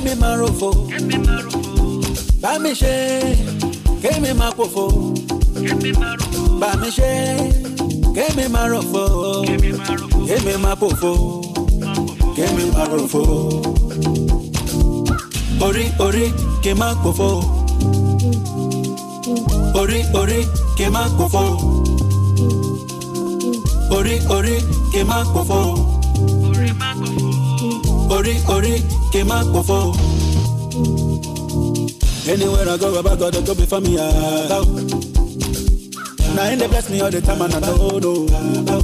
kémi máa ròfò bá mi ṣe kémi máa pòfò bá mi ṣe kémi máa ròfò kémi máa pòfò kémi máa ròfò orí orí kí n máa pòfò orí orí kí n máa pòfò orí orí kí n máa pòfò orí orí kí n má pòfo. Anywhere I go, Baba God, be for me. Ah, now nah, they bless me all the time, and I don't know.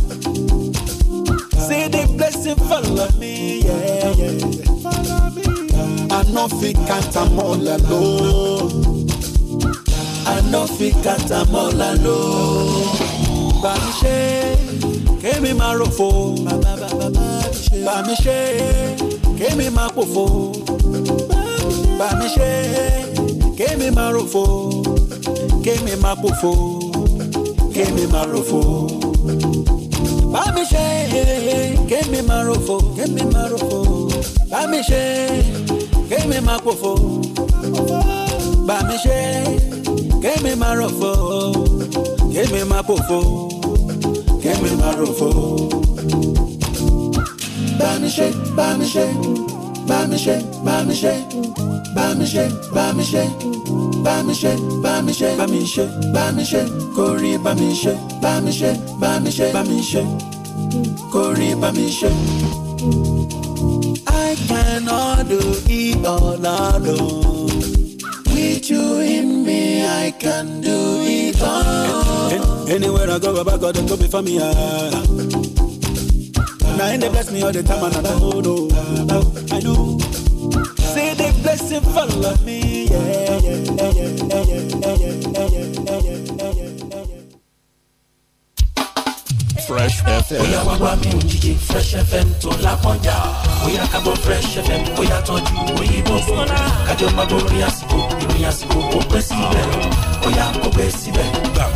Say the blessing follow me, yeah, yeah. I no fi count am all alone. I no fi count am all alone. Bami ṣe, kémi máa ròfo. Bàbá bàbá bàbá mi ṣe kémi máa pòfo bá mi ṣe kémi máa ròfo kémi máa pòfo kémi máa ròfo bá mi ṣe kémi máa ròfo kémi máa ròfo bá mi ṣe kémi máa pòfo bá mi ṣe kémi máa ròfo kémi máa pòfo kémi máa ròfo bá mi ṣe bá mi ṣe bá mi ṣe bá mi ṣe bá mi ṣe bá mi I cannot do it all alone. With you in me, I can do it all. Anywhere I go, Baba God, be for me and they bless me all the time, and I don't know. I know. Say they bless follow me. Yeah, yeah, yeah, yeah, yeah, yeah, yeah, yeah, yeah. Fresh FM. Oya wa wa mi ò Fresh FM tó lápọ́njà bóyá kábọ̀ fresh fm bóyá tọ́jú òyìnbó fún kájọ máa borí àsìkò ìròyìn àsìkò ó pẹ́ síbẹ̀ bóyá kò pẹ́ síbẹ̀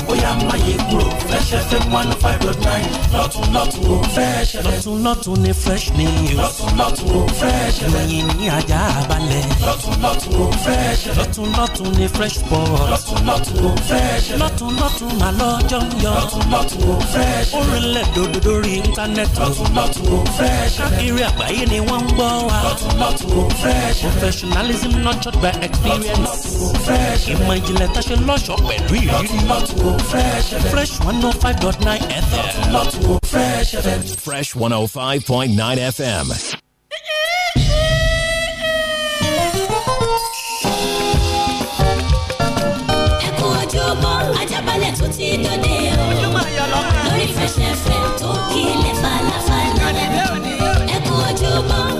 bóyá máyé kúrò fresh fm one oh five dot nine lọ́tún lọ́tún ó fresh fm. lọ́tún lọ́tún ni fresh news. lọ́tún lọ́tún ó fresh fm. ìròyìn ní ajá balẹ̀. lọ́tún lọ́tún ó fresh fm. lọ́tún lọ́tún ni fresh sport. lọ́tún lọ́tún ó fresh fm. lọ́tún lọ́tún mà lọ́jọ́ ń yọ. lọ́tún lọ́tún ó fresh fm. ó rinlẹ̀ dòdò lórí íńtánẹ́ẹ̀tì. lọ́tún lọ́tún fresh fm. ni wọ́n ń gbọ́ wa. professionalism by experience. ìmọ̀ ìjìnlẹ̀ tó ṣe pẹ̀lú ìrírí. fresh one oh five dot nine fm. fresh one oh five point nine fm. Oh tó kílẹ̀ falafala oh.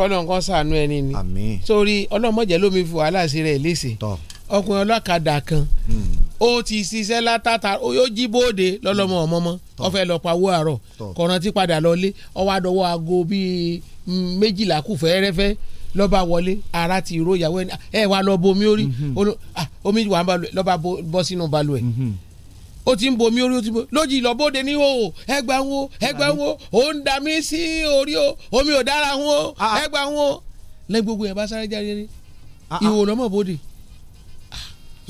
kọ́lọ́ nǹkan sànú ẹni ni àmín sórí ọlọ́mọdé lómi fi wàhálà sí rẹ̀ léṣe ọkùnrin ọlọ́kadà kan hmm. ó ti ṣiṣẹ́ látàtà ó jí bóde lọ́lọ́mọ hmm. ọmọmọ ó fẹ́ lọ pawó àárọ̀ kọ̀ọ̀ràn ti padà lọlé ó wá dọwọ́ aago bíi hmm, méjìlá kù fẹ́ẹ́rẹ́fẹ́ lọ́ba wọlé ara ti ro ìyàwó ẹni ẹ wá lọ bomi orí ah, omi wà lọ́ba bọ́ sínú balùwẹ̀ ó ti ń bomi orí ó ti bomi lójijì lọ bóde ní o ẹgbà ń wo ẹgbà wo ó ń da mí sí orí o omi ò dára ń wo ẹgbà ń wo lẹ́yìn gbogbo yẹn bá sáré jáde rí ah, ah. ìwò lọ́mọ bóde.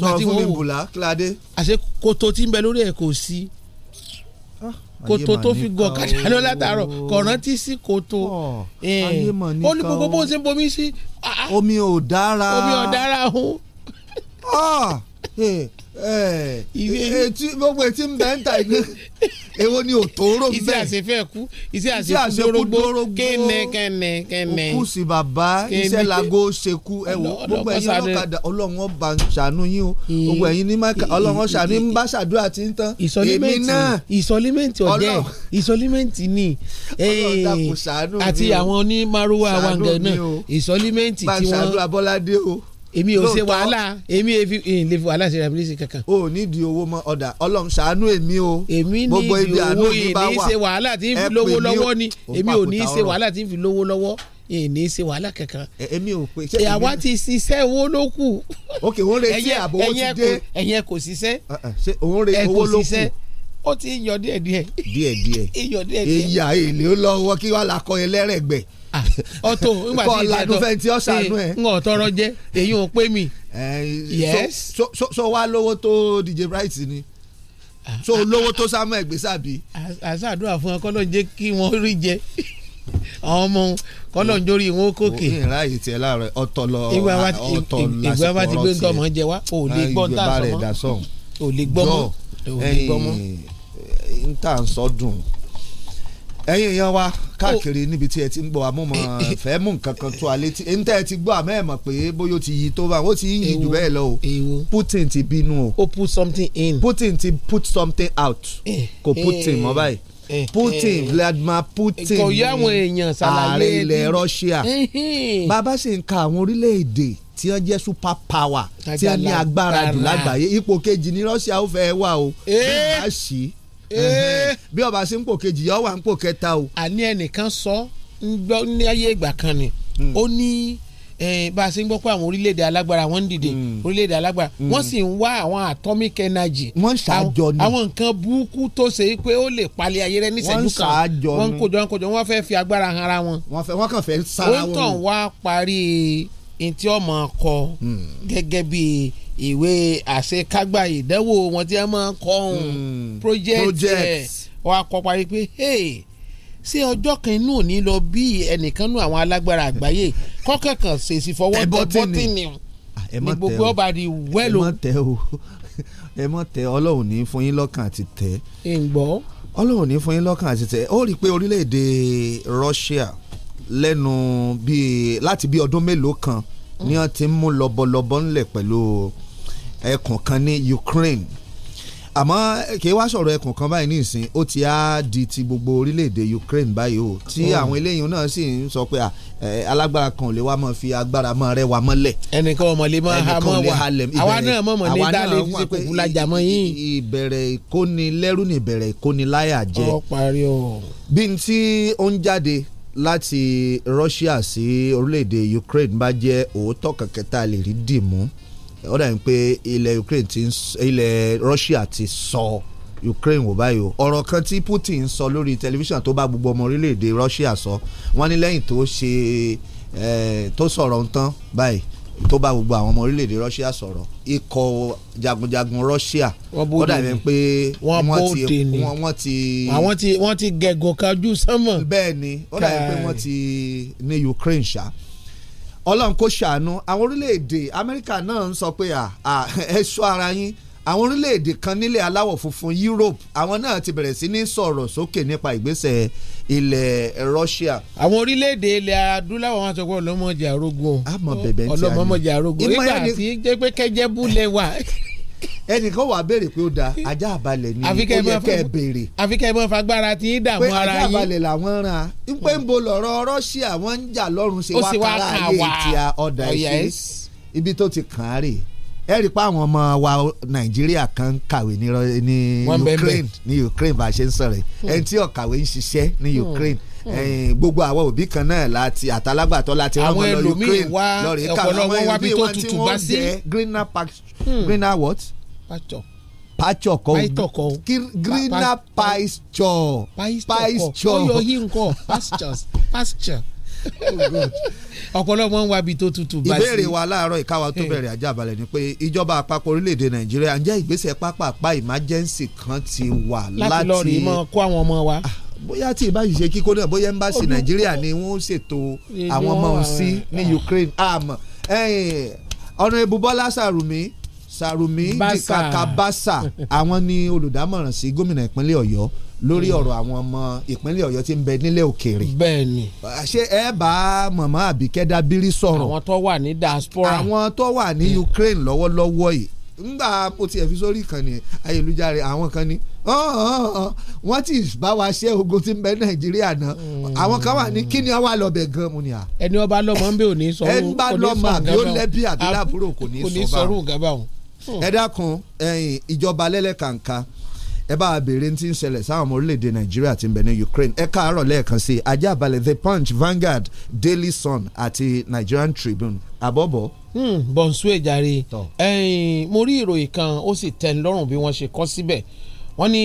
sọ fún mi bùlá kíládé. àṣé koto tí ń bẹ lórí ẹ kò sí ah, koto tó fi gọ kàdá lọ látàárọ̀ kọ̀rántí sí koto ó ní gbogbo bó ṣe ń bomi sí. omi ò dára omi ò dára ń. Hmm. Eh, eh, etí gbogbo etí ń bẹ ń ta ìgbé èwo ni òtòrò ń bẹ iṣẹ́ àṣefẹ́ kú iṣẹ́ àṣekú dórógbó kéne kéne kéne òkú sí bàbá iṣẹ́ lago ṣekú ẹ̀wọ̀ gbogbo ẹ̀yin ọlọ́kadà ọlọ́run ọba ṣàánú yín o gbogbo ẹ̀yin ní máka ọlọ́run ṣàánú ń bá ṣàdúrà tí ń tán èmi náà ìsọlímẹ́ǹtì ọ̀dẹ́ ìsọlímẹ́ǹtì ni àti àwọn onímàrúwá wàǹgẹ̀ náà ìsọlímẹ́ǹtì tí wọ́n èmi ò ṣe wàhálà èmi èlè fi wàhálà ṣe rẹpilisi kankan. o nídìí owó mọ ọ̀dà ọlọ́run ṣàánú èmi o. èmi nídìí owó ìní ṣe wàhálà tí ń fi lówó lọ́wọ́ ni èmi ò ní se wàhálà tí ń fi lówó lọ́wọ́ ìní ṣe wàhálà kankan. èmi ò pe ṣé èmi. ìyàwó ti ṣiṣẹ́ owó ló kù. ok òun retí àbówó ti dé. ẹ̀yẹ kò ṣiṣẹ́. ṣé òun re owó ló kù ó ti yọ díẹ̀ díẹ̀. díẹ̀ díẹ̀. iyọ̀ díẹ̀ díẹ̀. ìyá èlé lọ́wọ́ kí wàá lakọ ẹlẹ́rẹ̀gbẹ̀ ọtọ ah, nígbà tí ìjẹtọ kọ ladufẹ ti ọsànú jẹ èyí ò pé mi. yes so so, so wá DJ Bright ni ah, so ah, lówó tó Samuel gbèsè àbí. àṣàdúrà fún ọ kọ́lọ́ jẹ́ kí wọ́n rí jẹ àwọn ọmọ kọlọ́n jórí wọn ó kókè. ìhìnrà yìí tiẹ̀ láàárọ̀ ọ̀tọ̀ lọ ọ̀tọ̀ lásìkò ọ̀rọ̀ tiẹ̀. ìgbà wa ti gbé ńtọ́ mọ̀ jẹ wá ò lè gbọ́ ń tà lè gbọ́ mọ́ ò lè gbọ́ mọ́. ń ẹ̀yin èèyàn wa oh. káàkiri níbi tí ẹ ti ń gbọ́ amúmọ fẹ́ mú nǹkan kan tó alé tí ń tẹ́ ẹ ti gbọ́ àmọ́ ẹ mọ̀ pé bóyá ó ti yí tó bá ó ti yí jù bẹ́ẹ̀ lọ o Putin ti bínú o ó put something in Putin ti put something out eh, kò Putin mọ́ eh, báyìí eh, Putin Vladimir Putin ààrẹ ilẹ̀ Russia bàbá sì ń ka àwọn orílẹ̀-èdè tí wọ́n jẹ́ super power tí wọ́n ní agbára jù lágbàáyé ipò kejì ní Russia ó fẹ́ wà o bí wọ́n bá ṣí Eh. bí ọba sí ń pò kejì yọ wà ń pò kẹta o. àní ẹnìkan sọ ń gbọ́ ní ayé ìgbà kan ni hmm. ó ní eh, bá a ṣe ń gbọ́ pé àwọn orílẹ̀-èdè alágbára wọ́n ń dìde hmm. orílẹ̀-èdè alágbára hmm. wọ́n sì ń wá àwọn atomic energy wọ́n ṣàjọ ni àwọn nǹkan burúkú tó ṣe é pé ó lè palẹ̀ ayé rẹ ní ìṣẹ́jú kan wọ́n ń kójọ ń kójọ wọ́n fẹ́ fi agbára han ara wọn. wọ́n fẹ́ wọ́n kàn fẹ́ sára wọn. ó ń tàn wá parí ntí ọmọ kọ gẹ́gẹ́ bíi ìwé àṣekágbá ìdánwò wọn tí wọ́n máa ń kọ́ ohun hmm. project ẹ̀ wọ́n á kọ́ parí pé ṣé ọjọ́ kan inú ò ní lọ bí ẹnìkan nú àwọn alágbára àgbáyé kọ́kẹ́kàn ṣèṣì fọwọ́ tẹ bọ́tìnì ní ah, gbogbo ọba di wẹ́lò. ẹ mọ̀ tẹ ọlọ́run ní fún yín lọ́kàn àti tẹ. ǹgbọ́. ọlọ́run ní fún yín lọ́kàn àti tẹ ó rí i pé orílẹ̀-èdè Russia lẹ́nu bíi láti bíi ọdún mélòó kan ni wọ́n ti ń mú lọ́bọ̀lọ́bọ̀ ńlẹ̀ pẹ̀lú. Lo ẹkùn kan ní Ukraine àmọ́ kì í wá sọ̀rọ̀ ẹkùn kan báyìí nísìn ó ti á di ti gbogbo orílẹ̀-èdè Ukraine báyìí o tí oh. àwọn eléyìí náà sì ń sọ pé alágbára kan ò lè wá mọ́ fi agbára mọ́ rẹ̀ wá mọ́lẹ̀. ẹnìkan ọmọ lè mọ́ ha mọ́ wa àwa náà mọ̀ mọ́ lè dá lè kùkù lajà mọ́ yín. ìbẹ̀rẹ̀ ìkónilẹ́rù ni ìbẹ̀rẹ̀ ìkóniláyà jẹ́ bí n tí ó ń jáde láti Russia sí orílẹ̀-èdè Ukraine bá jẹ́ òótọ́ kẹ̀kẹ́ tá a lè rí dì mú ó dàbí pé ilẹ̀ Ukraine ti ilẹ̀ Russia ti sọ Ukraine wò báyìí o ọ̀rọ̀ kan tí Putin sọ lórí tẹlifíṣàn tó bá gbogbo ọmọ orílẹ̀-èdè Russia sọ wọ́n ní lẹ́yìn tó ṣe tó sọ̀rọ̀ ń tán báyìí tó bá gbogbo àwọn ọmọ orílẹ̀-èdè Russia sọ̀rọ̀ ikọ̀ jagunjagun Russia ó dàbí pé wọ́n ti wọ́n ti gẹ̀gùn kájú sánmọ̀. bẹ́ẹ̀ ni ó dàbí pé wọ́n ti ní Ukraine ṣáá ọlọ́run kò ṣàánú àwọn orílẹ̀-èdè amẹ́ríkà náà ń sọ pé ẹ ṣọ́ ara yín àwọn orílẹ̀-èdè kan nílẹ̀ aláwọ̀ funfun Europe àwọn náà ti bẹ̀rẹ̀ sí ní sọ̀rọ̀ sókè nípa ìgbésẹ̀ ilẹ̀ Russia. àwọn orílẹ̀-èdè ilẹ̀ adúláwọ̀ wọn sọ pé ọlọ́mọdé àrógùn ọlọ́mọdé àrógùn nígbà tí jẹ́ pé kẹ́jẹ́ bú lẹ́wà ẹnìkan wà béèrè pé ó da ajá àbálẹ̀ ni ó yẹ kẹ́ ẹ béèrè. àfi ẹ mọ́ fagbára tí ń dààmú ara yín. pé ajá àbálẹ̀ làwọn ràn án pé ń bo lọ́rọ̀ Russia wọ́n ń jà lọ́rùn ṣe wá kára ayé ti ọ̀dà ìṣe oh, ibi tó ti kàn án rè ẹ rí i pé àwọn ọmọ wa Nàìjíríà kan kàwé ní Ukraine ní Ukraine bá a ṣe ń sọ̀rọ̀ ẹ̀ hmm. ẹni tí ó ń ṣiṣẹ́ ní hmm. Ukraine Hmm. gbogbo àwa òbí kan náà láti àtàlágbàtọ́ láti rọ́mọ lọ Ukraine lọ́ọ̀rì kàwé àwọn ẹlòmíì wá tí wọ́n jẹ́ greener patch hmm. greener what? pàtó pàtó kọ greener pasture pasture kọ pasture ọ̀pọ̀lọpọ̀ ń wabi tó tutù bá sí. ìbéèrè wa láàárọ̀ ìkáwa tó hmm. bẹ̀rẹ̀ àjàbalẹ̀ ni pé ìjọba àpapọ̀ orílẹ̀-èdè nàìjíríà ń jẹ́ ìgbésẹ̀ pápápá emergency kan ti wà láti. láti lọ rí mọ kó àwọn ọmọ wa. Ah, bóyá tí ìbáyìí ṣe kíkó náà bóyá ẹ́mbáàsì nàìjíríà ni wọ́n ṣètò àwọn ọmọ òun sí ní ukraine àmọ́ ọ̀nà ìbúbọ́lá sàrùmí sàrùmí jìkàkà bàṣà àwọn ni olùdámọ̀ràn sí gómìnà ìpínlẹ̀ ọ̀yọ́ lórí hmm. ọ̀rọ̀ àwọn ọmọ ìpínlẹ̀ ọ̀yọ́ tí ń bẹ nílẹ̀ òkèèrè. bẹ́ẹ̀ni. ṣé ẹ bá mọ̀mọ́ àbíkẹ́ dábírí sọ̀rọ̀. àwọn tó wà ní diaspora. àwọn tó wà ní hmm. ukraine lọ́wọ́lọ́wọ́ yìí ńgbà mo tiẹ̀ fi sórí ìkànnì ayélujára àwọn kan ní wọ́n ti bá wa ṣe ogun tí ń bẹ nàìjíríà náà hmm. àwọn kan wà ní kíni ọwọ́ àlọ́bẹ̀ gan mu ni à. ẹni ọba lọmọ ń bẹ ò ní sọ ẹni bá lọmọ àbí ó lẹ́bí àbí láàbúrò kò ní sọ báwọn. Hmm. ẹ dákun ìjọba lẹ́lẹ́kàǹkà ẹ bá a béèrè tí ń ṣẹlẹ̀ sáwọn ọmọ orílẹ̀-èdè nàìjíríà tí ń bẹ ní ukraine ẹ káàárọ̀ lẹ́ẹ̀kan sí ajá balẹ̀ the punch vanguard daily sun àti nigerian tribune àbọ̀bọ̀ Hmm, bọ̀nsú ẹ̀jàre mo rí ìròyìn kan ó sì tẹ́ ń lọ́rùn bí wọ́n ṣe kọ́ síbẹ̀ wọ́n ní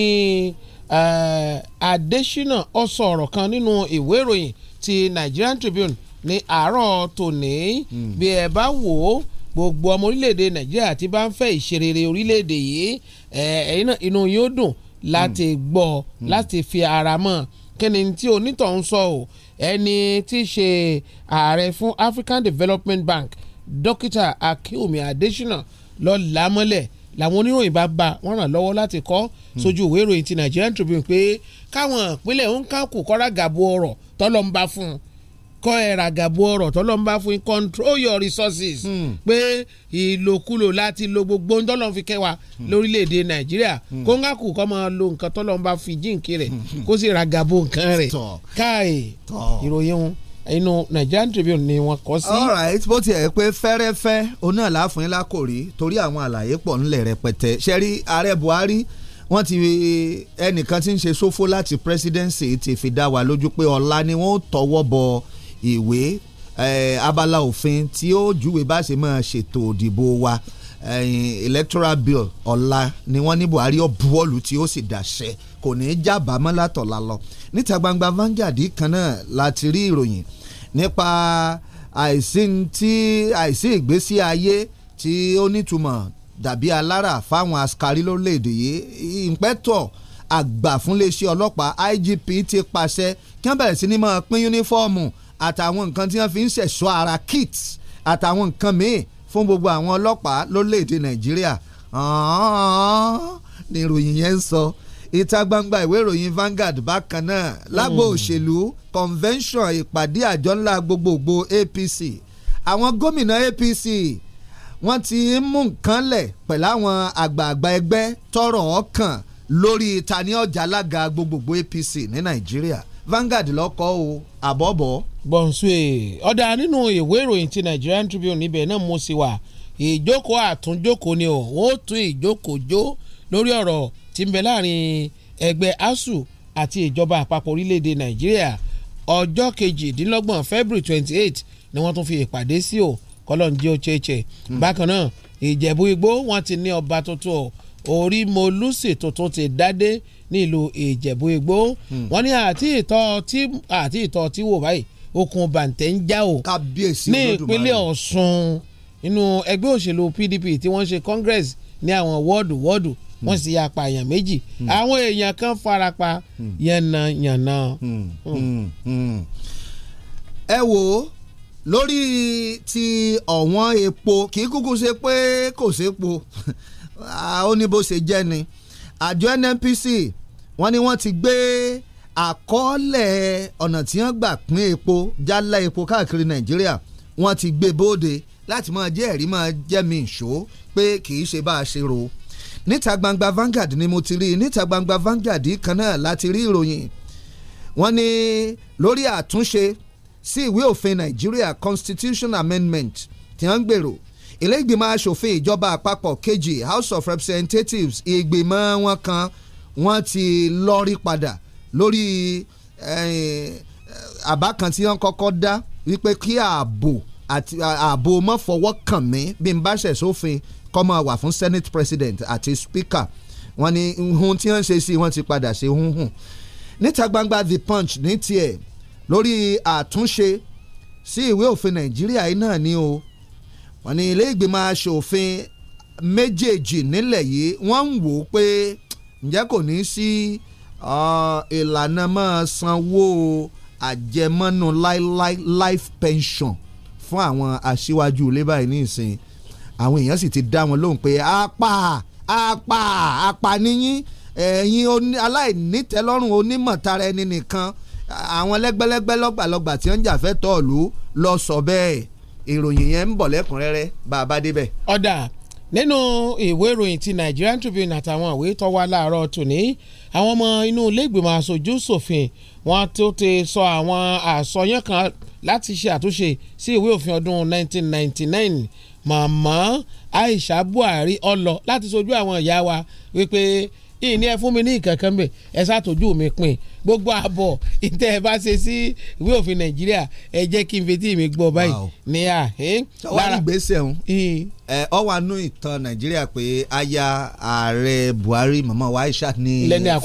Adésínà ó sọ ọ̀rọ̀ kan nínú ìwé ìròyìn ti Nigerian Tribune ní àárọ̀ tòní hmm. bí ẹ bá wò ó gbogbo ọmọ orílẹ̀-èdè Nàìjíríà tí bá ń fẹ́ ìṣerere orílẹ̀-èdè yìí ẹ̀yin inú yóò dùn láti hmm. gbọ́ láti fi ara mọ́ kí ni tí onítọ̀hún sọ o ẹni tí í ṣe ààrẹ fún African Development Bank dókítà akínwùmí adésínà lọ là á mọ́lẹ̀ làwọn oníròyìn bá bá wọn ràn lọ́wọ́ láti kọ sójú ìwé ìròyìn ti Nigerian Tribune pé káwọn ìpínlẹ̀ òǹkàkù kọ́ra gàbó ọ̀rọ̀ tọ́lọ́mbà fún un kọ́ ẹ̀rà gàbó ọ̀rọ̀ tọ́lọ́mbà fún un control your resources hmm. pé ìlòkulò láti lo gbogbo ńdọ́lọ́n fi kẹwàá hmm. lórílẹ̀‐èdè Nàìjíríà hmm. kóńgàkù kọ́ máa lo nǹkan tọ́lọ́mbà fi jíǹkì rẹ̀ kó sì ra gàbó nǹkan rẹ̀ káì ìròyìn inú Nigerian Tribune ni wọ́n kọ sí. all right bó tiẹ̀ pé fẹ́rẹ́fẹ́ oní àlàáfíà ńlá kò rí torí àwọn àlàyé pọ̀ ńlẹ̀ rẹpẹtẹ ṣẹ́rí ààrẹ Buhari wọ́n ti ẹnìkan tí ń ṣe ṣòfò láti presidency ti fi dá wa lójú pé ọ̀la ni wọ́n tọwọ́ bọ ìwé abala òfin tí ó júwe bá ṣe máa ṣètò òdìbò wa electoral bill ọ̀la ni wọ́n ní Buhari ó buwọ́lù tí ó sì dàṣẹ kò ní í jábàámọ́ látọ̀la lọ níta gbangba Vanguard kan náà láti rí ìròyìn nípa àìsí tí àìsí ìgbésí ayé tí ó nítumọ̀ dàbí alára fáwọn askari lórílẹ̀‐èdè yìí ìǹpẹ́tọ̀ àgbà fúnléeṣẹ́ ọlọ́pàá IGP ti pàṣẹ kí wọ́n bẹ̀rẹ̀ sí ní máa pín yúnífọ́ọ̀mù àtàwọn nǹkan tí wọ́n fi ń ṣẹ̀ṣọ́ ara kit àtàwọn nǹkan míì fún gbogbo àwọn ọlọ́pàá lórílẹ̀‐èdè Nàìjíríà ni ìròyìn yẹn ń sọ. So ìta gbangba ìwé ìròyìn Vanguard bákan náà lágbo hmm. òṣèlú convention ìpàdé àjọ ńlá gbogbogbò APC àwọn gómìnà APC wọ́n ti ń mú nǹkan lẹ̀ pẹ̀lú àwọn àgbààgbà ẹgbẹ́ tọrọ ọkàn lórí ìtàní ọjà alága gbogbogbò APC ní Nàìjíríà Vanguard lọ́kọ́ o àbọ̀bọ̀. bọ̀nsúwe ọ̀dà nínú ìwé ìròyìn ti Nigerian Tribune níbẹ̀ náà mo sì wà ìjókòó àtúnjókòó ni o wọ́n tún ìjókòó jó lórí ọ̀rọ̀ tí ń bẹ láàrin ẹgbẹ́ ASUU àti ìjọba àpapọ̀ orílẹ̀-èdè Nàìjíríà ọjọ́ kejìdínlọ́gbọ̀n February twenty eight ni wọ́n tún fi ìpàdé sí o kọ́lọ́njẹ́ ocheche hmm. bákan náà Ìjẹ̀bú Igbó wọ́n ti ní ọba tuntun orí molúsì tuntun ti dádé nílùú Ìjẹ̀bú Igbó hmm. wọ́n ní àti ìtọ́ tí àti ìtọ́ tí wò báyìí okùn bàǹtẹ̀ ń já o ní ìpínlẹ̀ Ọ̀ṣun inú ẹgbẹ́ òṣèlú PDP tí wọ́n ṣe Congress ní àwọn wọ́ọ̀dù wọ́ọ̀dù Hmm. wọ́n sì yapa èèyàn méjì hmm. àwọn èèyàn kan farapa hmm. yànnàyànnà. ẹ wò ó lórí ti ọ̀wọ́n epo kì í kúkú ṣe pé kò sépo ó ní bó ṣe jẹ́ ni àjọ NNPC wọ́n ní wọ́n ti gbé àkọọ́lẹ̀ ọ̀nà tí wọ́n gbà pín epo jálá epo káàkiri Nàìjíríà wọ́n ti gbé bóde láti máa jẹ́ ẹ̀rí máa jẹ́ mi ìṣó pé kì í ṣe bá a ṣe rò ó níta gbangba Vanguard ni mo ti rí níta gbangba Vanguard kan náà láti rí ìròyìn wọ́n ní lórí àtúnṣe sí ìwé òfin Nàìjíríà Constitution Amendment tí wọ́n ń gbèrò ilé ìgbìmọ̀ asòfin ìjọba àpapọ̀ kejì House of Representatives ìgbìmọ̀ wọn kan wọ́n ti lọ́rí padà lórí eh, eh, àbá kan tí wọ́n kọ́kọ́ dá wípé kí ààbò àti ààbò mọ́fọwọ́ kàn mí bí n bá ṣẹ̀ sófin kó máa wà fún senate president àti speaker wọ́n ní hun tí wọ́n ń ṣe sí wọ́n ti padà ṣe hun níta gbangba the punch ní tiẹ̀ lórí àtúnṣe sí ìwé òfin nàìjíríà yìí náà ni o wọ́n ní ilé ìgbìmọ̀ asòfin méjèèjì nílẹ̀ yìí wọ́n ń wò ó pé ǹjẹ́ kò ní sí ìlànà máa sanwó àjẹmọ́nú life pension fún àwọn aṣíwájú ilé báyìí ní ìsìn àwọn èèyàn sì ti dá wọn lóhùn pé apá apá apá níyín ẹ̀yin aláìnítẹ́lọ́rùn onímọ̀tara ẹni nìkan àwọn lẹ́gbẹ́lẹ́gbẹ́ lọ́gbàlọ́gbà tí wọ́n ń jàfẹ́ tọ̀ọ̀lù lọ sọ bẹ́ẹ̀ ìròyìn yẹn ń bọ̀ lẹ́kùnrẹ́rẹ́ bá a bá débẹ̀. ọ̀dà nínú ìwé ìròyìn ti Nigerian Tribune àtàwọn ìwé tó wà láàárọ̀ tòní àwọn ọmọ inú iléègbèmọ̀ aṣojú ṣòfin wọn tó ti sọ àwọn àsọyán kan láti ṣe àtúnṣe sí ìwé òfin ọdún 1999 mọ̀mọ́ Aisha Buhari ọlọ láti sojú àwọn ìyá wa wípé ìní ẹ fún mi ní ìkankan bẹ ẹ ṣàtọ́jú mi pin gbogbo àbọ̀ ìtẹ́ ẹ bá ṣe sí ìwé òfin nàìjíríà ẹ jẹ́ kí n fetí mi gbọ́ báyìí ní à. ọwọ́ ìgbésẹ̀ ọ̀hún ọ wà ìtàn nàìjíríà pé aya ààrẹ buhari mama waisha ni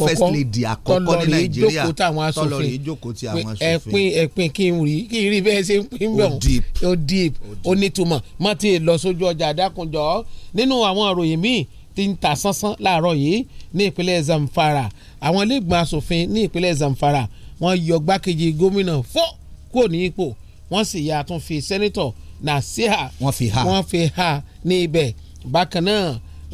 first lady àkọ́kọ́ ní nàìjíríà tọ́lọ́rì ìjókòó ti àwọn asòfin. ẹ̀pin ẹ̀pin kí n rí kí n rí bẹ́ẹ̀ ṣe ń pín bẹ́ẹ̀ o deep o nítumọ̀ mọ́tì lọ sójú ọjà àdákùnjọ́ nínú àwọn ìròyìn míì ti ń ta sánsán láàárọ̀ yìí ní ìpínlẹ̀ Zamfara àwọn iléègbọn asòfin ní ìpínlẹ̀ Zamfara wọ́n yọ gbákejì gómìnà fọ́ kúrò ní ipò wọ́n sì yà tún fi sẹ́nitọ̀ Nasiha wọ́n fi ha wọ́n fi ha ní ibẹ̀ bákan náà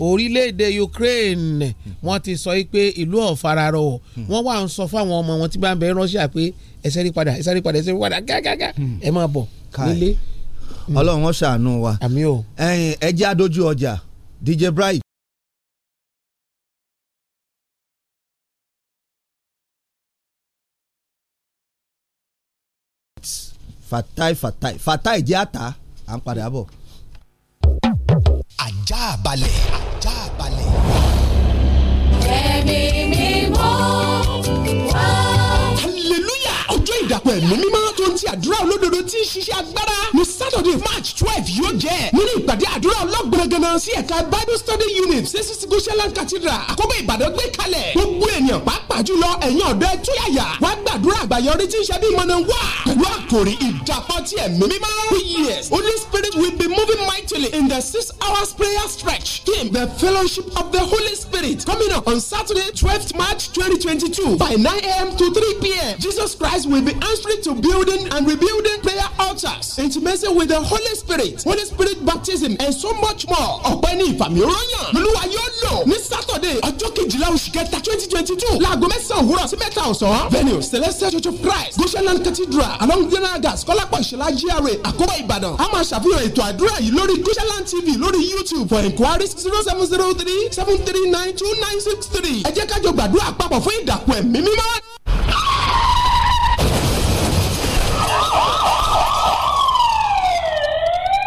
orílẹ̀-èdè Ukraine wọ́n ti sọ pé ìlú ọ̀fararọ̀ hmm. wọ́n wà ń sọ fáwọn ọmọ wọn tí bá ń bẹ Russia pé ẹ ṣẹ́rí padà ẹ ṣẹ́rí padà ẹ ṣẹ́rí padà gágágá hmm. ẹ máa bọ̀ nílé. Hmm. Ọlọ́run wọn ṣàánú wa ẹyin adójú ọjà DJ Bright fatai fatai fatai jẹ́ àtà à ń padà bọ̀. ajá balẹ̀ ajá balẹ̀. ẹ̀mí mímọ́ wá. hallelujah ọjọ́ ìdàpọ̀ ẹ̀mí mímọ́ àdúrà olódodo tí ń ṣiṣẹ́ agbára ní Saturday March twelve yóò jẹ́ nínú ìpàdé àdúrà ọlọ́gbọ̀ngangan sí ẹ̀ka Bible Study Unit CCC Goshenland Cathedral àkóbá Ìbàdàn gbé kalẹ̀ gbogbo ènìyàn pàápàá jùlọ ẹ̀yin ọ̀dọ́ ẹ̀túyàyà wá gbàdúrà àgbàyọrí tí ń ṣe bí mọ̀nà wà pẹ̀lú àkòrí ìdàpọ̀ tí ẹ̀mí mímọ́. yes Holy Spirit will be moving mightily in the six hours prayer stretch game the fellowship of the Holy Spirit coming up on Saturday twelfth March twenty twenty two by nine a.m. to three p.m. Jesus Christ will be answering to building and and rebuilding prayer altars, intimacy with the Holy Spirit, Holy Spirit baptism, and so much more. ọ̀pẹ́ ní ìfàmì òróyàn lolúwa yóò lò ní sátọ̀dẹ̀ ọjọ́ kejìlá oṣù kẹta twenty twenty two láago mẹ́sàn-án òwúrọ̀ sí mẹ́ta ọ̀sán. venue celestial church of christ goshenland cathedral along genagas kọ́lápọ̀ ìṣẹ̀lá gra àkóbá ìbàdàn a máa ṣàfihàn ètò àdúrà yìí lórí goshenland tv lórí youtube for inquiries zero seven zero three seven three nine two nine six three ẹ jẹ́ kájọ gbàdúrà papọ̀ fún ìdàpọ̀ ẹ̀mí mímọ́.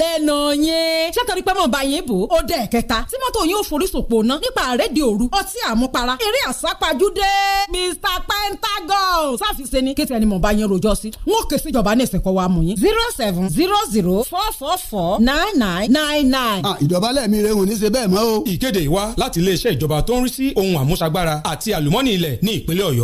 lẹ́nu yẹn. ṣé torí pé bá yín bò ó dẹ̀ kẹta tí mọ́tò yóò forísòpò ná nípa àrédìí òru ọtí àmupara eré àsápajúdé Mr Pentagon sáfìsẹ́ ni kéte ẹni mo bá yín rojọ́ sí. n ó ké ìjọba ní ìsìnkọ́ wa mú yín. zero seven zero zero four four four nine nine nine nine. ìjọba lẹ́ẹ̀mí rẹ̀ ní ṣe bẹ́ẹ̀ mọ́ o. ìkéde ìwá láti iléeṣẹ́ ìjọba tó ń rí sí ohun àmúṣagbára àti àlùmọ́nì ilẹ̀ ní ìpínlẹ̀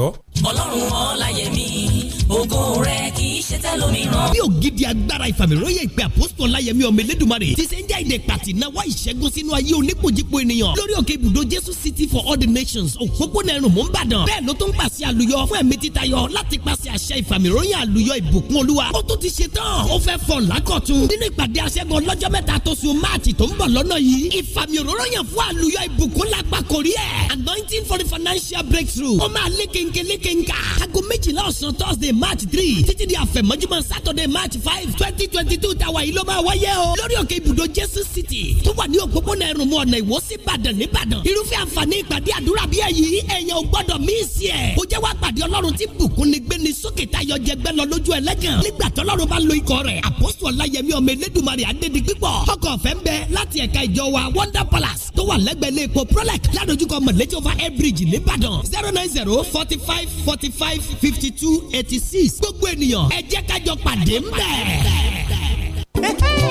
iṣẹ́ tẹ́ lómìíràn. bí ògidì agbára ìfàmìlóye ìpè àpòsùn ọláyẹmí ọmọ elédùnmarè ti ṣe ń jẹ́ ìdè pàtì náwó ìṣẹ́gun sínú ayé oníkojípo ènìyàn lórí òkè ibùdó jésù city for all the nations òpópónà ẹrùn mú bàdàn bẹ́ẹ̀ ló tún pàṣẹ àlùyọ fún ẹ̀mí títayọ láti pàṣẹ àṣẹ ìfàmìlóye àlùyọ ìbùkún olúwa ó tún ti ṣe tán ó fẹ́ fọ̀ lákọ̀tún nínú ìpàdé aṣẹ́gun ọlọ́jọ́ mẹ́ta tó sun máàtì tó ń bọ̀ lọ́nà yìí ìfàmì òróró yàn fún àlùyọ ìbùkún lápá kórí ẹ̀ anointing for the financial breakthrough ó máa lékenkè lékenka aago méjìlá ọ̀sán thursday march three títí di àf àfẹ̀mọ́júmọ́ sátọ̀dẹ̀ march five twenty twenty two tàwa yìí ló máa wáyé o lórí òkè ibùdó jésù city tó wà ní òpópónà ẹrùnmú ọ̀nà ìwó sí ìbàdàn nìbàdàn irúfẹ́ àǹfààní ìpàdé àdúrà bí èyí èèyàn ò gbọ́dọ̀ míìsì ẹ̀ ó jẹ́ wá pàdé ọlọ́run tí bùkún ni gbé ni sókè tayọ jẹgbẹ́ lọ lójú ẹlẹ́gàn nígbà tọ́lọ́run bá lo ikọ̀ rẹ̀ àpòsù ọláyẹmí ọmọ elédùnmarè adédi pípọ̀ ọkọ̀ ọ̀fẹ́ ń bẹ láti ẹ̀ka ìjọ wa wonder palace tó wà lẹ́gbẹ̀ẹ́ ilé epo prolec ládojúkọ mọ̀lẹ́tì over air bridge nìbàdàn zero nine zero forty five forty five fifty two eighty six gbogbo ènìyàn ẹ jẹ́ kájọ pàdé ń bẹ̀.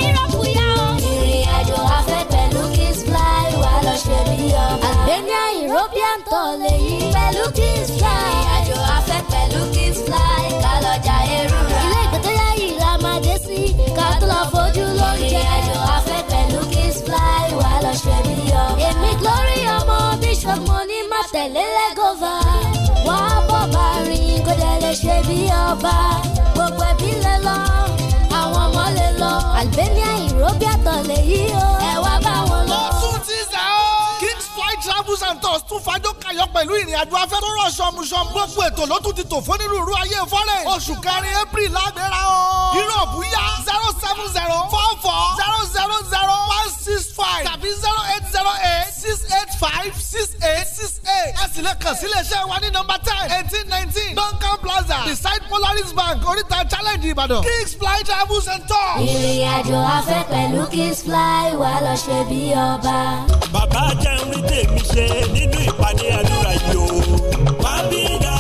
ìrọ̀kùyà o. ìrìn àjò afẹ́ pẹ̀lú kiss fly wà lọ ṣe bí ọba. Albania European tọ̀ lèyí pẹ̀lú kiss fly. ìrìn àjò afẹ́ pẹ̀lú kiss fly ká lọ́jà eru ra. ilé ìgbẹ́kẹ̀yà yìí la máa dé sí ká tó lọ fojú lóúnjẹ. ìrìn àjò afẹ́ pẹ̀lú kiss fly wà lọ ṣe bí ọba. èmi glory ọmọ bishop mo ní má tẹ̀lé lẹ́gọ̀ọ́fà. wàá bọ̀ bá rìn kó dẹ̀ lè ṣe bí ọba. bẹ́lí àìró bí àtọ̀ lèyí o. two santos tún fàájò kayọ̀ pẹ̀lú ìrìn àjò afẹ́ tó rọ̀ ṣọmuṣọmu. gbogbo ètò ló tún ti tò fún onírúurú ayé fọ́lẹ̀. oṣù kẹrin april lágbèrè o. yúròpù yá zero seven zero four four zero zero zero one six five tàbí zero eight zero eight six eight five six eight six eight. ẹ sì lè kàn sí iléeṣẹ́ wa ní nọ́mbà ten eighteen nineteen duncan plaza beside polaris bank oríta challenge ìbàdàn kings fly travels and tours. ìrìn àjò afẹ́ pẹ̀lú kings fly wà lọ ṣe bí ọba. bàbá jẹun tèmi ṣe ṣe nínú ìpàdé àdúrà yìí o. bábí dá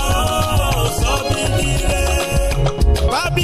ọ̀ sọ́bí nílé. bábí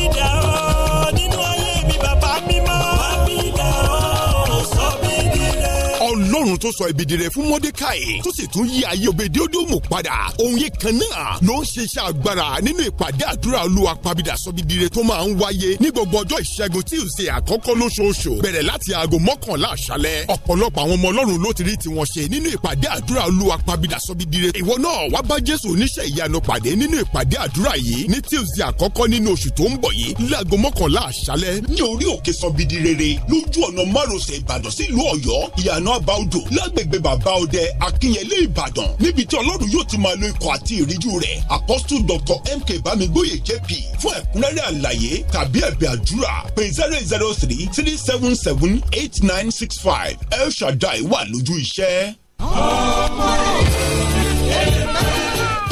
ọlọ́run tó sọ ibi dire fún mọ́dékàì tó sì tún yí ayé òbèdéódòmù padà òun yìí kan náà ló ń ṣe iṣẹ́ agbára nínú ìpàdé àdúrà olúwa pabidà sọbidire tó máa ń wáyé ní gbogbo ọjọ́ ìṣẹ́gun tí ìṣe àkọ́kọ́ lóṣooṣù bẹ̀rẹ̀ láti aago mọ́kànlá àṣálẹ́ ọ̀pọ̀lọpọ̀ àwọn ọmọ ọlọ́run ló ti rí tiwọn ṣe nínú ìpàdé àdúrà olúwa pabidà sọbidire ìwọ náà wá bá jésù oníṣẹ́ ìyanu pàdé nínú ìpàdé àdúrà yìí ní tí ìṣe àkọ́kọ́ nínú oṣù tó ń bọ̀ yìí láago mọ́kànlá àṣálẹ́ ní orí òkè sọbidire lójú odò lágbègbè bàbá ọdẹ akínyẹlé ìbàdàn níbi tí ọlọ́run yóò ti máa lo ikọ̀ àti ìríjú rẹ̀ apostle dr mk bámigbóyè jp fún ẹ̀kúnrẹ́rẹ́ àlàyé tàbí ẹ̀bẹ̀ àdúrà pé zero zero three three seven seven eight nine six five el shaddai wà lójú iṣẹ́. ọmọ ìlú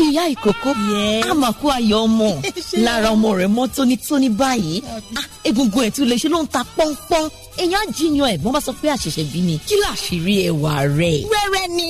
ìyá ìkókó àmàkù ayọ̀ ọmọ lára ọmọ rẹ̀ mọ́ tónítóní báyìí ah, egungun ẹ̀ tún lè ṣe ló ń ta pọ́npọ́n èèyàn jiyàn ẹ̀gbọ́n bá sọ pé àṣẹ̀ṣẹ̀ bí ni kí làṣírí ẹwà rẹ̀. wẹ́rẹ́ ni.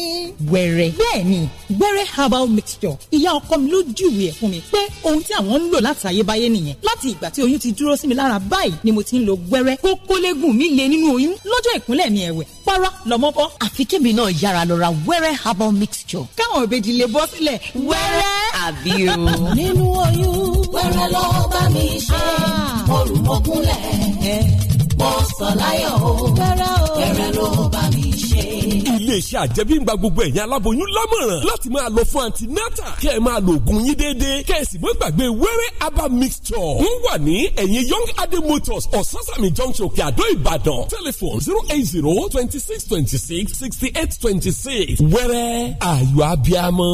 wẹ́rẹ́. bẹ́ẹ̀ni wẹ́rẹ́ herbal mixture ìyá ọkọ mi ló júwe ẹ̀ fún mi pé ohun tí àwọn ń lò láti ayébáyé nìyẹn láti ìgbà tí oyún ti dúró sí mi lára báyìí ni mo ti ń lo wẹ́rẹ́ kókólégùn mi lè nínú oyún lọ́jọ́ ìkúnlẹ̀ mi ẹ̀wẹ̀ para lọ́mọ bọ́. àfi kébì náà yára lọ ra wẹ́rẹ́ herbal mixture. káwọn òbejì lè bọ́ sílẹ̀ wẹ́rẹ́. àbí o. nínú oyún wẹ́rẹ́ lọ́ọ́ bá mi ṣe ah. mo rù mọ́kúnlẹ̀ eh. Bọ́sọ̀láyọ̀ o fẹ́rẹ́ o fẹ́rẹ́ ló bá Iléeṣẹ́ àjẹmíngba gbogbo ẹ̀yin aláboyún lámọ̀ràn láti máa lo fún antinata kẹ́ ẹ máa lo oògùn yín déédéé kẹ́ ẹ sì mọ́ gbàgbé wẹ́rẹ́ aba mixture. Wọ́n wà ní ẹ̀yìn Young Adé Motors Ososami Junction Kíadó Ìbàdàn tẹlifon zero eight zero twenty six twenty six sixty eight twenty six wẹ́rẹ́ ayọ̀ abiamọ.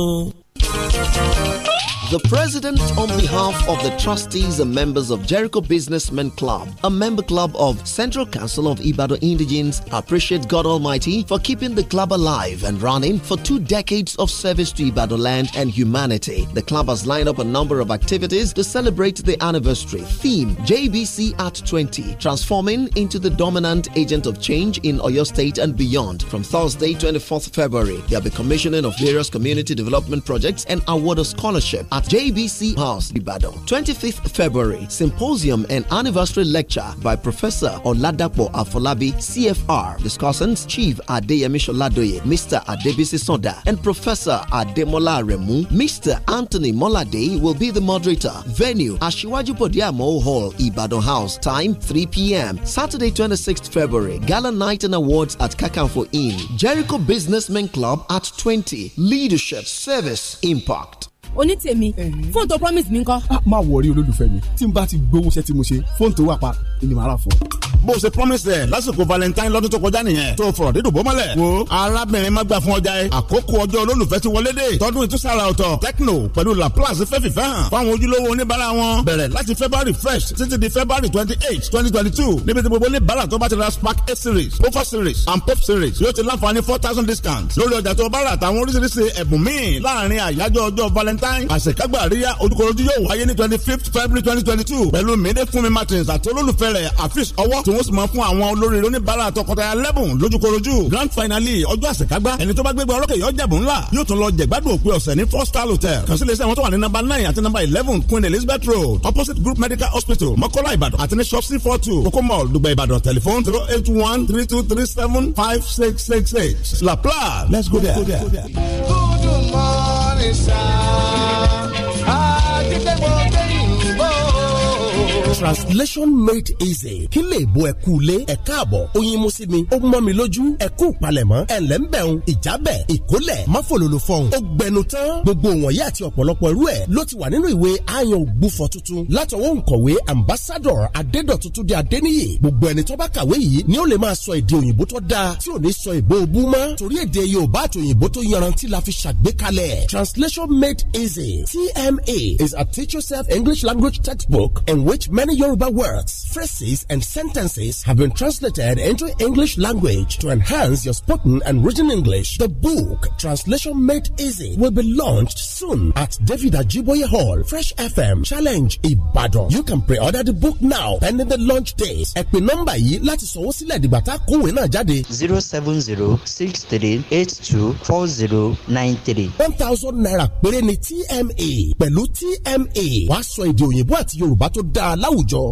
The president, on behalf of the trustees and members of Jericho Businessmen Club, a member club of Central Council of Ibado Indigenes, appreciates God Almighty for keeping the club alive and running for two decades of service to Ibado land and humanity. The club has lined up a number of activities to celebrate the anniversary. Theme JBC at 20, transforming into the dominant agent of change in Oyo State and beyond. From Thursday, 24th February, there'll be commissioning of various community development projects and award of scholarship at JBC House, Ibadan. 25th February, Symposium and Anniversary Lecture by Professor Oladapo Afolabi, CFR. Discussants Chief Adeyemi Sholadoye, Mr. Adebisi Soda, and Professor Ademola Remu. Mr. Anthony Molade will be the moderator. Venue, Ashiwaju Podiamo Hall, Ibadan House. Time, 3 p.m. Saturday, 26th February, Gala Night and Awards at Kakanfo Inn. Jericho Businessmen Club at 20. Leadership, Service, Impact. oní tèmi fóònù tó promise mi ńkọ́. Ah, má wọrí olólùfẹ́ mi tí n bá ti gbowó iṣẹ́ tí mo ṣe fóònù tó wà pa ni màá rà fún ọ bó ṣe promise ẹ lásìkò valentine lọ́dún tó kọjá nìyẹn tó fọ̀rọ̀ dídùn bọ́mọ́lẹ̀. wo arábìnrin má gbà fún ọjà yẹn àkókò ọjọ́ olólùfẹ́ ti wọlé dé tọdún ìtúsára ọ̀tọ̀ tecno pẹ̀lú laplace fẹ́ fìfẹ́ hàn fáwọn ojúlówó oníbàárà wọn bẹ̀rẹ̀ láti february first títí di february twenty eight twenty twenty two níbi tí gbogbo oníbàárà tó bá ti ra spark eight series pofa series and pop series yóò ti láǹfààní four thousand discount lórí ọjà tó bá rà àtàwọn oríṣiríṣi ẹ̀bùn míì láàrin àyájọ́ ọjọ́ valent time àṣekágbà àríyá olùkọ́rọ́jú yóò wáyé ní twenty fifth february twenty twenty two pẹ̀lú mèdè fúnmi martins àti olólùfẹ́ rẹ̀ afis ọwọ́ tí wọ́n sì máa fún àwọn olórí oníbàárà tọkọtaya lẹ́bùn lójúkọ́rọ́jú grand finale ọjọ́ àṣekágbà ẹni tó bá gbégbá ọlọ́kẹ́ yọ jẹ̀bù ńlá yóò tún lọ jẹ̀gbádùn òpin ọ̀sẹ̀ ní four star hotel kàn sí iléeṣẹ́ wọn tó wà ní number nine àti number eleven queen elizabeth road opposite group medical hospital mọ́kọ́lá ìbàdàn àti ní shop c four two kókó mall dùgbà telephone zero eight one three two three seven five six six six la plan let's go there. Let's go there. deixar. translation made easy kí lè bo ẹ̀kú lé ẹ̀ka àbọ̀ oyin mú sí mi ó mọ́ mi lójú ẹ̀kú palẹ̀mọ́ ẹ̀lẹ́ ń bẹ̀rùn ìjábẹ̀ ìkólẹ̀ máfòlòlò fọhùn ó gbẹnu tán gbogbo wọ̀nyí àti ọ̀pọ̀lọpọ̀ irú ẹ̀ ló ti wà nínú ìwé ayan ògbúfọ̀ tuntun látọwọ́ nkọ̀wé ambassador adédọ̀tutùdé adéníyè gbogbo ẹni tó bá kàwé yìí ni ó lè máa sọ èdè òyìnbó tó dáa tí ò ní sọ èbó òbú mọ́ torí èdè yorùbá àti òyìnbó tó yanrantí la fi ṣàgbékalẹ̀ translation made easy tma is a teach yourself english language textbook in which many many Yoruba words, phrases, and sentences have been translated into English language to enhance your spoken and written English. The book, Translation Made Easy, will be launched soon at David Ajiboye Hall, Fresh FM, Challenge Ibadan. You can pre-order the book now, pending the launch date. Ẹ pè nọ́mbà yìí láti sọ̀wọ́ sílẹ̀ dìgbà tá a kówé náà jáde. zero seven zero six three eight two four zero nine three. one thousand naira péré ni TMA pẹ̀lú TMA wàá sọ èdè òyìnbó àti Yorùbá tó dáa láwùjọ. Ojo.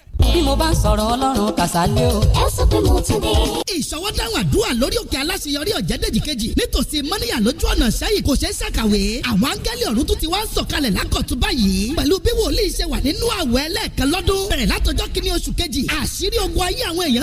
bí mo bá ń sọ̀rọ̀ ọlọ́run kàṣálẹ́ o. ẹ sọ pé mo ti dé. ìṣọwọ́ àdúrà lórí òkè aláṣeyọrí ọ̀jẹ̀dẹ̀jì kejì nítòsí mọ́níyà lójú ọ̀nà sẹ́yìn kò ṣeé ṣàkàwé àwọn áńgẹ́lì ọ̀run tún ti wá ń sọ̀kalẹ̀ lákọ̀tún báyìí pẹ̀lú bí wòlíì ṣe wà nínú àwẹ̀ ẹlẹ́ẹ̀kan lọ́dún bẹ̀rẹ̀ látọjọ́ kìíní oṣù kejì àṣírí ogun ayé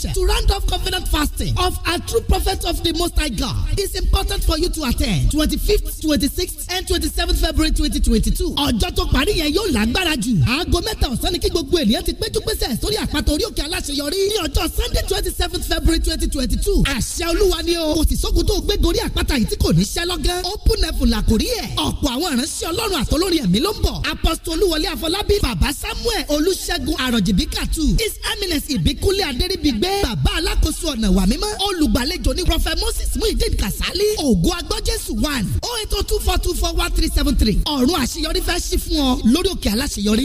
to round off covenant fasting of a true prophet of the most high God is important for you to attend twenty sixth twenty sixth and twenty seventh february twenty twenty two ọjọ́ tó parí yẹn yóò lágbára jù aago mẹ́ta ọ̀sán ni kí gbogbo ènìyàn ti péjúpésẹ̀ sórí àpáta orí òkè aláṣeyọrí ní ọjọ́ sunday twenty seventh february twenty twenty two àṣẹ olúwa ni o kò sì sógun tó gbé gorí àpáta yìí tí kò ní ṣẹ́ lọ́gán open level làkórí ẹ̀ ọ̀pọ̀ àwọn ìránṣẹ́ ọlọ́run àtolórin ẹ̀mí ló ń bọ̀ apọ́sítọ̀ olúwọlé afọlábí bàbá samuel olùṣègùn àròjìbíkàtù his eminence ìbíkúnlé adéríbigbé bàbá alákòóso ọ̀nà wà mímọ́ olùgbàlejò ní prọfẹ moses muhyiddin kasali ògo agbọ́jésù one eight oh two four two four one three seven three ọ̀run àṣeyọrí fẹ́ sí fún ọ lórí òkè aláṣeyọrí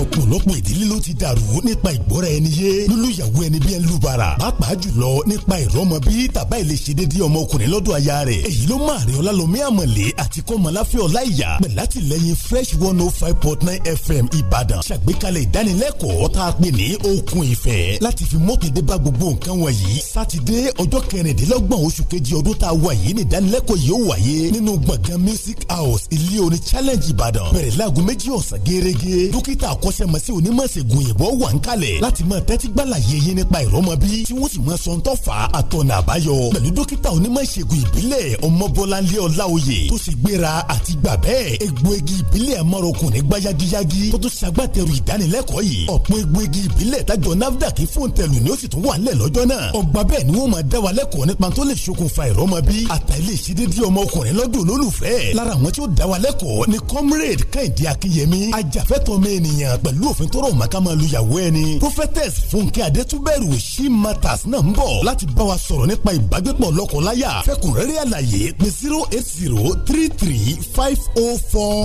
ọ̀pọ̀lọpọ̀ ìdílé ló ti dàrú nípa ìgbọ́ra ẹni yé lólùyàwó ẹni bí ẹni lùbàrà pàápàá jùlọ nípa ìrọmọ bí tàbá ilé ṣe déédéé ọmọkùnrin lọ́dọ̀ aya rẹ̀ èyí ló máa rí ọlálọ́mí àmọ̀lé àti kọ́mọláfẹ́ ọláìyá pẹ̀lú àtìlẹ́yìn fresh one oh five point nine fm ìbàdàn ṣàgbékalẹ̀ ìdánilẹ́kọ̀ọ́ tá a pè ní okun ìfẹ́ láti fi mọ́tòdé bá gbogbo nǹkan wọ̀nyí sátidé ọjọ́ kẹrìndínlọ́gbọ̀n oṣù kejì ọdún tá a wà yìí ní ìdánilẹ́kọ̀ọ́ house ilé orin challenge ìbàdàn bẹ̀rẹ̀ láago méjì ọ̀sán géere yege dókítà akọ́ṣẹ́mọṣẹ́ onímọ̀ ṣègùn òyìnbó wà ń kalẹ̀ láti máa tẹ́tí gbàlàyé yín nípa ìrọmọbí tí wọ́n sì máa sọ ń tọ́fà àtọ̀nà àbáyọ pẹ̀lú dókítà onímọ̀ ìṣègùn ìbílẹ̀ ọmọbọ́láńlé ọláoyè tó sì gbéra àti gbà bẹ́ẹ̀ egbòogi ìbílẹ̀ amọ́rokùn ní gbáyagíyágí tó tún ṣagbátẹrù ìdánilẹ́kọ̀ọ́ yìí ọ̀pọ̀ egbòogi ìbílẹ̀ tájọ nafdac fún tẹlù ni ó sì tún wà nílẹ̀ lọ́jọ́ náà ọgbà bẹ́ẹ̀ ni wọ́n máa dá wa lẹ́kọ̀ọ́ nípa tó lè ṣokùnfà ìrọmọbí àtàlẹ́ ìṣídéédé fẹ́tọ̀ mi ènìyàn pẹ̀lú òfin tó rọ̀ mọ́ ká máa lu ìyàwó ẹni. prophetess funke adétúbẹ̀rù she matters náà ń bọ̀ láti bá wa sọ̀rọ̀ nípa ìbágbépọ̀ lọ́kọláya fẹ́kùnrẹ́rẹ́ àlàyé pé zero eight zero three three five oh four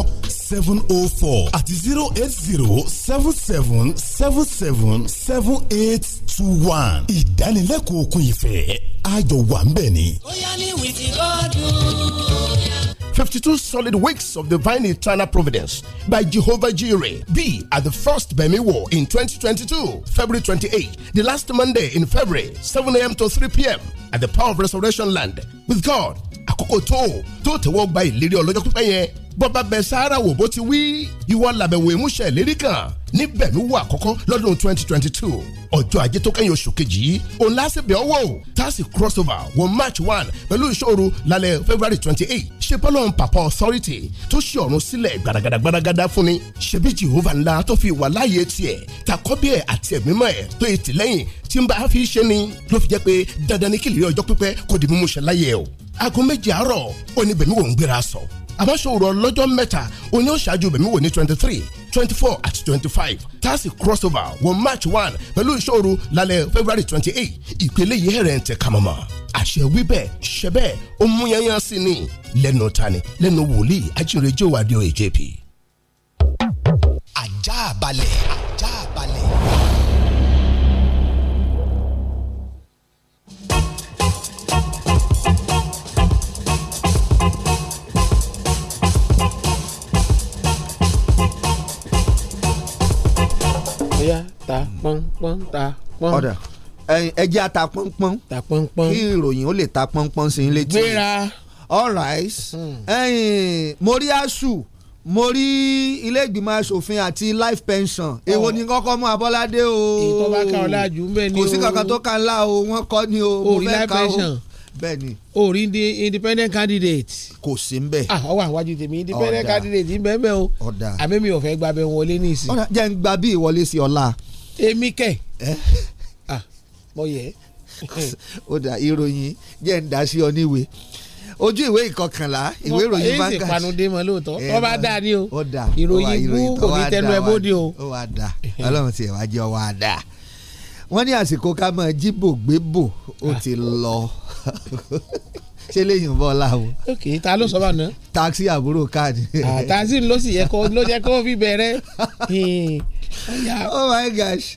seven oh four àti zero eight zero seven seven seven seven seven eight two one ìdánilẹ́kọ̀ọ́ òkun ìfẹ́ àjọ wà ń bẹ̀ ni. ó yá ní wìtí lọ́dún. 52 solid weeks of divine eternal providence by Jehovah Jireh. Be at the first Bemi War in 2022, February 28, the last Monday in February, 7 a.m. to 3 p.m. at the Power of Restoration Land with God. Àkókò to to tẹ̀wọ́ gba ìlérí ọlọ́jọ́ pípẹ́ yẹn bọ́ba bẹ sahara wò bó ti wí ìwọ làbẹ̀wò ìmúṣẹ ìlérí kan níbẹ̀ ló wà àkọ́kọ́ lọ́dún twenty twenty two ọjọ́ ajé tó kẹ́yìn oṣù kejì yìí òun lásìbẹ̀ ọwọ́ tásì crossover wọ march one pẹ̀lú ìṣòro lálẹ́ february 28. eight ṣe bọ́lọ́n papa authority tó ṣe ọ̀run sílẹ̀ gbaragada gbaragada fún ni ṣebí jehova ńlá tó fi wà láàyè tiẹ̀ takọ́bí ẹ̀ àti ẹ̀mímọ́ ẹ̀ tó yẹ tìlẹ́yìn tí ń bá fi ṣe ni ló fi jẹ́ pé dandan ní kìlì ọjọ́ pípẹ́ kò di àbáṣọ̀rọ̀ ọlọ́jọ́ mẹ́ta oní òṣáájú bẹ̀mí wò ní twenty three twenty four àti twenty five tásì crossover wọ march one pẹ̀lú ìṣòro lálẹ́ february twenty eight ìpele yìí hẹ̀rẹ̀ ń tẹ̀ kàmọ́mọ́ àṣẹ wíbẹ̀ ṣẹbẹ̀ ó mú sí ni lẹ́nu tani lẹ́nu wòlíì ajínrere jẹ́ òwádìí ọ̀ẹ́jẹ̀pì. ajá balẹ̀ yá ta pọ́npọ́n ta pọ́n. ọ̀dà ẹ jẹ́ ata pọ́npọ́n. ta pọ́npọ́n. kí ìròyìn ó lè ta pọ́npọ́n sí i létí. gbéra. all hmm. mo rí àṣù mo rí ilé ìgbìmọ̀ asòfin àti life pension èwo oh. ni kọ́kọ́ mú abọ́ládé o. èyí tó bá ka ọ̀làjú ń bẹ ni o. kò sí kankan tó kan ńlá o wọ́n kọ́ ni o. Oh, o rí life pension bẹ́ẹ̀ni. orí oh, di independent candidate. kò sí ń bẹ̀. ah ọwọ́ àwájú tèmi independent Oda. candidate ń bẹ́ẹ̀ bẹ́ẹ̀ o. ọ̀dà àbí mi ò fẹ́ gba bẹ́ẹ̀ wọlé ní ìsìn. ọ̀dà jẹ́ ń gba bí ìwọlé sí ọ̀la. èmi kẹ̀. ah mo yẹ. ọ̀dà ìròyìn jẹ́ ń da. sí ọ níwèé ojú ìwé ìkọkànlá ìwé ìròyìn Vanguard. èyí sì panudé mọ lóòótọ́ tó bá dáa ni o ìròyìn bú kò ní tẹnu ẹ bóde o. ó wàá da ọlọ́run tiẹ̀ wá jẹ́ ọ wàá da wọ́n ní àsìkò ká mọ̀ jíbò gbé bò ó ti lọ ṣé lẹ́yìn bọ́ láwọn. ok ta ló sọ bá ná. taxi àbúrò káàdì. taxi ló sì yẹ kó ló jẹ kó fi bẹ̀rẹ̀. oh my gosh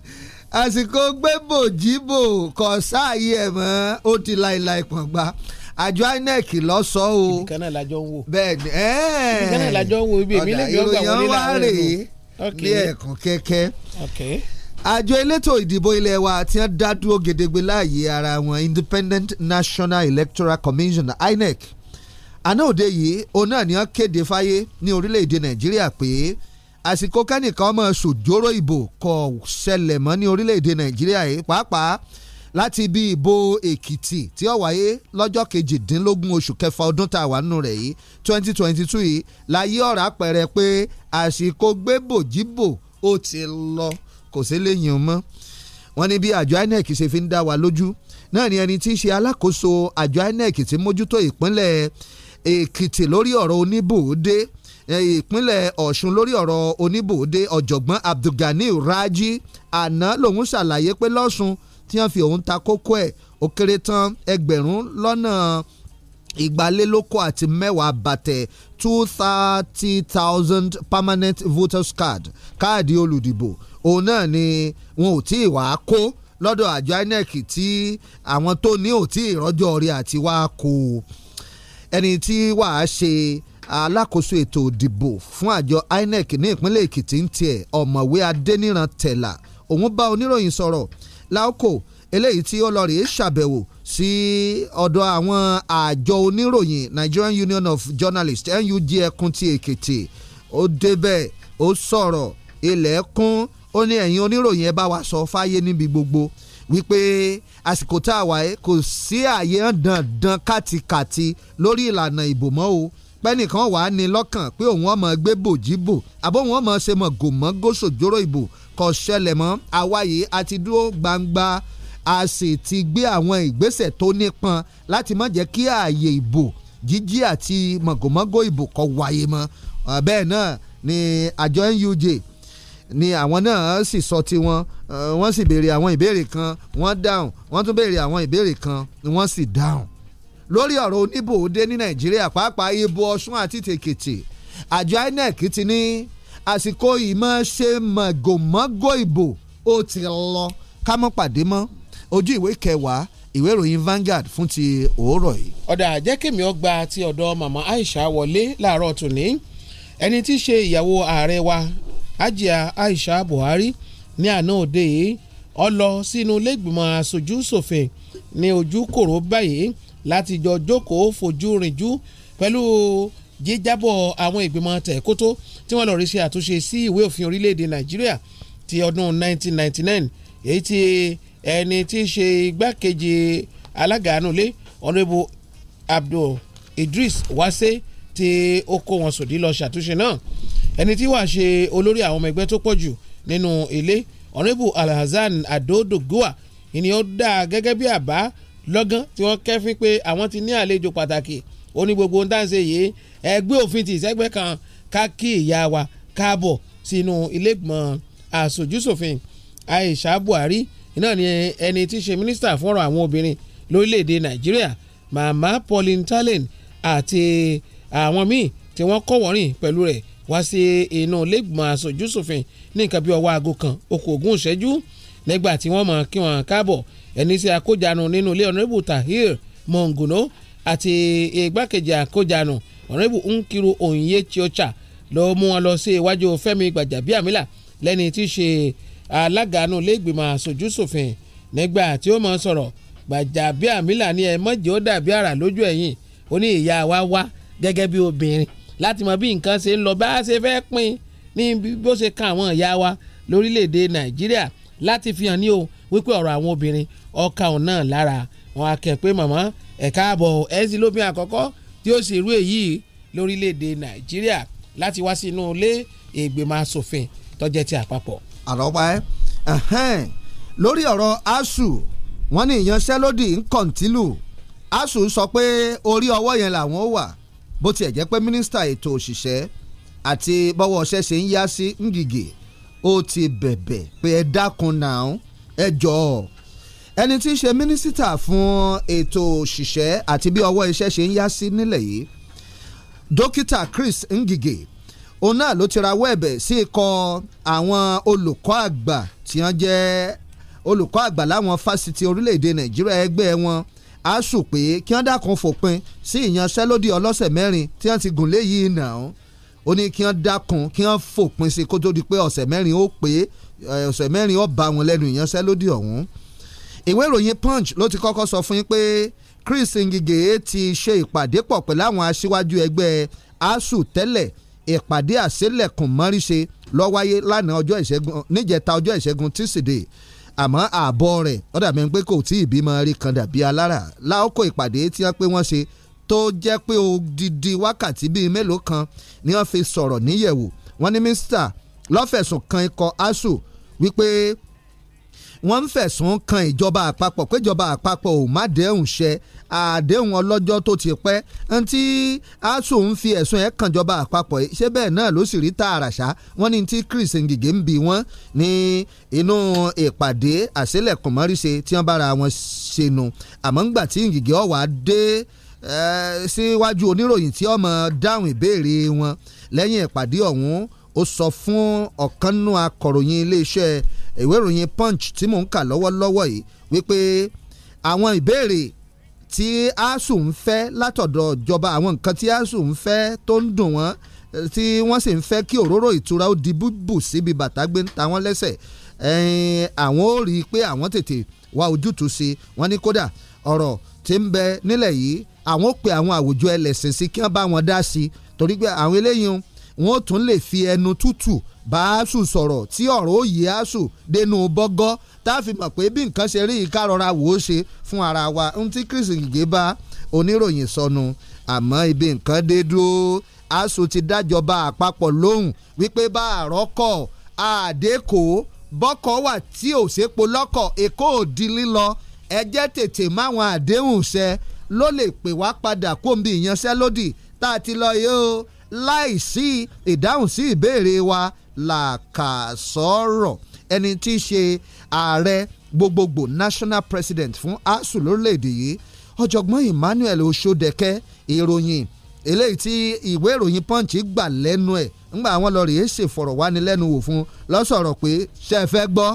àsìkò gbé bòjíbò kò sáàyè ẹ̀ mọ́ ó ti láìláì pọ̀n gba àjọ INEC lọ sọ o. ibìkan náà lajọ ń wò. bẹ́ẹ̀ni ẹẹ ibìkan náà lajọ ń wò ibi èmi lè gbọ́ gbà wọlé làwọn èèyàn. ọ̀dà ìròyìn wa rèé ní ẹ̀ẹ̀kan kẹ́kẹ́ àjọ elétò ìdìbò ilé wa tí wọ́n dá dúró gedegbe láàyè ara wọn Independent National Electoral Commission INEC àná òde yìí òun náà ni wọ́n kéde fáyé ní orílẹ̀-èdè Nàìjíríà pé àsìkò kẹ́nìkan ọmọ ṣòjóró ìbò kò ṣẹlẹ̀ mọ́ ní orílẹ̀-èdè Nàìjíríà yìí pàápàá láti ibi ìbò Èkìtì tí ó wáyé lọ́jọ́ kejìdínlógún oṣù kẹfà ọdún tá a wà nínú rẹ̀ yìí twenty twenty two yìí láyé ọ̀rá pẹ̀rẹ̀ pé àsìkò gbébòjìbò ó ti lọ kò sí léyìn mọ́ wọ́n ní bí àjọ INEC ṣe fi ń dá wa lójú náà ni ẹni tí í ṣe alákòóso àjọ INEC ti mójútó ìpínlẹ̀ Èkìtì lórí ọ̀rọ̀ oníbòde ìpínlẹ̀ Ọ̀ṣun lórí ọ̀rọ̀ oníbòde ọ̀jọ̀gbọ́n Abdulgani Raji àná lòun ṣàlàyé pé lọ́sùn tí wọ́n fi òun ta kókó ẹ̀ ó kéré tán ẹgbẹ̀rún lọ́nà ìgbàlélókò àti mẹ́wàá bàtẹ̀ two thirty thousand permanent voters card káàdì olùdìbò òun náà ni wọn ò tí ì wá kó lọ́dọ̀ àjọ INEC tí àwọn tó ní ò tí ì rọ́jọ́ rí àti wá kó ẹni tí wàá ṣe alákòóso ètò ìdìbò fún àjọ INEC ní ìpínlẹ̀ Èkìtì ń tiẹ̀ ọ̀mọ̀wé Adéníran Tẹ̀là òun bá oníròyìn sọ̀rọ̀ láòkò eléyìí tí ó lọ rèé ṣàbẹ̀wò sí ọ̀dọ̀ àwọn àjọ oníròyìn Nigerian Union of Journalists NUJ ẹkùn ti Èkìtì ó débẹ̀ ó sọ̀rọ̀ ilẹ̀ kún ó ní ẹ̀yin oníròyìn ẹ bá wa sọ fáyé níbi gbogbo wípé àsìkò tá a wà ẹ́ kò sí àyè dandan kátikàti lórí ìlànà ìbò mọ́ o pẹ́nìkan wà á ní lọ́kàn pé òun ọmọ gbé bòjíbò àbó òun ọmọ ṣe mọ̀ gòmọ́gò sòjóró ìbò kò ṣẹlẹ̀ mọ́ àwáyé àti dúró gbangba a sì ti gbé àwọn ìgbésẹ̀ tó nípọn láti má jẹ́ kí ààyè ìbò jíjí àti mọ̀gòmọ́gò ìbò kó wáyé mọ́ bẹ́ẹ̀ náà ni àjọ NUJ ni àwọn náà sì sọ tiwọn wọ́n sì béèrè àwọn ìbéèrè kan wọ́n dáhùn wọ́n tún béèrè àwọn ìbéèrè kan wọ́n sì dáhùn lórí ọ̀rọ̀ oníbòde ní nàìjíríà pàápàá ibo ọ̀ṣun àti tèkìtì àjọ inec ti ní àsìkò ìmọ̀ ṣe mọ̀gòmọ́gò ìbò ó ti lọ ká mọ́ pàdé mọ́ ojú ìwé kẹwàá ìwé ìròyìn Vanguard fún ti òórọ̀ yìí. ọ̀dà jẹ́kẹ̀mí ọgbà ti ọ̀dọ̀ màmá Aisha wọlé láàárọ̀ tòní ẹni tí í ṣe ìyàwó ààrẹ wa Ajia Aisha Buhari ní àná òde yìí ó lọ sínú ilégbìmọ̀ aṣojú ṣòfin ní ojú kòró báyìí láti jọ jókòó fojú rìnjú pẹ̀lú jíjábọ̀ àwọn ìgbìmọ̀ tẹ̀kótó tí wọ́n lọ rí ṣe àtúnṣe sí ìwé òfin orílẹ̀-èdè Nàìjíríà ti ọdún 1999 èyí tí ẹni tí í ṣe igbákejì alága ànulẹ̀ ọ̀nrẹ́bù Abdul Idris Wase ti ó kó wọn sòdí lọ ṣàtúnṣe náà ẹni tí wàá ṣe olórí àwọn ọmọ ẹgbẹ́ tó pọ̀ jù nínú ilé ọ̀rẹ́bù alhazan adodogua ìní ó dá gẹ́gẹ́ bí àbá lọ́gán tí wọ́n kẹ́fín pé àwọn ti ní àlejò pàtàkì ó ní gbogbo ohun tá à ń ṣe yìí ẹgbẹ́ òfin ti ìṣẹ́gbẹ́ kan ká ìyá wa káàbọ̀ sínú ilégbọ̀n àṣojúṣòfin Aisha Buhari iná ni ẹni tí í ṣe mínísítà fún ọ̀rọ̀ àwọn obìnrin lórílẹ̀‐èdè Nàìjíríà màmá Pauline Talen àti àwọn míì tí wọ́n kọ́ wọ́rìn pẹ̀lú rẹ̀ wá sí inú lẹ́gbọ̀n aṣojúṣòfin ní nǹkan bí ọwọ́ aago kan oko ogún ìṣẹ́jú nígbà tí wọ́n mọ̀ kí wọ́n káàbọ̀ ẹni sí akójanu nínú ilé ọ̀nàrẹ́bù Tahir Monguno àti igbákejì akójanu ọ̀nàrẹ́bù Nkiru Onyechiocha ló mú wọn lọ sí iwájú Fẹ́mi Gbàjàbíàmílà lẹ́ni tí í ṣe alága inú lẹ́gbìmọ̀ aṣojúṣòfin nígbà tí ó mọ̀ sọ̀rọ̀ Gbàjàbíàmílà ní ẹ mọ̀jẹ̀ ó dàbí àrà lójú ẹ̀yìn ó ní ìyá wa wá gẹ́gẹ́ bí obìnrin láti mọ bí nǹkan ṣe ń lọ bá a ṣe fẹ́ pín ní bó ṣe kan àwọn ìyá wa lórílẹ̀‐èdè nàìjíríà láti fi hàn ní o wípé ọ̀rọ̀ àwọn obìnrin ọkà òun náà lára wọn á kẹ́ pé màmá ẹ̀ káàbọ̀ ẹ̀ sì lóbìn àkọ́kọ́ tí ó ṣèrú èyí lórílẹ̀‐èdè nàìjíríà láti wá sínú ilé ìgbìmọ̀ asòfin tó jẹ́ ti àpapọ̀. àròpá ẹ lórí ọ̀rọ̀ asuu wọ́n ní ìyanṣẹ́lódì ń kọ̀ǹtìlù asuu sọ pé orí ọwọ́ yẹn làwọn wà bó tiẹ̀ jẹ́ pé mínísítà ètò òṣìṣẹ́ àti bọ́wọ́ ọṣẹ́ ṣe ń yá sí Ngige ó ti bẹ̀bẹ̀ pé ẹ dákun náà ẹ jọ̀ọ́ ẹni tí í ṣe mínísítà fún ètò òṣìṣẹ́ àti bí ọwọ́ iṣẹ́ ṣe ń yá sí nílẹ̀ yìí dókítà Chris Ngige òun náà ló ti rawọ́ ẹ̀bẹ̀ sí ikọ̀ àwọn olùkọ́ àgbà tí wọ́n jẹ́ olùkọ́ àgbà láwọn fásitì orílẹ̀-èdè Nàìjíríà ẹgbẹ́ wọn asuu pé kí wọ́n dákun fòpin sí ìyanṣẹ́lódì ọlọ́sẹ̀ mẹ́rin tí wọ́n ti gùn léyìí náà ó ní kí wọ́n dákun kí wọ́n fòpin sí kó tó di pé ọ̀sẹ̀ mẹ́rin ó pé ọ̀sẹ̀ mẹ́rin ó bá wọn lẹ́nu ìyanṣẹ́lódì ọ̀hún ìwé ìròyìn punch ló ti kọ́kọ́ sọ fún yín pé Chris Ngige ti ṣe ìpàdé pọ̀ pẹ̀lú àwọn aṣíwájú ẹgbẹ́ asuu tẹ́lẹ̀ ìpàdé àṣelẹ̀kùn mọ́ríṣe ló wáyé lánàá ọjọ́ ìṣẹ́gun níjẹta ọjọ́ ìṣẹ́gun tíṣídẹ̀ẹ́ àmọ́ ààbọ̀ rẹ̀ ó dàbí pé kò tí ì bímọ rí kan dàbí alára láòkó ìpàdé tí wọ́n pé wọ́n ṣe tó jẹ́ pé odidi wákàtí bíi mélòó kan ni wọ́n fi sọ̀rọ̀ níyẹ̀wò wọ́n ní mínísítà ló kan ikọ̀ asuu wípé wọ́n ń fẹ̀sùn kan ìjọba àpapọ̀ péjọba àpapọ̀ ò má dẹ́hùn ṣẹ àdéhùn ọlọ́jọ́ tó ti pẹ́ ntí asuu ń fi ẹ̀sùn ẹ̀ kànjọba àpapọ̀ ṣé bẹ́ẹ̀ náà ló sì rí tààrà ṣá wọ́n ní tí Chris Ngige ń bi wọ́n ní inú ìpàdé àṣelẹ̀kùnmọ́ríṣe tí wọ́n bára wọn ṣe nu àmọ́ ńgbà tí Ngige ọ̀wá dé síwájú oníròyìn tí ọmọ dáhùn ìbéèrè wọn lẹ́yìn ìpàdé ọ̀hún ó sọ fún ọ̀kanú akọ̀ròyìn iléeṣẹ́ ìwé ìròyìn punch tí mò ń kà lọ́wọ́lọ́wọ́ yìí wípé àwọn ìbéèrè tí asuu ń fẹ́ látọ̀dọ̀ ìjọba àwọn nǹkan tí asuu ń fẹ́ tó ń dùn wọ́n tí wọ́n sì ń fẹ́ kí òróró ìtura ó di búbù síbi bàtà gbé ń ta wọ́n lẹ́sẹ̀ àwọn ó rí i pé àwọn tètè wá ojútùú sí i wọ́n ní kódà ọ̀rọ̀ tí ń bẹ nílẹ̀ yìí àwọn ó pe àwọn àwùjọ ẹlẹ́sìn sí kí wọ́n bá wọn dá sí i torí pé àwọn eléyìí wọn ò tún lè fi ẹnu tútù bá asu sọ̀rọ̀ tí ọ̀rọ̀ òye asu dẹnu bọ́gọ́ tá a fi mọ̀ pé bí nǹkan ṣe rí ká rọra wò ó ṣe fún ara wa ohun tí Chris Ngige bá oníròyìn sọnù àmọ́ ibi nǹkan dé dúró asu ti dájọba àpapọ̀ lóhùn wípé bá àrọ́kọ̀ àdékò bọ́kọ̀ wà tí ò sépo lọ́kọ̀ èkó òdi lílọ ẹ tètè máwọn àdéhùn ṣẹ ló lè pè wá padà kóńbi ìyanṣẹ́lódì tá a ti lọ yìí o láìsí ìdáhùn sí ìbéèrè wa làkàsọ̀rọ̀ ẹni tí í ṣe ààrẹ gbogbogbò national president fún asu lórílẹ̀‐èdè yìí ọ̀jọ̀gbọ́n Emmanuel Oṣodẹkẹ ìròyìn eléyìí tí ìwé ìròyìn punch gbà lẹ́nu ẹ̀ ńgbà àwọn lọ rèé ṣèfọ̀rọ̀wánilẹ́nuwò fún lọ́sọ̀rọ̀ pé ṣe é fẹ́ gbọ́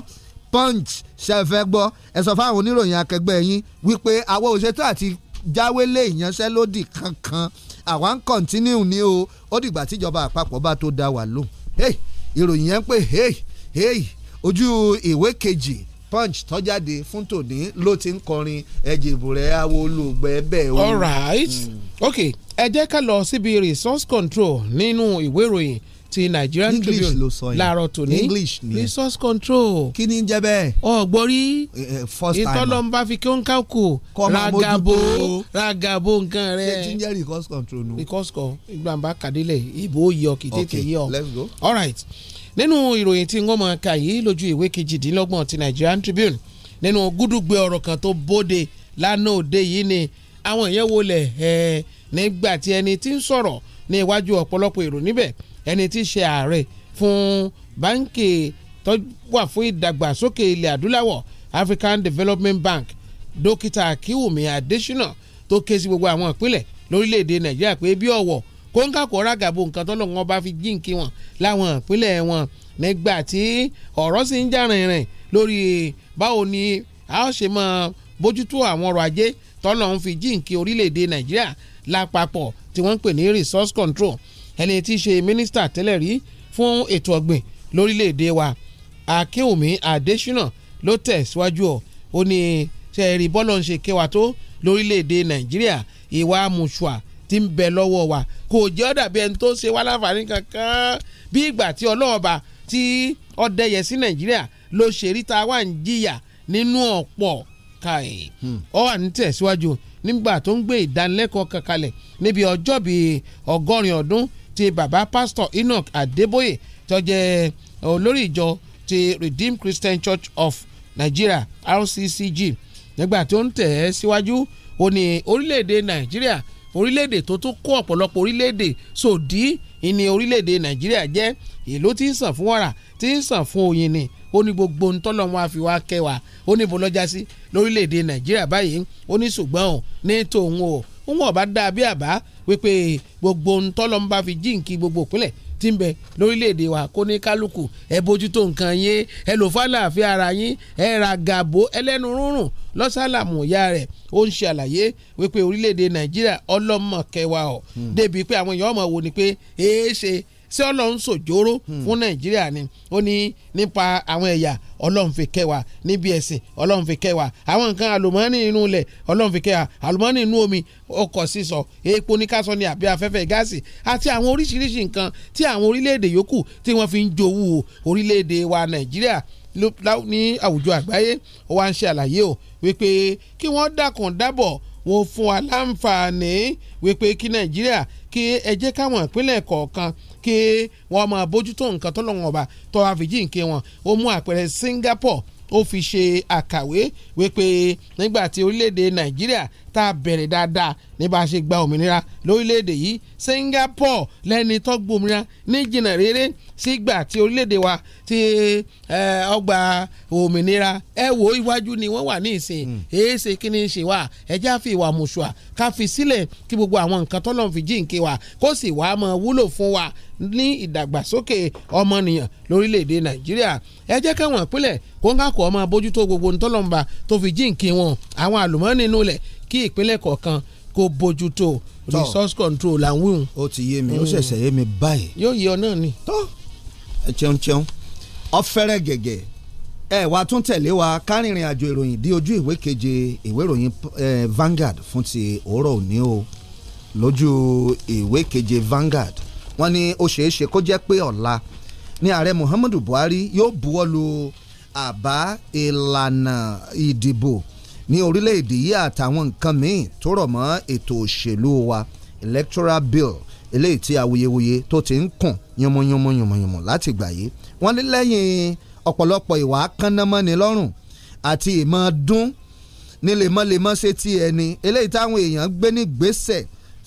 punch ṣe é fẹ́ gbọ́ ẹ sọ fáwọn oníròyìn akẹgbẹ́ yín wípé àwọn òṣètò àti jáwé lé ìyanṣẹ́lódì kankan àwa ń kọ́ntínú ni o ó dìgbà tíjọba àpapọ̀ bá tó dá wà lóhùn ìròyìn yẹn ń ojú ìwé kejì punch tó fún tòní ló ti ń kọrin ẹ̀jẹ̀ ìbùrẹ́ awo bẹ́ẹ̀ o. all right mm. ok ẹ jẹ́ ká lọ síbi resource control nínú ìwé ìròyìn ti Nigerian Tribune láàárọ̀ tòní resource control kí ni jẹ́ bẹ́ẹ̀. ọ̀gbọ́rí ìtọ́lọ́mbà fi kí ó ń ká kù ragabo ragabo nǹkan rẹ̀. ṣé ginger resource control nù. resource control ìgbàmbá kàdílẹ̀ ìbò yọ kì í tètè yọ. ok let's go. all right nínú ìròyìn tí wọ́n mọ̀ ká yìí lójú ìwé kejìdínlọ́gbọ̀n ti Nigerian Tribune nínú gúdúgbẹ ọ̀rọ̀ kan tó bóde lánàá òde yìí ni àwọn èèyàn wọlé ẹ̀ nígbà tí ẹni tí ń sọ̀rọ̀ ní iwájú ọ̀pọ̀lọpọ̀ èrò níbẹ̀ ẹni tí í ṣe ààrẹ fún báńkì tó wà fún ìdàgbàsókè ilẹ̀ adúláwọ̀ African Development Bank dókítà Akíwùmí Adésínà tó ké sí gbogbo àwọn ìpínlẹ̀ lórílẹ̀‐èdè Nàìjíríà pé bí ọ̀wọ̀ kóńkà kó rágàbó nǹkan tó lọ́wọ́ bá fi jíǹkí wọn láwọn ìpínlẹ̀ wọn nígbà tí ọ̀rọ̀ sì ń jà rìnrìn lórí báwo ni a ó ṣe máa bójútó àwọn ọrọ̀ ajé tọ́lọ̀ ń fi jíǹkí orílẹ̀‐èdè Nàìjíríà lápapọ̀ tí wọ́n ń pè ní resource control ẹni tí í ṣe mínísítà tẹ́lẹ̀ rí fún ètò ọ̀gbìn lórílẹ̀‐èdè wa Akínwùmí Adésínà ló tẹ̀síwájú ọ̀ ó ní sẹ́ẹ̀rì bọ́lọ̀ ń ṣe kéwa tó lórílẹ̀‐èdè Nàìjíríà ìwà mùsùà ti ń bẹ lọ́wọ́ wa kò jẹ́ ọ̀dà bí ẹni tó ṣe wá láǹfààní kankan bí ìgbà tí ọlọ́ọ̀ba tí ọdẹyẹ sí Nàìjíríà ló ṣe rí ta wà ń jìyà nínú ọ̀pọ̀ káì ọ hmm. wà ní tẹ̀síwájú nígbà tó ń gbé ìdánilẹ́kọ̀ọ́ kankalẹ̀ níbi ọjọ́ bíi ọgọ́rin ọdún ti bàbá pásítọ̀ Enoch Adébóyè tó jẹ́ olórí ìjọ ti Redeemed Christian Church of Nigeria RCCG nígbà tó ń tẹ̀ ẹ́ síwájú ó ní orílẹ̀-èdè Nàìjíríà orílẹ̀-èdè tó tún kó ọ̀pọ̀lọpọ̀ orílẹ̀-èdè sòdí ìní orílẹ̀-èdè Nàìjíríà jẹ́ ìlú tí ń sàn fún wàrà tí ń sàn fún oyin ni ó ní gbogbo ntọ́lọ́wọ́n àfiwá kẹwàá ó ní bọ́lọ́jà sí lórílẹ̀-èdè Nàìjíríà báyìí ó ní ṣùgbọ́n ò ní tòun o wọn ọba dáa bí àbá wípé gbogbo ntọ́lọ́ ń bá fi jíǹkì gbogbo ìpínlẹ̀ tí ń bẹ lórílẹ̀‐èdè wa kó ní kálukú ẹ bójútó nǹkan yín ẹ lò fàlàáfíà ara yín ẹ ra gàbó ẹlẹ́nu rúnrún lọ́sàlámù ìyá rẹ̀ ó ń ṣàlàyé wípé orílẹ̀‐èdè nàìjíríà ọlọ́mọkẹwàá ọ̀ hmm. débi pé àwọn èèyàn ọmọ wò ni pé èé ṣe ṣé ọlọ́run sòjóró hmm. fún nàìjíríà ni ó ní nípa àwọn ẹ̀yà ọlọ́run fi kẹwàá níbi ẹ̀sìn ọlọ́run fi kẹwàá àwọn nǹkan àlùmọ́ọ́nì inú ilẹ̀ ọlọ́run fi kẹwàá àlùmọ́ọ́nì inú omi ọkọ̀ sísọ epo ní kásán ni àbí afẹ́fẹ́ gáàsì àti àwọn oríṣiríṣi nǹkan tí àwọn orílẹ̀-èdè yòókù tí wọ́n fi ń jowú orílẹ̀-èdè wa nàìjíríà ní àwùjọ àgbáyé ó wá ń ṣe àlàyé o wípé kí wọ́n dákun dábọ̀ wọn fún wa láǹfààní wípé kí nàìjíríà kí ẹ jẹ́ káwọn ìpínlẹ̀ kọ̀ọ̀kan kí wọ́n máa bójútó nǹkan tó lọ́wọ́n ọba tó wá fìjì nǹkan wọn ó mú àpẹẹrẹ Singapore ó fi ṣe àkàwé wípé nígbà tí orílẹ̀-èdè Nàìjíríà tá a bẹ̀rẹ̀ dáadáa ní bá a ṣe gba òmìnira lórílẹ̀‐èdè yìí Singapore lẹ́ni tó gbòmìnira ní jìnnà rere sígbà tí orílẹ̀‐èdè wa ti ọgbà òmìnira ẹ wo iwájú ni wọ́n wà ní ìsìn hmm. èéṣe kí ni ṣe wà ẹjẹ́ àfi ìwà mùsùà ká fi sílẹ̀ kí gbogbo àwọn nǹkan tọ́lọ́run fi jíǹkí wa kó sì wàá mọ wúlò fún wa ní ìdàgbàsókè ọmọnìyàn lórílẹ̀‐èdè Nàìjíríà ẹ jẹ́ káwọn ìpínlẹ̀ kó ń kákò ọmọ bójútó gbogbo ntọ́lọ́mba tó fi jíǹkí wọn àwọn àlùmọ́ọ́nì inú ilẹ̀ kí ìpínlẹ̀ kọ̀ọ̀kan kó bójú tó resource control là ń wíwùn. ó ti yé mi ó hmm. ṣẹ̀ṣẹ̀ yé mi báyìí. yóò yé ọ náà ni. tọ́ ẹ cheun cheun ọ̀fẹ́rẹ́ gẹ̀gẹ̀ ẹ wàá tún tẹ̀lé wa kárìnrìn àjò ìròyìn dí ojú ìwé keje ìwé ìròyìn Vanguard fún ti òórọ̀ òní o lójú ìwé keje Vanguard wọ́n ní ó ṣeé ṣe kó jẹ́ pé ọ̀la ni ààrẹ Muhammadu Buhari yóò buwọ́ lu àbá ìlànà ìdìbò ní orílẹ̀-èdè yìí àtàwọn nǹkan míì tó rọ̀ mọ́ ètò òṣèlú wa electoral bill eléyìí tí awuyewuye tó ti ń kùn yánmọ́yánmọ́yánmọ́yánmọ́ láti gbà yìí wọ́n ní lẹ́yìn ọ̀pọ̀lọpọ̀ ìwà kánámọ́ni àti ìmọ̀ dún ní lemọ́lemọ́ ṣe ti ẹni eléyìí táwọn èèyàn gbé ní gbèsè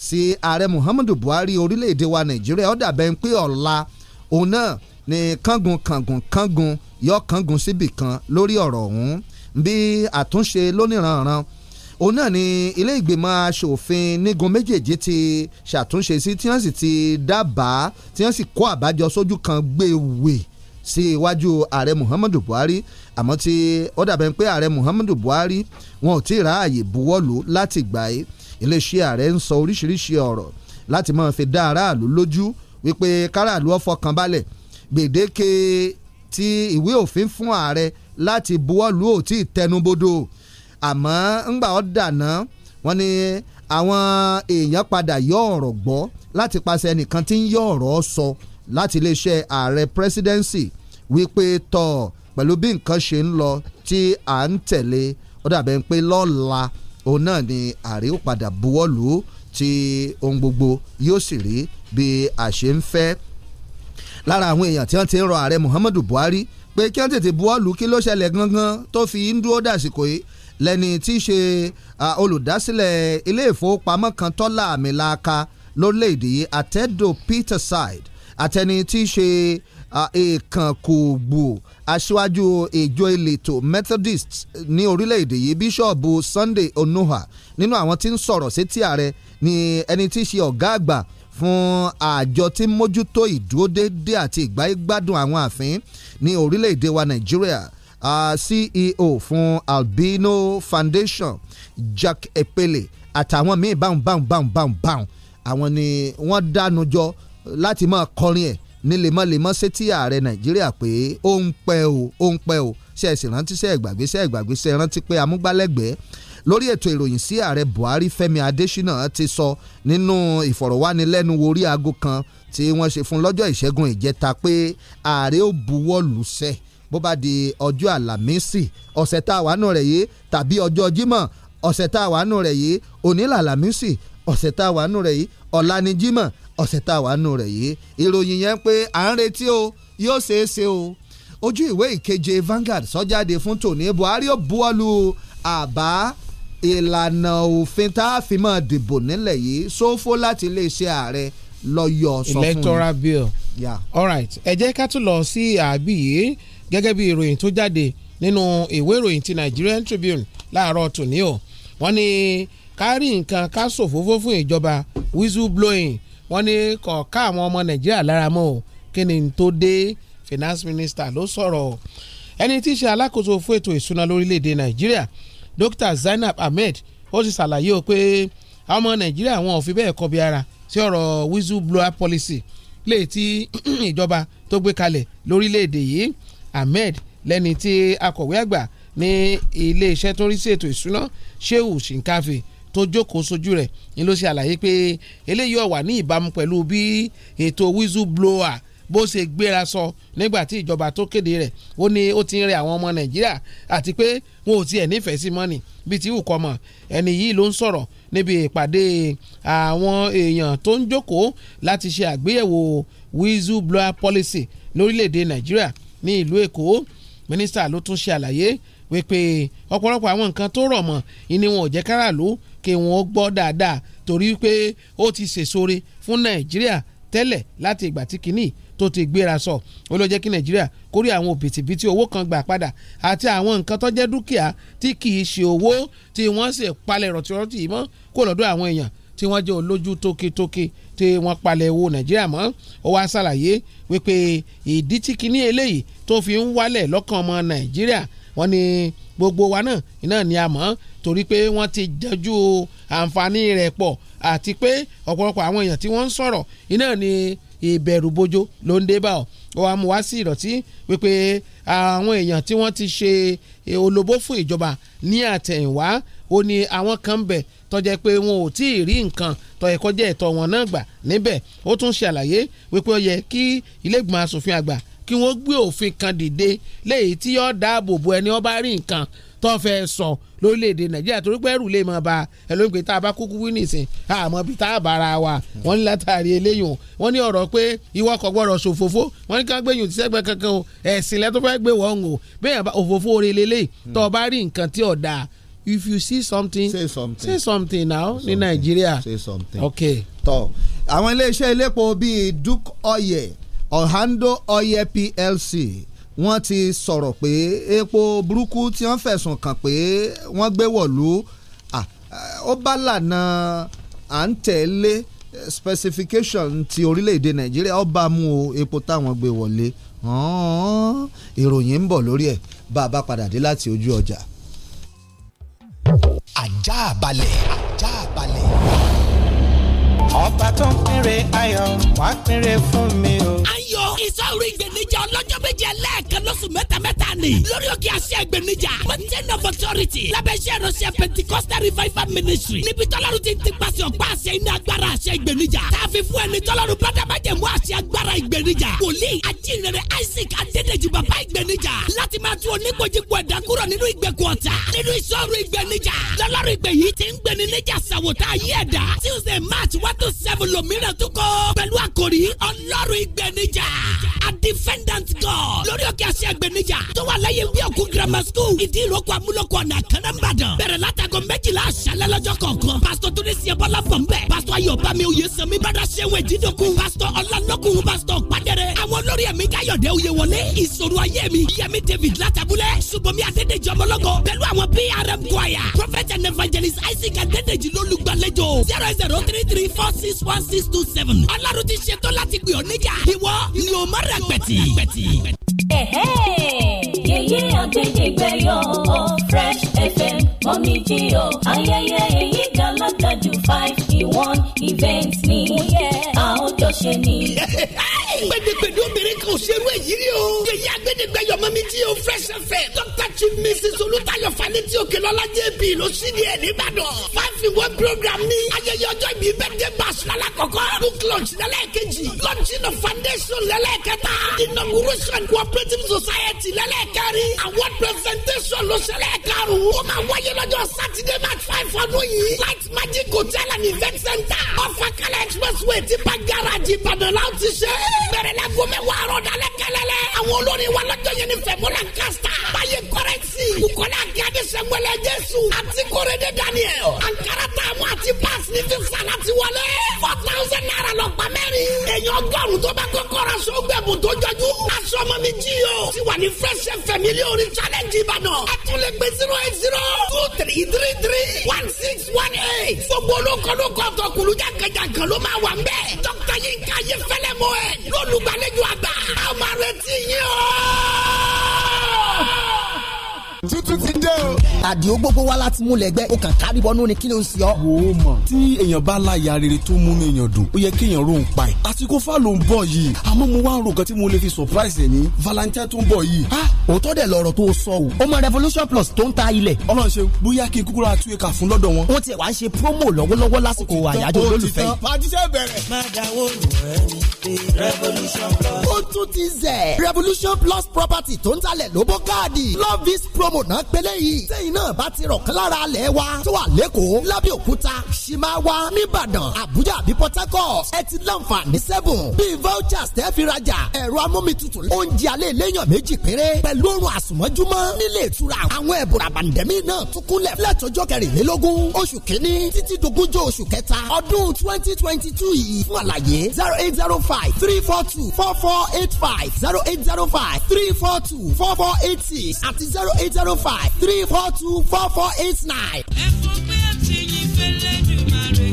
sí ààrẹ Muhammadu Buhari orílẹ̀-èdè wa Nàìjíríà ó dàbẹ̀ ń pé ọ̀la òun náà ní kángun kángun kángun yọ kángun síbì lórí ọ̀rọ̀ ọ̀hún bí àtúnṣe lóníranran òun náà ni ilé ìgbìmọ̀ asòfin nígun méjèèjì ti ṣàtúnṣe sí tí wọ́n sì ti dábàá tí wọ́n sì kó àbájọ sójú kan gbéwè sí iwájú ààrẹ Muhammadu Buhari àmọ́ tí ó dàbẹ̀ pé ààrẹ Muhammadu Buhari wọn ò tí ì ráàyè buwọ́lù láti gbà é iléeṣẹ́ ààrẹ ń sọ oríṣiríṣi ọ̀rọ̀ láti máa fi dá aráàlú lójú wípé káràlú ó fọkàn balẹ̀ gbèdéke tí ìwé òfin fún ààrẹ láti buwọ́lù ò tí ì tẹnubodò àmọ́ ńgbà ọ́ dànà wọ́n ní àwọn èèyàn padà yọ ọ̀rọ̀ gbọ́ láti paṣẹ ẹnìkan tí ń yọ ọ̀rọ̀ sọ láti iléeṣẹ́ ààrẹ presidency wípé tọ̀ pẹ̀lú bí nǹkan ṣe ń lọ tí à ń tẹ̀lé ó dàbẹ̀ ń pé lọ́la òun náà ni ààrẹ ó tí ohun gbogbo yóò sì rí bí a ń fẹ́ lára àwọn èèyàn tí wọ́n ti ń rọ ààrẹ Muhammadu Buhari pé kí wọ́n tètè buwọ́lù kí ló ṣẹlẹ̀ gangan tó fi ń dúró dàsìkò yìí lẹ́ni tí í ṣe olùdásílẹ̀ ilé ìfowópamọ́ kan tọ́lá àmìlàaka lórílẹ̀‐èdè yìí àtẹ́dò Peterside àtẹni tí í ṣe èèkànkògbò aṣíwájú ìjọ ìletò Methodist ní orílẹ̀‐èdè yìí bíṣọ̀bù Sunday Onuha nínú àwọn tí ń sọ̀rọ̀ sétí ààrẹ ni ẹni tí í ṣe ọ̀gá àgbà fún àjọ tí mójútó ìdúródédé àti ìgbáyégbádùn àwọn àfín ní orílẹ̀-èdè wa Nàìjíríà uh, CEO fún Albino Foundation Jack Epele àtàwọn míì báwọn báwọn báwọn báwọn báwọn àwọn ni wọ́n dánu jọ láti máa kọrin ẹ̀ ní lemọ́lemọ́ sétí ààrẹ Nàìjíríà pé ó ń pẹ́ o ó ń pẹ́ o ṣe é sì rántí ṣe é gbàgbé ṣe é gbàgbé ṣe é rántí pé amúgbálẹ́gbẹ̀ẹ́ lórí ètò ìròyìn sí ààrẹ Buhari Fẹ́mi Adésínà ti sọ nínú ìfọ̀rọ̀wánilẹ́nuwò orí aago kan tí wọ́n ṣe fún lọ́jọ́ ìṣẹ́gun ìjẹta pé ààrẹ ó buwọ́ lùsẹ̀ bó bá di ọjọ́ àlàmísì ọ̀sẹ̀ tá a wà nù rẹ̀ yìí tàbí ọjọ́ Jímọ̀ ọ̀sẹ̀ tá a wà nù rẹ̀ yìí onílà àlàmísì ọ̀sẹ̀ tá a wà nù rẹ̀ yìí ọ̀la ni ọ̀sẹ̀ tá a wà nù rẹ̀ yìí ìròyìn yẹn pé à ń retí o yóò ṣeé ṣe o ojú ìwé ìkeje Vanguard sọ jáde fún tòní Buhari ó buwọ́lu àbá ìlànà òfin tá a fi máa dìbò nílẹ̀ yìí sófó láti iléeṣẹ́ ààrẹ lọ́yọ̀ sọ fún mi. electoral bill yeah. alright ẹ jẹ́ ká tún lọ sí àbí yìí gẹ́gẹ́ bí ìròyìn tó jáde nínú ìwé ìròyìn ti Nigerian Tribune láàárọ̀ tòní o wọ́n ní kárí nǹkan ká ṣòfófó fún ìjọba whistle blowing wọ́n ní kò ká àwọn ọmọ Nàìjíríà lára mọ́ o kí ni tó dé finance minister ló sọ̀rọ̀ ẹni tí í ṣe alákòóso fún ètò ìsúná lórílẹ̀‐èdè Nàìjíríà Dr. Zainab Ahmed ó ti ṣàlàyé o pé ọmọ Nàìjíríà wọn ò fi bẹ́ẹ̀ kọbi ara sí ọ̀rọ̀ whistleblower policy lè ti ìjọba tó gbé kalẹ̀ lórílẹ̀‐èdè yìí Ahmed lẹ́ni tí akọ̀wé àgbà ní iléeṣẹ́ tó rí sí ètò ìsúná Shehu Shinkafi tó jókòó sójú rẹ̀ ni ló ṣe àlàyé pé eléyìí ó wà ní ìbámu pẹ̀lú bí ètò whistleblower bó ṣe gbéra sọ nígbà tí ìjọba tó kéde rẹ̀ ó ní ó ti ń rẹ àwọn ọmọ nàìjíríà àti pé wọn ò tiẹ̀ nífẹ̀ẹ́ sí mọ́nì bíi ti wù kọ́ mọ̀ ẹni yìí ló ń sọ̀rọ̀ níbi ìpàdé àwọn èèyàn tó ń jókòó láti ṣe àgbéyẹ̀wò whistleblower policy lórílẹ̀‐èdè nàìjíríà ní ìlú èkó mínísítà ló tún ṣe àlàyé wípé ọ̀pọ̀lọpọ̀ àwọn nǹkan tó rọ̀ mọ́ ìní wọn ò jẹ́ káràlú kí wọ́n gbọ́ dáadáa torí pé ó ti ṣèṣore fún nàìjíríà tẹ́lẹ̀ láti ìgbà tí kìíní tó ti gbéra sọ ó ló jẹ́ kí nàìjíríà kórí àwọn òbítíbitì owó kan gbà padà àti àwọn nǹkan tó jẹ́ dúkìá tí kì í ṣe owó tí wọ́n sì palẹ̀ rọ̀tìrọ̀tì yìí mọ́ kó lọ́dọ̀ àwọn èèyàn tí wọ́n jẹ́ olójú tókítókí tí wọ́n palẹ̀ owó nàìjíríà mọ́ ó wá ṣàlàyé wípé ìdí tí kinní eléyìí tó fi ń wálẹ̀ lọ́kàn ọmọ nàìjíríà wọ́n ní gbogbo wa náà iná ni a mọ̀ torí pé wọ́n ti jẹ́jú àǹfààní rẹ̀ pọ̀ àti pé ọ̀pọ̀lọpọ̀ àwọn èèyàn tí wọ́n ń sọ̀rọ̀ iná ni ìbẹ̀rù bójó ló ń dé bá ọ ó wàá mú wá sí ìrọ̀tí wípé àwọn èèyàn tí wọ́n ti ṣe e, olóbó fún ìjọba ní àtẹ̀yìnwá ó ní àwọn kan ń bẹ̀ tọ́jẹ́ pé wọn ò tí ì rí nǹkan tọ́yẹ̀ kọjá ẹ̀tọ́ wọn náà gbà níbẹ̀ ó tún ṣàlàyé wípé ó yẹ kí ilégbìmọ̀ asòfin àgbà kí wọ́n gbé òfin kan dìde léyìí tí yóò dáàbò bo ẹni ó bá rí nǹkan tó fẹ́ sọ lórílẹ̀‐èdè nàìjíríà torí pé ẹrù lè mọ̀ bá ẹlòmíì tá a bá kúkú wí nìsín àmọ́ bí tá a bá ara wa wọ́n ní látàrí eléyìí wọ́n ní ọ̀rọ̀ pé ìwọ kò gbọ́dọ̀ ṣòfófó wọ́n ní ká gbé yòó ti kankan ẹ̀sìn lẹ́tọ́ fẹ́ gbé wọ́n o bẹ́ẹ̀ òfófó oore lélẹ̀ hmm. tó o bá rí nǹkan tí ò dáa if you see something say something say something now ní nàìjíríà say something okay. tọ àwọn iléeṣẹ́ iléepo bíi Duke Oye Ohando Oye PLC wọ́n ti sọ̀rọ̀ pé epo burúkú tí wọ́n fẹ̀sùn kàn pé wọ́n gbé wọ̀lú ó bá lànà à ń tẹ̀lé specification ti orílẹ̀-èdè nàìjíríà ó bá mú epo táwọn gbé wọlé ìròyìn ń bọ̀ lórí ẹ̀ bá a bá padà dé láti ojú ọjà. ajá balẹ̀ ajá balẹ̀ ọba tó ń pínre ayọ̀ wá pínre fún mi o. ayọ̀ ìsọ̀rọ̀ ìgbènijà ọlọ́jọ́ méje lẹ́ẹ̀kan lóṣù mẹ́tamẹ́ta ni lórí òkè àṣẹ ìgbènijà mountain of authority lábẹ́sẹ̀ ìránṣẹ́ pentikosta revival ministry níbi tọ́lọ́rù ti ti pàṣẹ ọ̀pá àṣẹ iná agbára àṣẹ ìgbènijà tá a fi fún ẹni tọ́lọ́rù bàdàbàjẹ̀mú àṣẹ agbára ìgbènijà wòlíì ajínrere isaac adédèjì bàbá ìgbènijà láti máa tún oníkojúpọ̀ ẹ̀dá kúrò nínú ìgbèkùn ọ̀tá nínú ìsọ̀rọ̀ ìgbènijà lọ́lọ́rù ìgbè yìí ti ń gbeni níjà sàwòtá ayé ẹ̀dá tuesday march one to seven lòmíràn tó kọ́ pẹ̀lú àkòrí ọlọ́run ìgbẹ́nijà a defendant god lórí òkè àṣẹ ìgbẹ́nijà tó wà lẹ́yìn wíọ̀kú grammar school ìdí ìrókò amúlòkọ ọ̀nà kanambadàn bẹ̀rẹ̀ látago méjìlá àṣálẹ́ lọ́jọ́ kọ̀ọ̀kan pásítọ̀ tónísìyẹ bọ́lá fọ̀nbẹ́ pásítọ̀ ayọ̀bámi oyèsànmi bàdà ṣẹ́wọ̀n ìdídọ́kù pásítọ̀ ọlálọ́kùn pásítọ̀ pàdẹ́rẹ́ àwọn olórí ẹ̀mí káyọ̀dé oyèwọlé ìṣòro ayé mi yẹmi david látàbúlẹ̀ ṣùgbọ́nmi adédèjì ọmọlọ́kọ pẹ̀lú àwọn prm choir prophet and evangelist isaac adédèjì lólùgbàlejò zero zero three three four four six one six two seven ọlọ́run ti ṣetán láti gbé ọ níjà ìwọ ni o má rà pẹ̀tì. ẹ̀hẹ́ yẹ̀yẹ́ àgbẹ̀dẹ̀gbẹ̀ yọ fresh fm mọ́mí jí o ayẹyẹ èyí gàlágàjù five in one event ni a ó jọ ṣe ni. gbẹdẹgbẹdẹ obìnrin kan ò ṣerú èyí rí o. yèyí agbẹdẹgbẹ yọmọ mi tí o fresh fẹ. dókítà chief mrs olùtayọ fani tí o kè lọ́la jp ló sì ní ẹ̀ nìbàdàn. five in one program ní. ayẹyẹ ọjọ́ ìbí birthday bash lọ́la kọ̀kọ́. book launch lẹ́lẹ́kejì. launching of foundation lẹ́lẹ́kẹta. inauguration cooperative society lẹ́lẹ́kẹrin. award presentation ló ṣẹlẹ̀ karùn-ún. ó máa wáyé lọ́jọ́ saturday march five ọdún yìí. light magic hotel and event center. ọ̀fà kala expressway ti pa garaji ìbàdàn láti ṣe é bẹ̀rẹ̀ la gomẹ wa rọ dalẹ̀ kẹlẹlẹ. àwọn olórí wa lọ́jọ́ yẹn ni fẹmọ la kasta. báyìí kọrẹ si. u kọnẹ Jésù. a ti Daniel. ankara t lẹ́mú àti pass ní fífà láti wọlé. four thousand naira lọ gbà mẹ́rin. èèyàn ọgọ́rùn-ún tó bá kọ́kọ́ ra so tó jọjú. aṣọ ọmọ mi jí o. ti wà ní fresh fm ilé orin challenge ìbàdàn. a tún lè gbé zero eight zero two three three three one six one eight. gbogbo olókòlókò tó kulujà kẹjàkan ló máa wà ń bẹ̀. dókítà yìí ká yẹ fẹ́lẹ́ mọ́ ẹ̀. lólùgbàlejò àgbà. a máa retí yín o. tuntun ti dé o àdìó gbogbo wa láti múlẹ̀ gbẹ́ o kàn kárí bọ́nú ni kí ló ń ṣe wò ó mọ̀ tí èèyàn bá láyà rere tó múnú èèyàn dùn ó yẹ kéèyàn rò ń pa ẹ̀. àsìkò fà ló ń bọ̀ yìí àmọ́ mo wá ń ro nǹkan tí mo lè fi surprise ẹ̀ ní valentine tó ń bọ̀ yìí. a ah, òótọ́ dẹ̀ lọ̀rọ̀ tó sọ o ọmọ revolution plus tó ń ta ilẹ̀. ọlọ́run ṣe bóyá promo náà pélé yìí. sẹ́yìn tẹ́yìn náà bá ti rọ̀kán lára alẹ̀ wa tó wà lẹ́kọ̀ọ́ lábẹ́òkúta ṣìmáwá nìbàdàn àbújá àbí port harcourt ẹ ti láǹfààní sẹ́bùn bíi vouchers tẹ́ fi rajà ẹ̀rọ amómitutù oúnjẹ alẹ́ lẹ́yìn méjì péré pẹ̀lú oorun àsùnmọ́júmọ́ nílé ìtura àwọn ẹ̀bùrà bàǹdẹ̀mí náà tún kúnlẹ̀ fúlẹ̀tọ́jọ́ kẹrìnlélógún oṣù kínní títí dogúnjọ́ oṣù kẹta ọdún twenty twenty two yìí fún àlàyé zero eight zero five three four two four four eight five zero eight zero five three four two four four eight six àti zero eight zero five three four two four four eight nine. ẹ kò pé àtìyìn fẹlẹ́ jù máa rè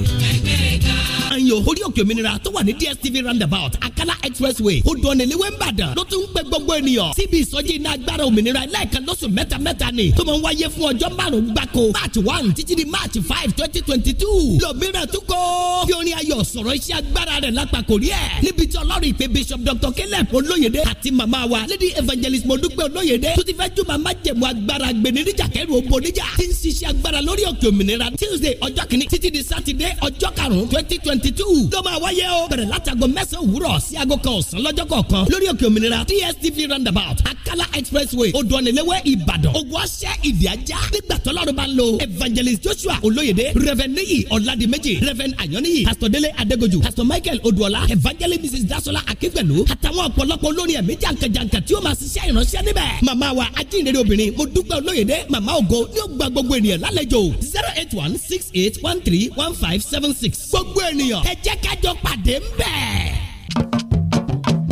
àyàn orí òkè òmìnira tó wà ní dstv roundabout akala expressway odòànìlẹ́wẹ̀ ńbàdàn ló tún ń pè gbogbo ènìyàn síbi ìsọjí iná agbára òmìnira ẹlẹ́ẹ̀kan lóṣù mẹ́tamẹ́ta ni tó máa ń wáyé fún ọjọ́ márùn-ún gbáko march one títí di march five twenty twenty two lòmìnira tún kọ́ fi orin ayọ̀ sọ̀rọ̀ iṣẹ́ agbára rẹ̀ lápapọ̀ rí ẹ̀ níbi tí ọlọ́run ìpè bishop dr caleb olóyèdè àti màmá wa lady evangelist modúpẹ́ olóyèdè tó ti fẹ́ jù màmá jẹ̀mú agbára gbẹ̀nìríjà kẹrù òbò níjà tí ń ṣiṣẹ́ agbára lórí òkè òmìnira tuesday ọjọ́ kìíní títí di saturday ọjọ́ karùn-ún twenty twenty two ló máa wáyé o bẹ̀rẹ̀ látago mẹ́sàn-án òwúrọ̀ sí aago kan ọ̀sán lọ́jọ́ kọ̀ọ̀kan lórí òkè òmìnira tstv roundabout akala expressway odoanelewe Ibadan. ogunṣẹ́ ìdíájá nígbà tó lọ́rùn bá ń lo evangelist joshua olóyèdè reveniyi ọ̀làdìmẹ́jì Reverend ayọ́nìyí pastor Dele adégojú pastor michael odùọlá evangelist mrs dasola akíngbẹ̀lú àtàwọn ọ̀pọ̀lọpọ̀ olórin ẹ̀mí jàǹkàjàǹkà tí ó máa ṣiṣẹ́ ìránṣẹ́ níbẹ̀ Mama wa ajínrere obìnrin mo dúpẹ́ olóyèdè màmá ògo ni ó gba gbogbo ènìyàn lálejò zero eight one six eight one three one five seven six music fógbó ènìyàn ẹ jẹ́ kájọ pàdé ń bẹ̀.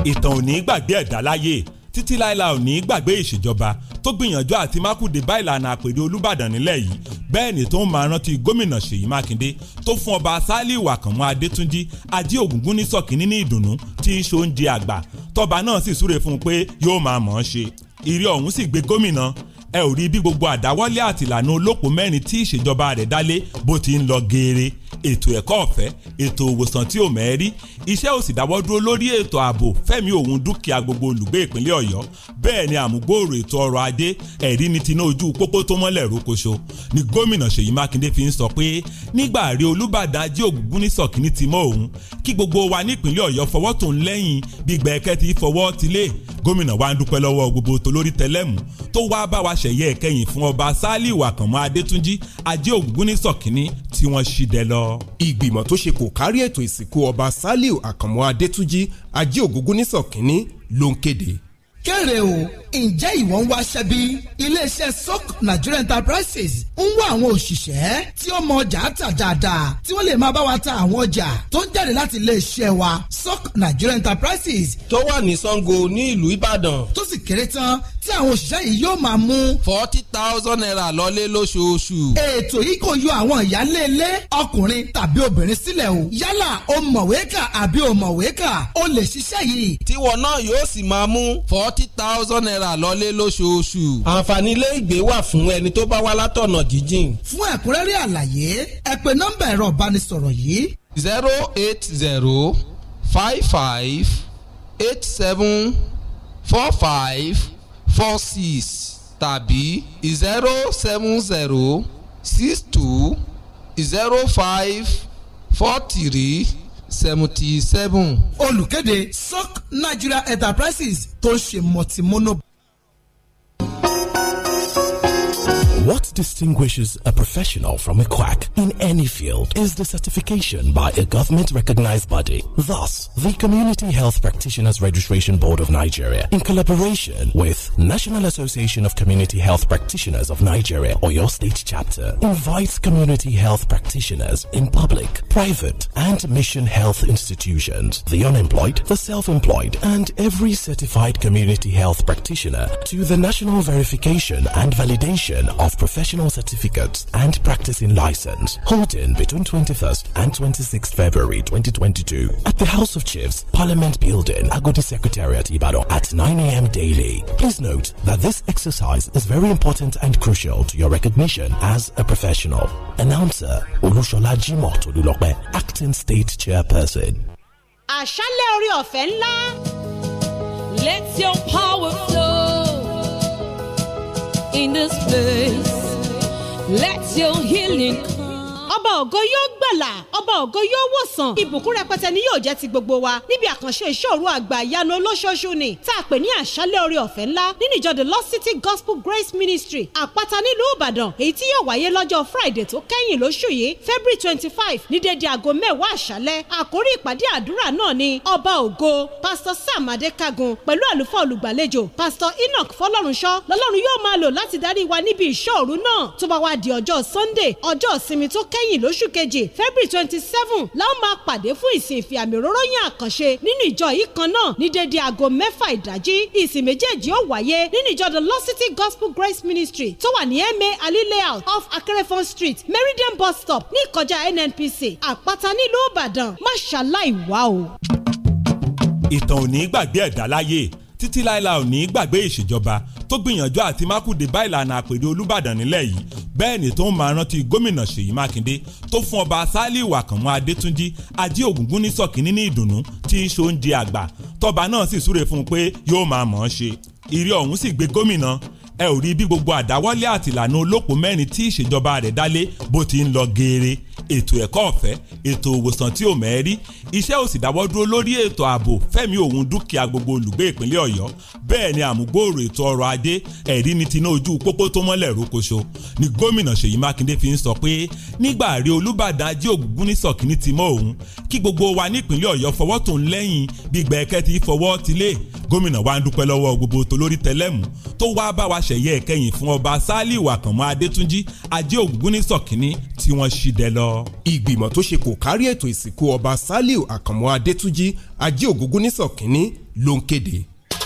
ìtàn ò ní gbàgbé ẹ̀dá láyé títí láìla ò ní gbàgbé ìṣèjọba tó gbìyànjú àti mákùdé bá ìlànà àpèrè olùbàdàn nílẹ̀ yìí bẹ́ẹ̀ ni tó ń máa rántí gómìnà ṣèyí mákindé tó fún ọba sálíù àkànmọ́ adétúnjì ajé ògúngún ní sọ̀kínní ní ìdùnnú tí í ṣe oúnjẹ àgbà tọba náà sì súre fún un pé yóò máa mọ̀ ọ́n ṣe ìrì ọ̀hún sì gbé gómìnà ẹ ò rí bí gbogbo àdáwọ́lé àtìlànà olóko mẹ́rin tí ìṣèjọba rẹ̀ dálé bó ti ń lọ geere ètò ẹ̀kọ́ ọ̀fẹ́ ètò òwòsàn tí ò mẹ́rí iṣẹ́ ò sì dáwọ́ dúró lórí ètò ààbò fẹ́mi òun dúkìá gbogbo olùgbé ìpínlẹ̀ ọ̀yọ́ bẹ́ẹ̀ ni àmúgbòòrò ètò ọrọ̀ ajé ẹ̀rí ni tiná pópó tó mọ́lẹ̀ rókoṣo ni gómìnà ṣèyí mákindé fi ń sọ pé nígbà rí olúbàdàn ajé ògúngún ní sọ̀kíní ti mọ́ òun kí gbogbo wa nípínlẹ̀ ọ̀yọ́ fọwọ́ tó ń lẹ́yìn bí gbẹ̀kẹ́ ti fọwọ́ tilé gómìnà wa ń dúpẹ́ lọ́wọ́ gbogbo tolórí tẹlẹ́mù tó wá bá wa ṣ àṣeyẹ ìkẹyìn fún ọba sálíù àkànmọ́ adétúnjì ajé ògúnnísọ̀ kínní tí wọ́n ṣì dẹ lọ. ìgbìmọ̀ tó ṣe kò kárí ètò ìsìnkú ọba sálíù àkànmọ́ adétúnjì ajé ògúnnísọ̀ kínní ló ń kéde. kẹ́rẹ̀ o ǹjẹ́ ìwọ ń wá aṣẹ́ iléeṣẹ́ soc Nigeria enterprises ń wá àwọn òṣìṣẹ́ tí ó mọ ọjà tà dáadáa tí wọ́n lè máa bá wa ta àwọn ọjà tó ń jáde láti iléeṣẹ́ wa soc Nigeria enterprises. tó wà ní Sango ní ìlú Ìbàdàn. tó sì kéré tán tí àwọn òṣìṣẹ́ yìí yóò máa mú. forty thousand naira lọ́lé lóṣooṣù. ètò yìí kò yọ àwọn ìyálé ilé ọkùnrin tàbí obìnrin sílẹ̀ o. yálà o mọ̀wé kà àbí o mọ̀wé kà o lè ṣiṣẹ́ yìí. tiwọn náà yóò sì máa mú forty thousand naira náírà lọ́lé lóṣooṣù. àǹfààní ilé ìgbé wà fún ẹni tó bá wá látọ̀nà jíjìn. fún ẹ̀kúnrẹ́rẹ́ àlàyé ẹ pè nọ́mbà ẹ̀rọ ìbánisọ̀rọ̀ yìí. zero eight zero five five eight seven four five four six tàbí zero seven zero six two zero five four three seventy seven. olùkéde soc nigeria enterprises tó ń ṣe mọ̀tìmọ́nà. What distinguishes a professional from a quack in any field is the certification by a government recognized body. Thus, the Community Health Practitioners Registration Board of Nigeria, in collaboration with National Association of Community Health Practitioners of Nigeria or your state chapter, invites community health practitioners in public, private, and mission health institutions, the unemployed, the self employed, and every certified community health practitioner to the national verification and validation of professional certificates and practicing license, holding between 21st and 26th February 2022 at the House of Chiefs, Parliament Building, Agodi Secretariat, Ibadan at 9 a.m. daily. Please note that this exercise is very important and crucial to your recognition as a professional. Announcer Olushola Jimo Acting State Chairperson. Àṣálẹ̀ orí Let your power flow in this place. Let your healing come. Ọba ògo yóò olùgbàlà ọba ògo yóò wòsàn ìbùkún rẹpẹtẹ ni yóò jẹ́ ti gbogbo wa níbi àkànṣe ìṣòro àgbà ìyanu olóṣooṣù ni tá a pè ní àṣálẹ́ oore ọ̀fẹ́ ńlá nínú ìjọ the lost city gospel grace ministry àpáta nílùú ìbàdàn èyí tí yóò wáyé lọ́jọ́ friday tó kẹ́yìn lóṣù yìí february twenty five ní dédé aago mẹ́wàá àṣálẹ́ àkórí ìpàdé àdúrà náà ni ọba ògo pastor sam Adekagun, pẹ̀lú àlùfáà olùgbàlejò pastor enoch fọlọ́runṣọ́ lọ́lọ́run yóò máa lò láti darí wa níbi ìṣòro náà tó bá wá sunday ọjọ́ ìsinmi tó kẹ́yìn february twenty seven láwọn máa pàdé fún ìsìn ìfì àmì òróró yàn àkànṣe nínú ìjọ yìí kan náà ní déédéé aago mẹ́fà ìdájí ìsìn méjèèjì ó wáyé nínú ìjọ the lost city gospel grace ministry tó wà ní ma ali layout off Akerefon street meridian bus stop ní ìkọjá nnpc àpáta nílùú ìbàdàn máṣáláì wá o. ìtàn ò ní gbàgbé ẹ̀dá láyé títí láìla ò ní gbàgbé ìṣèjọba tó gbìyànjú àti mákùdé bá ìlànà àpèrè olùbàdàn nílẹ̀ yìí bẹ́ẹ̀ ni tó ń máa rántí gómìnà ṣèyí mákindé tó fún ọba sálíù àkànmú adétúnjì ajé ògúngún ní sọ̀kínní ní ìdùnnú tí í ṣoúnjẹ àgbà tọba náà sì súre fún un pé yóò máa mọ̀ ọ́n ṣe ìrí ọ̀hún sì gbé gómìnà ẹ ò rí bí gbogbo àdáwọ́lé àtìlànà olóko mẹ́rin tí ìṣèjọba ètò ẹ̀kọ́ ọ̀fẹ́ ètò òwòsàn tí ò mẹ́rí iṣẹ́ ò sì dáwọ́ dúró lórí ètò ààbò fẹ́mi òun dúkìá gbogbo olùgbé ìpínlẹ̀ ọ̀yọ́ bẹ́ẹ̀ ni àmúgbòòrò ètò ọrọ̀ ajé ẹ̀rí ni tinú ojú pópó tó mọ́lẹ̀ rókoṣo ni gómìnà ṣèyí mákindé fi ń sọ pé nígbà rí olúbàdàn ajé ògúngúnnísọ̀ kìíní ti mọ́ òun kí gbogbo wa nípínlẹ̀ ọ̀yọ́ fọwọ́ tó ń lẹ́yìn gbígbà ẹ̀kẹ́ ti fọwọ́ ti gómìnà wa ń dúpẹ́ lọ́wọ́ gbogbo tolórí tẹlẹ́mù tó wá bá wa ṣẹ̀yẹ ẹ̀kẹ́yìn fún ọba sálíù adétúnjì ajé ògúngúnnísọ̀ kìíní tí wọ́n ṣì dẹ lọ lọ. ìgbìmọ̀ tó ṣe kò kárí ètò ìsìnkú ọba Sàlíù Àkànmú Adétúnjì Ajé Ògúngúnnísọ̀ kínní ló ń kéde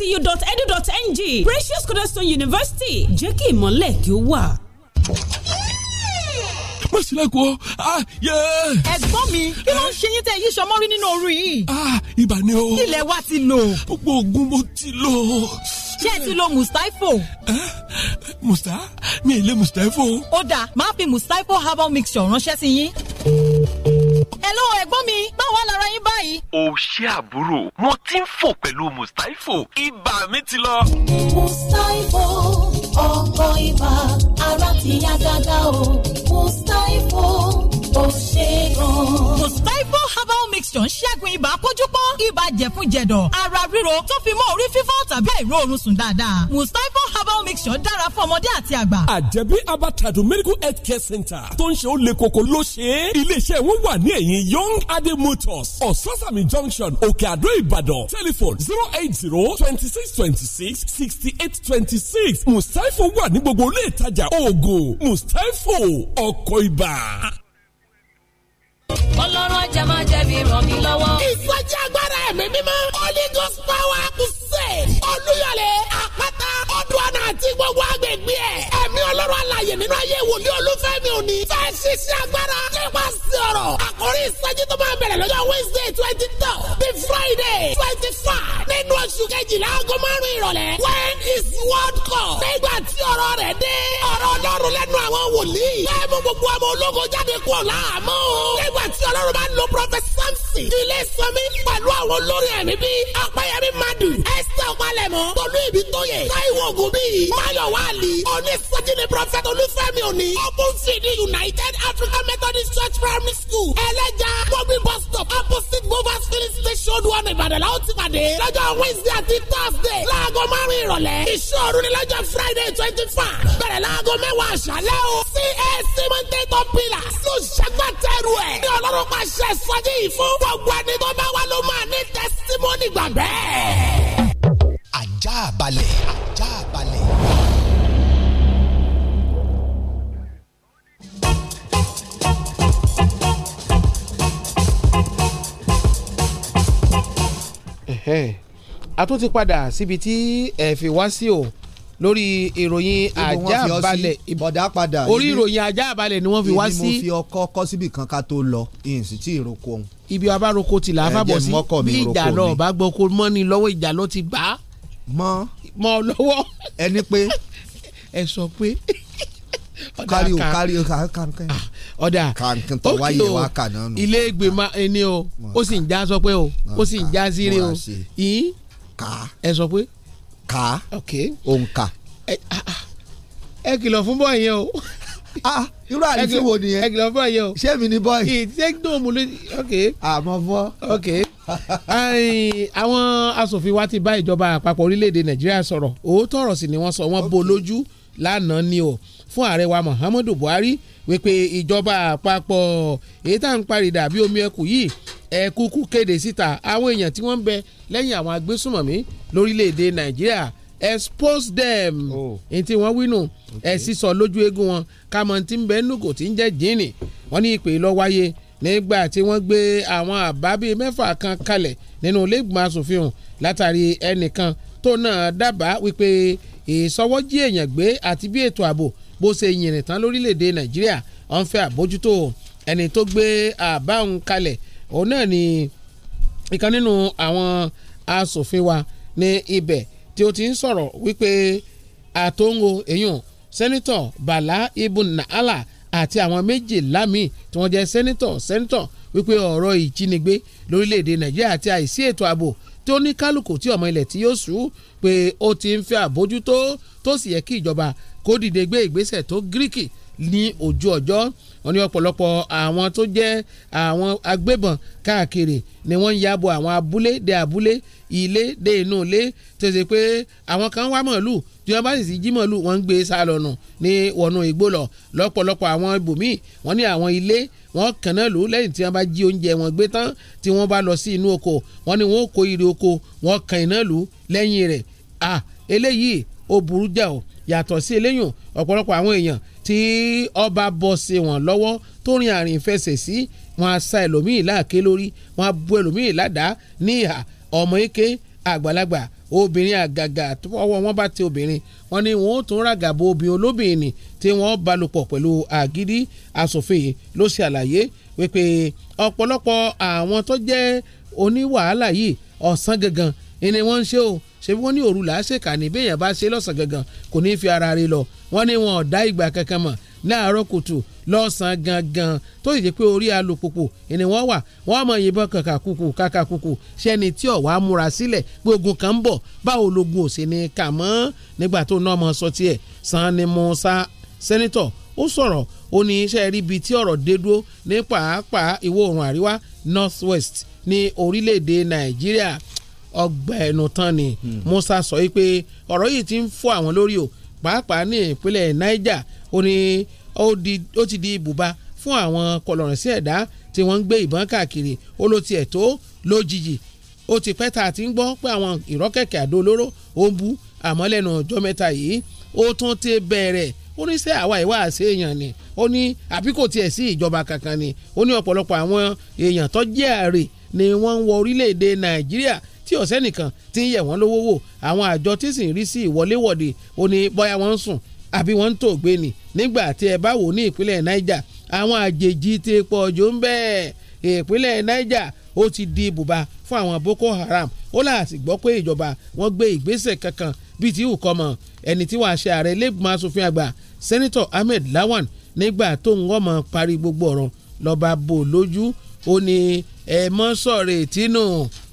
fcu.edu.ng Precious Cornerstone University jẹ́ kí ìmọ̀lẹ̀ kí ó wà má sílẹ̀ kọ́ ah, ẹ̀gbọ́n mi kí ló ń ṣe yín tẹ́ yí sọmọ́ rí nínú òru yìí. Ah, ibà ni o. ilẹ̀ wa ti lò. gbogbo oògùn mo ti lò. ṣé ẹ ti lo mustapho. musta mi ì lé mustapho. ó dáa máa fi mustapho herbal mixture ránṣẹ́ sí yín hello ẹ̀gbọ́n mi báwo lára yín báyìí. o ṣé àbúrò wọn ti ń fò pẹ̀lú mustapho ibà mi ti lọ. mustapho ọkọ ibà ara ti yá gágá o mustapho ò ṣe é gan. mustapho mixture ń ṣẹ́gun ibà kójúpọ́ ibà jẹ̀fun-jẹ̀dọ̀ ara ríro tó fi mọ́ orí fífọ́ tàbí àìróorun sùn dáadáa mustapha herbal mixture dára fún ọmọdé àti àgbà. àjẹbí abatadu medical health care center tó ń ṣe ó le koko ló ṣe é iléeṣẹ́ wọn wà ní ẹ̀yìn young adé motors ososami junction òkè àdó ìbàdàn telephone zero eight zero twenty six twenty six sixty eight twenty six mustapha wà ní gbogbo ilé ìtajà oògùn mustapha ọkọ̀ ibà ọlọ́run ajá máa jẹ̀bi ràn mí lọ́wọ́. ìfọ̀jà agbára ẹ̀mí mímọ́ holy ghost power crusade olúyọ̀lé àpáta ọdún ọ̀nà àti gbogbo agbègbè ẹ̀ ọ̀rọ̀ àlàyé nínú ayé wòlíì olúfẹ́mi òní. fẹ́ ṣiṣẹ́ agbára nípa sí ọ̀rọ̀. àkórí ìsọjí tó máa bẹ̀rẹ̀ lọ́jọ́ wednesday twenty two bí friday twenty five nínú oṣù kejìlá aago márùn-ún ìrọ̀lẹ́. when is world cup. nígbà tí ọ̀rọ̀ rẹ̀ dé ọ̀rọ̀ ọlọ́run lẹ́nu àwọn wòlíì. bẹ́ẹ̀ mo gbogbo ọmọ ológun jáde kú ọ̀la àmọ́ o. nígbà tí ọlọ́run bá lo prophet samson. ilé sọmi pẹ̀lú àwọn olórin ẹ̀mí bíi ọ̀pẹ̀yẹmí madu. ẹsẹ̀ ọ̀pálẹ̀mọ́ tolú ìbí tó yẹ. táìwọ̀ ògùn bíi máyọ̀ onísọjí ni pr prophet olúfẹ́mi òní. open cd united african methodist church primary school ẹlẹ́jà mobil bus stop opposite bovas filling station one ìbàdàn làwọn ti pàdé. lọ́jọ́ wednesday àti thursday láago márùn-ún ìrọ̀lẹ́. ìṣòro ni lọ́jọ́ friday twenty five bẹ̀rẹ̀ láago mẹ́wàá àṣálẹ́ o. csc mọ́tẹ́tọ̀ pílà ló ṣàgbàtẹ́rù ẹ̀. ní ọlọ́run pàṣẹ sọ́jí yìí fún gbogbo ẹni tó bá wà ló máa ní testimony gbàgbẹ́. ajá balẹ̀. a tún ti padà síbi tí ẹ fi wá sí o lórí ìròyìn ajá balẹ̀ orí ìròyìn ajá balẹ̀ ni wọ́n fi wá sí. ibi mo fi ọkọ kọ́ síbi kan ká tó lọ ìyìn sì tí ìroko òun. ibi abároko ti là á fàbọ̀ sí bí ìjà lọ ọ̀bá gbọ́ kó mọ́ ni lọ́wọ́ ìjà ló ti gbà á. mọ́ mọ́ lọ́wọ́. ẹni pé. ẹ sọ pé kárí o kárí o kankan. Ah, ọ̀dà ókè o ilé ìgbìmọ̀ ah. ẹni o ó sì ń já sọ pé o ó sì ń já síre o yìí ẹ sọ pé. ká òǹkà. Ah, ẹ kìlọ̀ fún bọ́ọ̀ yẹn o. ah irú àdìsí wo nìyẹn. ẹ kìlọ̀ fún bọ́ọ̀ yẹn o. ṣé mi ni bọ́ọ̀ yìí. ìṣe tó mú lójú ok. àmọ́ bọ́. ok àwọn asòfin wa ti bá ìjọba àpapọ̀ orílẹ̀-èdè nàìjíríà sọ̀rọ̀ òótọ́ ọ̀rọ̀ sì ni wọ́n sọ wọ́n bo lójú lánàá ni o fún ààrẹ wa Muhammadu Buhari wípé ìjọba àpapọ̀ èyí tá à ń parìdà bí omi ẹkù yìí ẹ̀kúkú kéde síta àwọn èèyàn tí wọ́n ń bẹ lẹ́yìn àwọn agbésùmọ̀mí lórílẹ̀‐èdè Nàìjíríà expose them èyí oh. tí wọ́n wínú ẹ̀ sísọ lójú eégún wọn kámọ́ tí ń bẹ nùgò tí ń jẹ́ jíìnì wọ́n ní ìpè lọ wáyé nígbà tí wọ́n gbé àwọn àbá mẹ́fà kan kalẹ̀ nínú ilé asòfin hàn látàrí ẹnìkan tó náà dábàá wípé ìsọwọ́jí èèyàn gbé àti bí ètò ààbò bó ṣe yìnrìn tán lórílẹ̀‐èdè nàìjíríà wọ́n fẹ́ àbójútó ẹni tó gbé àbá òun kalẹ̀ òun náà ni ìkan nínú àwọn asòfin wa ní ibẹ̀ tí ó ti ń sọ̀rọ̀ wípé àtòǹgò èyàn sẹ́nitọ̀ Bala Ibn Naala àti àwọn méjìlá míì tí wọ́n jẹ́ sẹ́nitọ̀ sẹ́nitọ̀ wípé ọ̀rọ̀ ìjínigbé lórílẹ̀‐èdè Nàìjíríà àti àìsí ètò ààbò tó ní kálukú tí ọmọ ilẹ̀ tí yóò sùn pé ó ti ń fẹ́ àbójútó tó sì yẹ kí ìjọba kó dìde gbé ìgbésẹ̀ tó gíríkì ní ojú ọjọ́ wọn ní ọ̀pọ̀lọpọ̀ àwọn tó jẹ́ àwọn agbébọn káàkiri ni wọ́n ń yabo àwọn abúlé dé abúlé ilé dé inú ilé tó ṣe pé àwọn kan wá mọ̀ọ́lù tí wọ́n bá sì sí jí mọ̀ọ́lù wọ́n ń gbé e sá lọ́nà ní wọnú igbó lọ lọ́pọ̀lọpọ̀ àwọn ibòmíì wọ́n ní àwọn ilé wọ́n kàn náà lù lẹ́yìn tí wọ́n bá jí oúnjẹ wọn gbé tán tí wọ́n bá lọ sí inú oko wọ́n ní wọ́n kó ire oko wọ́n kàn iná lù lẹ́yìn rẹ̀ ah eléyìí ó burú jà o yàtọ̀ sí eléyìn ọ̀pọ̀lọpọ̀ àwọn èèyàn tí ọba bọ́ sí wọn lọ́wọ́ tó rin àrìn fẹsẹ̀ sí wọn á sa ẹlòmíì láàké lórí wọn á bu ẹlòmíì ládàá ní ìhà ọmọ ike àgbàlagbà obìnrin àgàgà ọwọ́ wọn bá ti obìnrin wọn ni wọn ó tún ràgàbọ obìnrin olóbìnrin tí wọn bá lò pọ̀ pẹ̀lú àgídí asòfin ló ṣe àlàyé wípé ọ̀pọ̀lọpọ̀ àwọn tó jẹ́ oníwàhálà yìí ọ̀sán gangan ni wọ́n ń ṣe o ṣé wọ́n ní òru làásèkà ní bẹ́ẹ̀ yẹn bá ṣe lọ́sàn gangan kò ní fi ara rẹ̀ lọ wọ́n ní wọn ò dá ìgbà kankan mọ̀ láàárọ̀ kùtù lọ́sàn gangan tó sì jẹ́ pé orí alùpùpù ni wọ́n wà wọ́n mọ̀ yìnbọn kàkà kùkù kàkà kùkù ṣẹ́ni tí ọ̀wá múra sílẹ̀ pé ogun kan ń bọ̀ báwo logun òsì ni kà mọ́ nígbà tó náà mọ̀ sọ tiẹ̀ san ni Musa sẹ́nitọ̀ ó sọ̀rọ̀ ó ní iṣẹ́ ríbi tí ọ̀rọ̀ dé dúró ní pàápàá ìwọ̀ oòrùn àríwá north west ní orílẹ̀-èdè Nàìjíríà ọgbà ẹnu tán ni hmm. Musa sọ pé ọ̀rọ̀ yìí ti ń fọ́ àwọn lórí o pàápàá ní ìpínlẹ̀ Niger ó ní ó ti di ibùba fún àwọn kọlọ̀rìn sí ẹ̀dá tí wọ́n ń gbé ìbọn káàkiri ó ló tiẹ̀ tó lójijì ó ti pẹ́ tá a ti ń gbọ́ pé àwọn ìrọ́kẹ̀kẹ̀ àdó olóró ó ń bu àmọ́ lẹ́nu ọjọ́ mẹ́ta yìí ó tún ti bẹ̀rẹ̀ ó ní sẹ́ àwa ìwà àṣẹ èèyàn ni ó ní àbí kò tiẹ̀ sí ìjọba kankan ni ó ní ọ̀pọ̀lọpọ̀ àwọn èèyàn tó jẹ́ ni wọ́n ń wọ orílẹ̀-èdè Nàìjíríà tí ọ̀sẹ́ nìkan ti ń yẹ̀ wọ́n lówó wò àwọn àjọ tí sì ń rí sí ìwọléwọ̀de ó ní bóyá wọ́n ń sùn àbí wọ́n ń tò gbé ni nígbà tí ẹ bá wò ní ìpínlẹ̀ Niger àwọn àjèjì ti pọ̀ jù ń bẹ́ẹ̀ ìpínlẹ̀ Niger ó ti di ibùba fún àwọn Boko Haram ó láti gbọ́ pé ìjọba wọ́n gbé ìgbésẹ̀ kankan bíi ti ìwùkọ́ mọ̀ ẹni tí wàá ṣe ààrẹ lẹ́gbọ̀n asòfin àgbà sẹ́nitọ̀ Ahmed Lawan nígbà tó ń wọ́n mọ̀ parí gbogbo ọ̀rọ̀ lọ́ba bò lójú ó ní ẹ mọ́ sọ̀rọ̀ ètí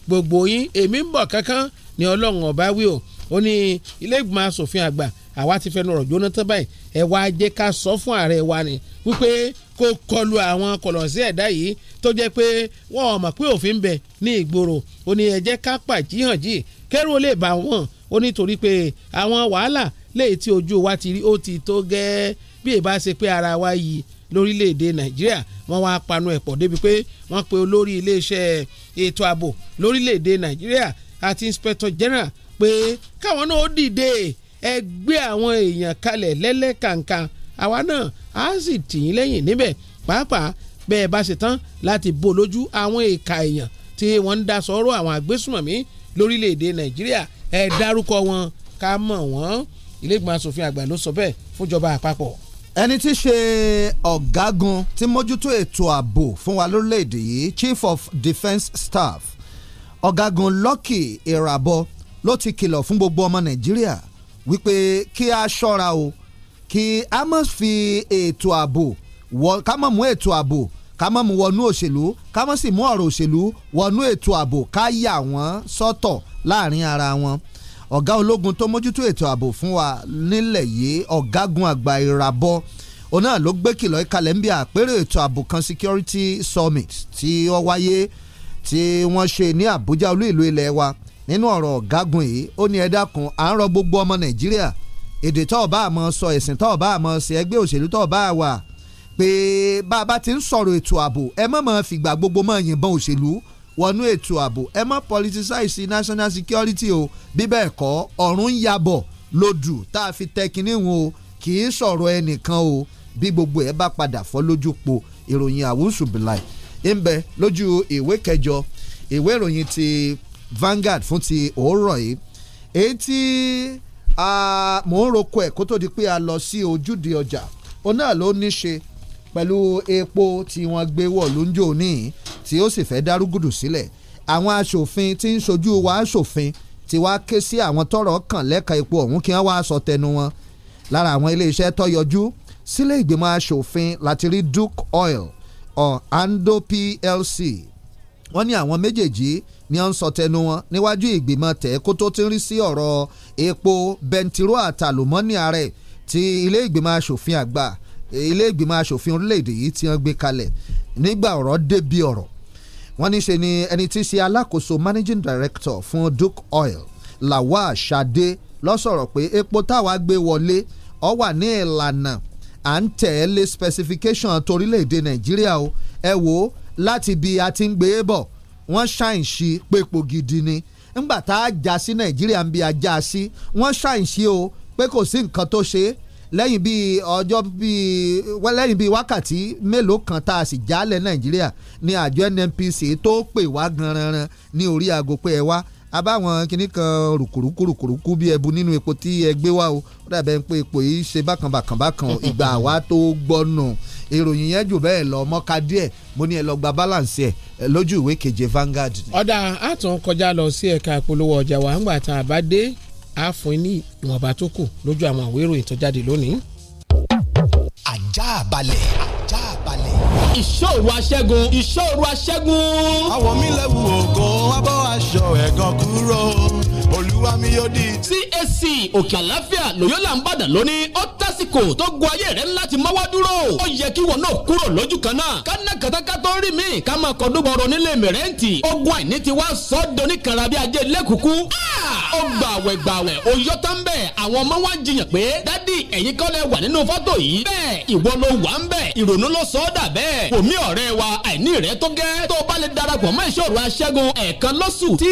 gbogbo yín èmi ń bọ̀ kankan ni ọlọ́run ọba wí o ó ní ilé ìgbìmọ̀ asòfin àgbà àwa ti fẹnu ọ̀rọ̀ jóná tán báyìí ẹ wá jẹ́ ká sọ fún ààrẹ wa ni wípé kó kọlu àwọn kọlọ̀sí ẹ̀dá yìí tó jẹ́ pé wọ́n mọ̀ pé òfin ń bẹ ní ìgboro ó ní ẹ jẹ́ ká pàjí hàn jì kẹ́rù ó lè bá wọn ó nítorí pé àwọn wàhálà léyìí tí ojú wa ti rí ó ti tó gẹ́ẹ́ bí èbá ṣe pé ara wa yìí lórílẹ̀‐èdè nàìjíríà wọ́n wá panu ẹ̀pọ̀ débi pé wọ́n pe olórí iléeṣẹ́ ètò ààbò lórílẹ̀‐èdè nàìjíríà àti inspector general pé káwọn náà ó dìde ẹ gbé àwọn èèyàn kalẹ̀ lẹ́lẹ́kàǹkà àwa náà á sì tì yín lẹ́yìn níbẹ̀ pàápàá bẹ́ẹ̀ bá ṣe tán láti bò lójú àwọn ìka èèyàn tí wọ́n ń da sọ̀rọ̀ àwọn agbésùmọ̀mí lórílẹ̀‐èdè nàìjíríà ẹ dárúkọ wọn ká mọ̀ wọ́n ilé ìgbìmọ̀ asòfin àgbà ló sọ bẹ́ẹ̀ fúnjọba àpapọ̀ ẹni tí í ṣe ọ̀gágun tí mójútó ètò ààbò fún wa lórílẹ̀‐èdè yìí Chief of Defence Staff ọ̀gágun Lucky Irabọ ló ti kìlọ̀ fún gbogbo ọmọ Nàìjíríà wípé kí a ṣọ́ra o kí a má fi ètò ààbò wọ ká má mú ètò ààbò ká má mú wọnú òṣèlú ká má sì mú ọ̀rọ̀ òṣèlú wọnú ètò ààbò ká yà wọ́n sọ́tọ̀ láàrin ara wọn ọ̀gá ológun tó mójútó ètò ààbò fún wa nílẹ̀ yìí ọ̀gágun àgbà ìràbọ̀ òun náà ló gbé kìlọ̀ ìkalẹ̀ ń bí àpérò ètò ààbò kan security summit tí ó wáyé tí wọ́n ṣe ní Àbújá olú ìlú ilẹ̀ wa nínú ọ̀rọ̀ ọ̀gágun yìí ó ní ẹ dákun à ń rọ gbogbo ọmọ Nàìjíríà èdè tó bá àmọ́ sọ ẹ̀sìn tó bá àmọ́ ṣe ẹgbẹ́ òṣèlú tó bá wà pé bá a bá ti ń sọ̀rọ̀ ètò ààbò ẹ má máa fìgbà gbogbo máa yìnbọn òṣèlú wọnú ètò ààbò ẹ má politicize national security o bí bẹ́ẹ̀ kọ́ ọ̀run ń yabọ̀ lójú tá a fi tẹkiníhun o kì í sọ̀rọ̀ ẹnìkan o bí gbogbo ẹ bá padà fọ́ lójú po ìròyìn àwùsù bìláì ń lójú ìwé kẹjọ ìwé ìròyìn ti Vanguard fún ti òórọ̀ yìí èyí tí mò ń roko ẹ̀ kó tó di pé a lọ sí ojúde ọjà òun náà ló ní ṣe pẹ̀lú epo tí wọ́n gbé wọ̀ lóúnjò ní tí ó sì fẹ́ dárúgùdù sílẹ̀ àwọn aṣòfin tí ń ṣojú wa aṣòfin ti wá ké sí àwọn tọ́rọ̀ kàn lẹ́ka epo ọ̀hún kí wọ́n wá sọ tẹnu wọn lára àwọn iléeṣẹ́ tó yọjú sílé ìgbìmọ̀ aṣòfin láti rí Duke Oil Ando PLC wọ́n ní àwọn méjèèjì ni wọ́n ń sọ tẹnu wọn níwájú ìgbìmọ̀ tẹ̀ kó tó ti rí sí ọ̀rọ̀ epo bẹntiró àtàlùmọ́nì ààrẹ ti ilé ìgbìmọ̀ aṣòfin àgbà ilé ìgbìmọ̀ asòfin orílẹ̀-èdè yìí ti hàn gbé kalẹ̀ nígbà ọ̀rọ̀ débi ọ̀rọ̀ wọ́n ní ṣe ni ẹni tí í ṣe alákòóso managing director fún Duke Oil Lawal Sade ló sọ̀rọ̀ pé epo táwa gbé wọlé ó wà ní ìlànà à ń tẹ̀lé specification torílẹ̀-èdè Nàìjíríà o ẹ wò ó láti bí a ti ń gbé e bọ̀ wọ́n ṣàǹṣì pépo gidi ni ńgbà tá a já sí Nàìjíríà ń bí a já sí wọ́n ṣàǹṣì o pé kò sí nǹkan tó ṣe é lẹ́yìn bíi ọjọ́ bíi lẹ́yìn bíi wákàtí mélòó kan tá a sì jálẹ̀ nàìjíríà ni àjọ NNPC tó pè wá ganran ní orí aago pé ẹ wá abáwọn kinní kan rùkùrùkù rùkùrùkù bíi ẹbu nínú epo tí ẹ gbé wá o ó dàbẹ̀ ń pé epo yìí ṣe bákànbàkànbàkàn ìgbà wa tó gbọ́nù ìròyìn yẹn jù bẹ́ẹ̀ lọ mọ́ka díẹ̀ mo ní ẹ lọ gba balance ẹ lójú ìwé keje Vanguard. ọ̀dà àtún kọjá lọ sí ẹ̀ka ìpolówó ọjà wa ń gbà tá a bá dé á fún yín ní ìwọ̀nba tó kù lójú àwọn àwé ìròyìn tó jáde lónìí. ajá balẹ̀ ìṣòro aṣẹ́gun ìṣòro aṣẹ́gun. àwọn mi lẹ́wù ògùn wá aṣọ ẹ̀gàn kúrò olúwa mi yóò di. CAC òkè àlàáfíà lòyọ́lá ń bàdàn lónìí ó tásìkò tó gun ayé rẹ̀ láti mọ́wá dúró ó yẹ kí wọn náà kúrò lójú kan náà kánà kàtàkà tó rí mi ká máa kọ́ dúgbò ọ̀rọ̀ nílé mẹ̀rẹ́ǹtì ogun àìní ti wá sọ́dọ̀ níkanra bí ajé lẹ́kùkú ó gbàwẹ̀ gbàwẹ̀ ó yọ tán bẹ́ẹ̀ àwọn ọmọ wa ń jiyàn pé dádì ẹ̀yin kọ́ lẹ wà nínú fọ́tò yìí bẹ́ẹ̀ ìwọ ló wà ń bẹ̀ ìrònú ló sọ ọ́ dà bẹ́ẹ̀ òmí ọ̀rẹ́ wa àìní rẹ̀ tó gẹ́ tó bá lè darapọ̀ mọ́ ìṣòro aṣẹ́gun ẹ̀ẹ̀kan lọ́sù tí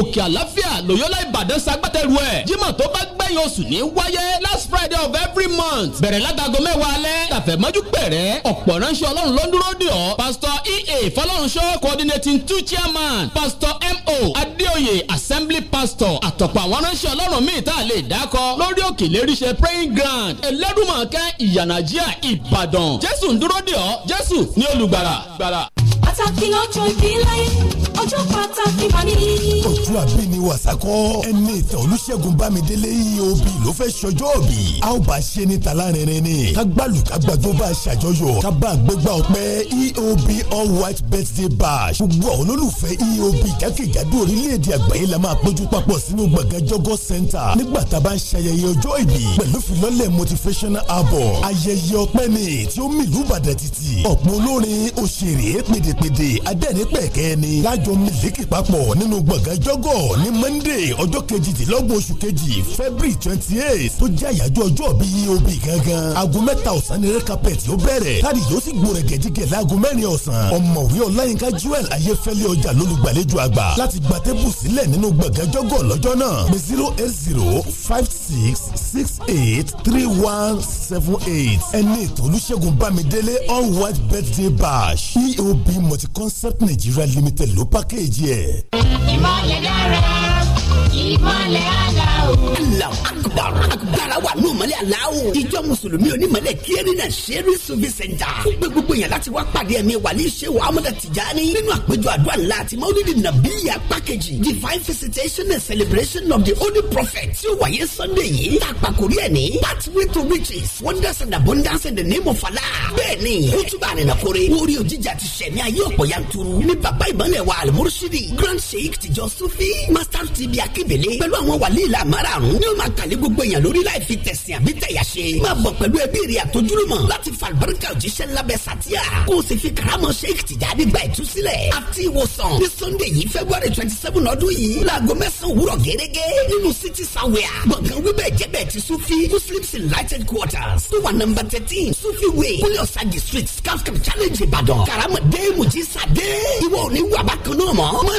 òkè àlàáfíà Royal Loyola Ìbàdàn ṣagbátẹrù ẹ̀ Jímọ̀ tó bá gbẹ̀yìn oṣù ní wáyé last Friday of every month bẹ̀rẹ̀ látago mẹ́wàá alẹ́ tàfẹ̀mọ́jú pẹ̀rẹ́ ọ̀pọ̀ ránṣẹ́ Ọlọ́run ló ń dúró dè ọ́ Pastor EA Fọlọ́runṣọ́ coordinating two chairman Pastor MO Adéoyè assembly pastor àtọ̀pọ̀ àwọn ránṣẹ́ Ọlọ́run míì tá a lè dákọ́ lórí òkè léríṣẹ́ praying ground Ẹlẹ́dùmarè Ìyànàjíà Ìbàdàn Jésù ń dúró dè ọ́ Jésù ní olùgbàlà pàtàkì lọ́jọ́ ìbílẹ̀ ọjọ́ pàtàkì mà ní. ojú àbí ni wàsákọ́ ẹni ìtàn olùṣègùn bámidélé yìí òbí ló fẹ́ ṣọjọ́ òbí a ó bá ṣe ní talárinrin ni kágbálù kágbàgbó bá ṣàjọyọ̀ kábà gbégbá ọpẹ́ eob all white birthday bash gbogbo àwọn olólùfẹ́ eob jákèjádò orílẹ̀-èdè àgbáyé la máa péjú papọ̀ sínú gbọ̀ngàn jọgọ́ center nígbà tá a bá ń ṣayẹyẹ ọjọ́ ìbí pẹ̀lú filọ́lẹ̀ motivational album ayẹyẹ ọpẹ́ ni tí ó mìlú bàdàn ọ̀pọ̀ olórin òṣèré pèdèpè èdè adẹ́rìnpẹ̀kẹ́ ni lájọ mílíkì papọ̀ nínú gbọ̀ngàn jọ́gọ̀ ní monday ọjọ́ kejìdínlọ́gbọ̀n oṣù kejì february twenty eight tó jẹ́ àyájọ́ ọjọ́ bí obì gangan aago mẹ́ta ọ̀sán ni red carpet yóò bẹ̀rẹ̀ táàdì yóò sì gbòòrè gẹ̀dígẹ̀ láago mẹ́rin ọ̀sán ọ̀mọ̀wé ọláyínká joel ayéfẹ́lẹ́ ọjà lólùgbàlejò àgbà láti gba tébù sílẹ̀ nínú gbọ̀ngàn jọ́gọ̀ lọ́jọ́ náà pé zero eight zero five six six eight three one seven eight ẹni ètò olùṣègùn bámidélé all white birthday bash eob multi-concept nigeria limited ló pákéjì ẹ̀. ìmọ̀lẹ̀ dára ìmọ̀lẹ̀ aláwọ̀. aláwọ̀ akubara akubara wà ní òmọ̀lẹ̀ aláwọ̀. ìjọ mùsùlùmí onímọ̀lẹ̀ kiri náà ṣeré sóbi sẹ́ńtà. ó gbé gbogbo yẹn láti wá pàdé ẹ̀mí wàlí ṣéwù amúdà tìjáni. nínú àpéjọ àdúrà ńlá àti mọ́lídì nàbíyà pákéjì divine visitation and celebration of the holy prophet tí ó wáyé sunday yìí. àpàkórí ẹ̀ ní pathway to riches wonders and abundance in the name of Allah. bẹ́ẹ̀ ni ó túbọ̀ àrìnàkórè orí òjijì àti sẹ̀mí ayé ní ọ̀pọ̀ yanturu ní bàbá ìbọnlẹ̀ wa alimurisidi grand sheik tijọ́ sufi master tb akébélé pẹ̀lú àwọn wàlíì la márààrún ní o máa kàlé gbogbo èèyàn lórí láì fi tẹ̀sìn àbí tẹ̀yà ṣe máa bọ̀ pẹ̀lú ẹbí rẹ̀ àtọ́júlùmọ̀ láti fa àlùbáríkà òjíṣẹ́ lábẹ́ sàtíà kó o sì fi karamọ̀ sheik tijani gba ìtúsílẹ̀ àti ìwòsàn ní sunday yìí february twenty seven ọdún yìí láago mẹ́sàn-án òwúrọ̀ gẹ́gẹ́ nínú city sawia gbọ̀ngàn wíbẹ̀ jẹ́bẹ̀ ti sufi muslims enlightened quarters tó wà thirteen sufi way kúlẹ̀ ọ̀sàgì street scarf cap challenge ìbàdàn karamọ̀ dẹ́mu ti sàdé ìwọ ò ní wàbá kan náà mọ́ mọ́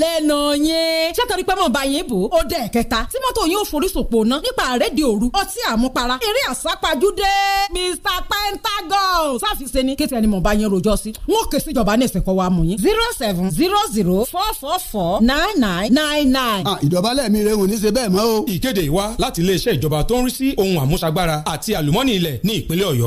lẹ́nu yẹn ṣètọ́rí pé mọ̀ bá yẹn bò ó dẹ̀ kẹta tí mọ́tò yóò forísòpò ná nípa àrédè òru ọtí àmupara eré àsápajúdé Mr Pentagon sáfìsẹ́ ni kéte ẹni mọ̀ bá yẹn rojọ́ sí wọn kè sí ìjọba ní ìsìnkọ́ wa mú yín zero seven zero zero four four four nine nine nine nine. Ah, ìjọba lẹ́ẹ̀mí rẹ̀ wò ní ṣe bẹ́ẹ̀ mọ́ o. ìkéde wa láti iléeṣẹ́ ìjọba tó ń rí sí ohun àmúṣagbára àti àlùmọ́nì ilẹ̀ ní ìpínlẹ̀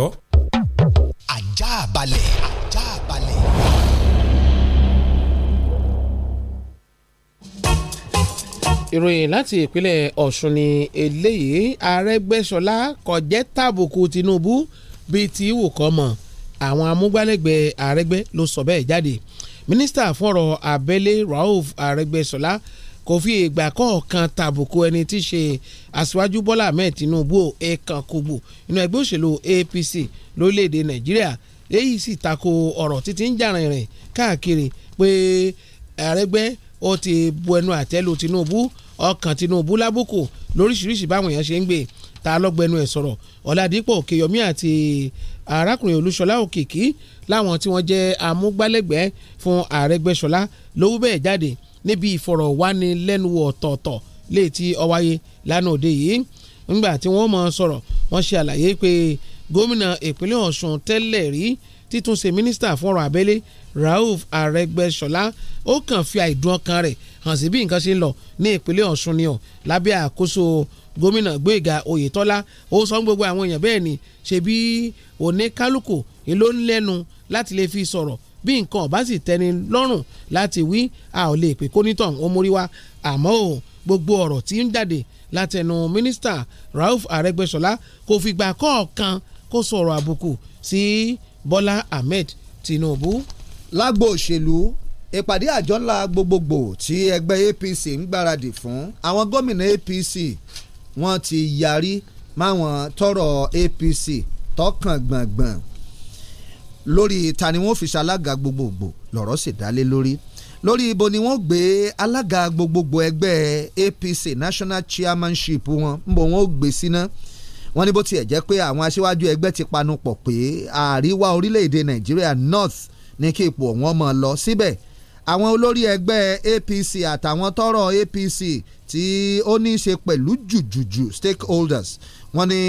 ìròyìn láti ìpínlẹ̀ Ọ̀ṣun ni eléyìí Arẹ́gbẹ́ṣọlá kò jẹ́ tàbùkù Tinubu bíi ti wù kọ́ mọ̀ àwọn amúgbálẹ́gbẹ̀ẹ́ Arẹ́gbẹ́ ló sọ bẹ́ẹ̀ jáde mínísítà fọ̀rọ̀ abẹ́lé Rauf Arẹ́gbẹ́ṣọlá kò fi ìgbà kọ̀ọ̀kan tàbùkù ẹni tí ṣe aṣíwájú Bọ́lá Ahmed Tinubu ẹ̀ẹ̀kan kùgbù inú ẹgbẹ́ òṣèlú APC lórílẹ̀‐èdè Nàìjíríà èyí sì tako ọ̀rọ̀ títí ń jà rìnrìn káàkiri pé Arẹ́gbẹ́ ó ti bu ẹnu àtẹ́lu Tinubu ọkàn Tinubu lábùkù lóríṣiríṣi báwọn èèyàn ṣe ń gbé ta lọ́gbẹ́nu ẹ̀ sọ̀rọ̀ Ọ̀làdìpọ̀ Òkèyọmí àti arákùnrin Olúṣọlá Òkìkí láwọn tí wọ́n jẹ́ amúgbálẹ́gbẹ̀ẹ́ fún Àrẹ́gbẹ́ṣọlá lówó bẹ́ẹ̀ jáde níbi ìfọ̀rọ̀wánilẹ́nuwò ọ̀tọ̀ọ̀tọ̀ léètí ọwáyé lánàá òde yìí ńgbà tí wọ́n mọ̀ sọ̀rọ̀ wọ́n ṣe àlàyé pé gómìnà ìpínlẹ̀ Ọ̀ṣun tẹ́lẹ̀ rí títún ṣe mínísítà fún ọ̀rọ̀ abẹ́lé Rauf Arẹ́gbẹ́ṣọlá ó kàn fi àìdùn ọkàn rẹ̀ hàn sí bí nǹkan ṣe ń lọ ní ìpínlẹ̀ Ọ̀ṣun ni ọ̀ lábẹ́ àkóso gómìnà Gbóyèga Oyètọ́lá ó sọ gbogbo àwọn èèyàn bẹ́ẹ̀ ni ṣebí oníkálukú ló ń lẹ́nu láti lè fi sọ̀rọ̀ bí nǹkan ọ̀bá sì tẹ́ni lọ́rùn láti wí a ò lè pè kó nítàn ó mórí wá àmọ́ ò gbogbo ọ̀rọ̀ tí ń jáde látẹnu mínísítà Rauf Arẹ́gbẹ́ṣọlá kò fìgbà kọ̀ọ̀kan kó sọ̀rọ̀ àbùkù sí si, Bọ́lá Ahmed Tinubu. lágbo òṣèlú ìpàdé àjọ ńlá gbogbogbò tí ẹgbẹ́ APC ń gbáradì fún àwọn gómìnà APC wọ́n ti yarí máwọn tọrọ APC tọkàn gbọ̀ngbọ̀n lórí ta ni wọ́n fi ṣalága gbogbogbò lọ́rọ̀ sì dálé lórí lórí ibo ni wọ́n gbé alága gbogbogbò ẹgbẹ́ APC national chairmanship wọn ń bọ̀ gbé síná. Si wọ́n ní bó tiẹ̀ jẹ́ pé àwọn aṣíwájú ẹgbẹ́ ti panu pọ̀ pé àríwá orílẹ̀-èdè nàìjíríà north ní kí ipò wọn mọ̀ lọ síbẹ̀ àwọn olórí ẹgbẹ́ APC àtàwọn tọrọ APC tí ó ní í ṣe pẹ̀lú jùjùjù stakeholders wọ́n ní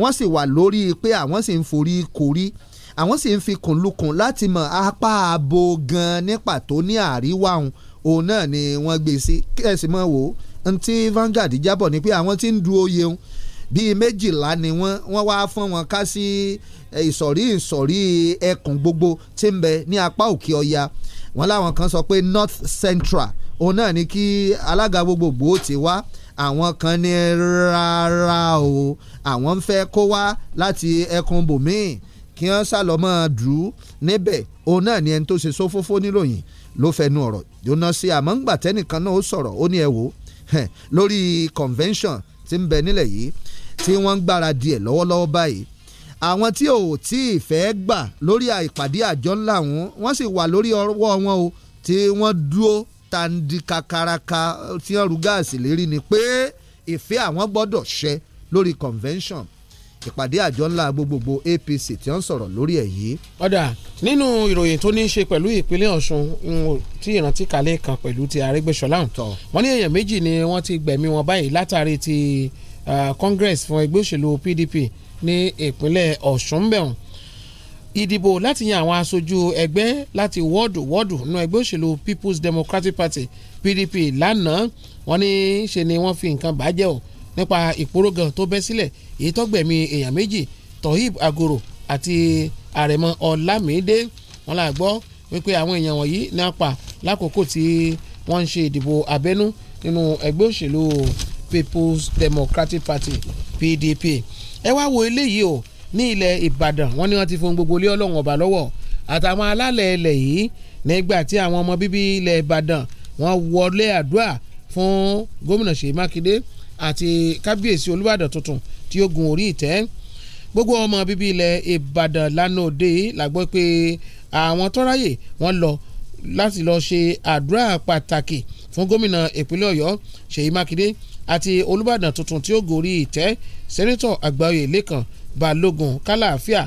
wọ́n sì wà lórí pé àwọn sì ń forí korí àwọn sì ń fi kùnlukùn láti mọ apá abo gan ní pàtó ní àríwá òun òun náà ni wọ́n gbé sí kẹ́sì mọ́ wò ó ntí Vanguard jábọ̀ ni pé àwọn tí ń du oyè bíi méjìlá ni wọ́n wọ́n wá fún wọn ká sí eh, ìsọ̀rí ìsọ̀rí ẹkùn gbogbo tí ń bẹ ní apá òkè ọya wọ́n láwọn kan sọ pé north central òun náà ni kí alága gbogbogbò ti wá àwọn kan ní rárá o àwọn ń fẹ́ kó wá láti ẹkùn bòmíì kí wọ́n sálọ́mọ́ dùú níbẹ̀ òun náà ni ẹni tó ṣe sófófó níròyìn ló fẹnu ọ̀rọ̀ jóná sí àmọ́ ńgbà tẹ́nìkan náà ó sọ̀rọ̀ ó ní ẹ wò lórí convention tí ń bẹ nílẹ̀ yìí tí wọ́n ń gbáradì ẹ̀ lọ́wọ́lọ́wọ́ báyìí àwọn tí ò tí ì fẹ́ gbà lórí ìpàdé àjọ ńlá wọn wọ́n sì wà lórí ọwọ́ wọn o tí wọ́n dúró tandika karaka tí wọ́n rú gáàsì lérí ni pé ìfẹ́ àwọn gbọ́dọ̀ ṣẹ lórí convention ìpàdé àjọ ńlá gbogbogbò APC tí wọ́n sọ̀rọ̀ lórí ẹ̀ yìí. ọ̀dà nínú ìròyìn tó ní í ṣe pẹ̀lú ìpínlẹ̀ Ọ̀ṣun tí ìrántí kalẹ̀ kan pẹ̀lú ti Arẹ́gbẹ́ṣọlá wọ́n ní èèyàn méjì ni wọ́n ti gbẹ̀mí wọn báyìí látàrí ti. Uh, congress fún ẹgbẹ́ òṣèlú pdp ní ìpínlẹ̀ ọ̀ṣun bẹ̀rùn ìdìbò láti yan àwọn aṣojú ẹgbẹ́ láti wọ́ọ̀dù wọ́ọ̀dù nínú ẹgbẹ́ òṣèlú people's democratic party pdp lánàá wọ́n ní ṣe ni wọ́n fi nǹkan bàjẹ́ o nípa ìpòrógan tó bẹ́ sílẹ̀ èyí tọ́gbẹ̀mí èèyàn méjì tohib agoro àti àrẹ̀mọ ọlámídé wọn là gbọ́ wípé àwọn èèyàn wọ̀nyí ní apà lákòókò tí wọ́n ń ṣe ìdìbò abẹ́nú nínú ẹgbẹ́ òṣèlú People's Democratic Party PDP ẹ wá wo eléyìí o ní ilẹ̀ Ìbàdàn wọ́n ní wọ́n ti fún gbogbo ilé ọlọ́run ọba lọ́wọ́ àtàwọn alálẹ̀ ilẹ̀ yìí nígbà tí àwọn ọmọ bíbí ilẹ̀ Ìbàdàn wọ́n wọlé àdúrà fún gómìnà Ṣèyí Mákindé àti kábíyèsí Olúbàdàn tuntun tí ó gun orí ìtẹ́ gbogbo ọmọ bíbí ilẹ̀ Ìbàdàn lánàá òde la gbọ́ pé àwọn tó ráyè lọ láti lọ ṣe àdúrà pàtàkì fún gómìnà ìpínlẹ̀ Ọ̀yọ́ Ṣèyí Mákindé àti olùbàdàn tuntun tí ó gorí ìtẹ́ sẹ́nitọ̀ àgbáyé lẹ́kàn balógun kálàáfíà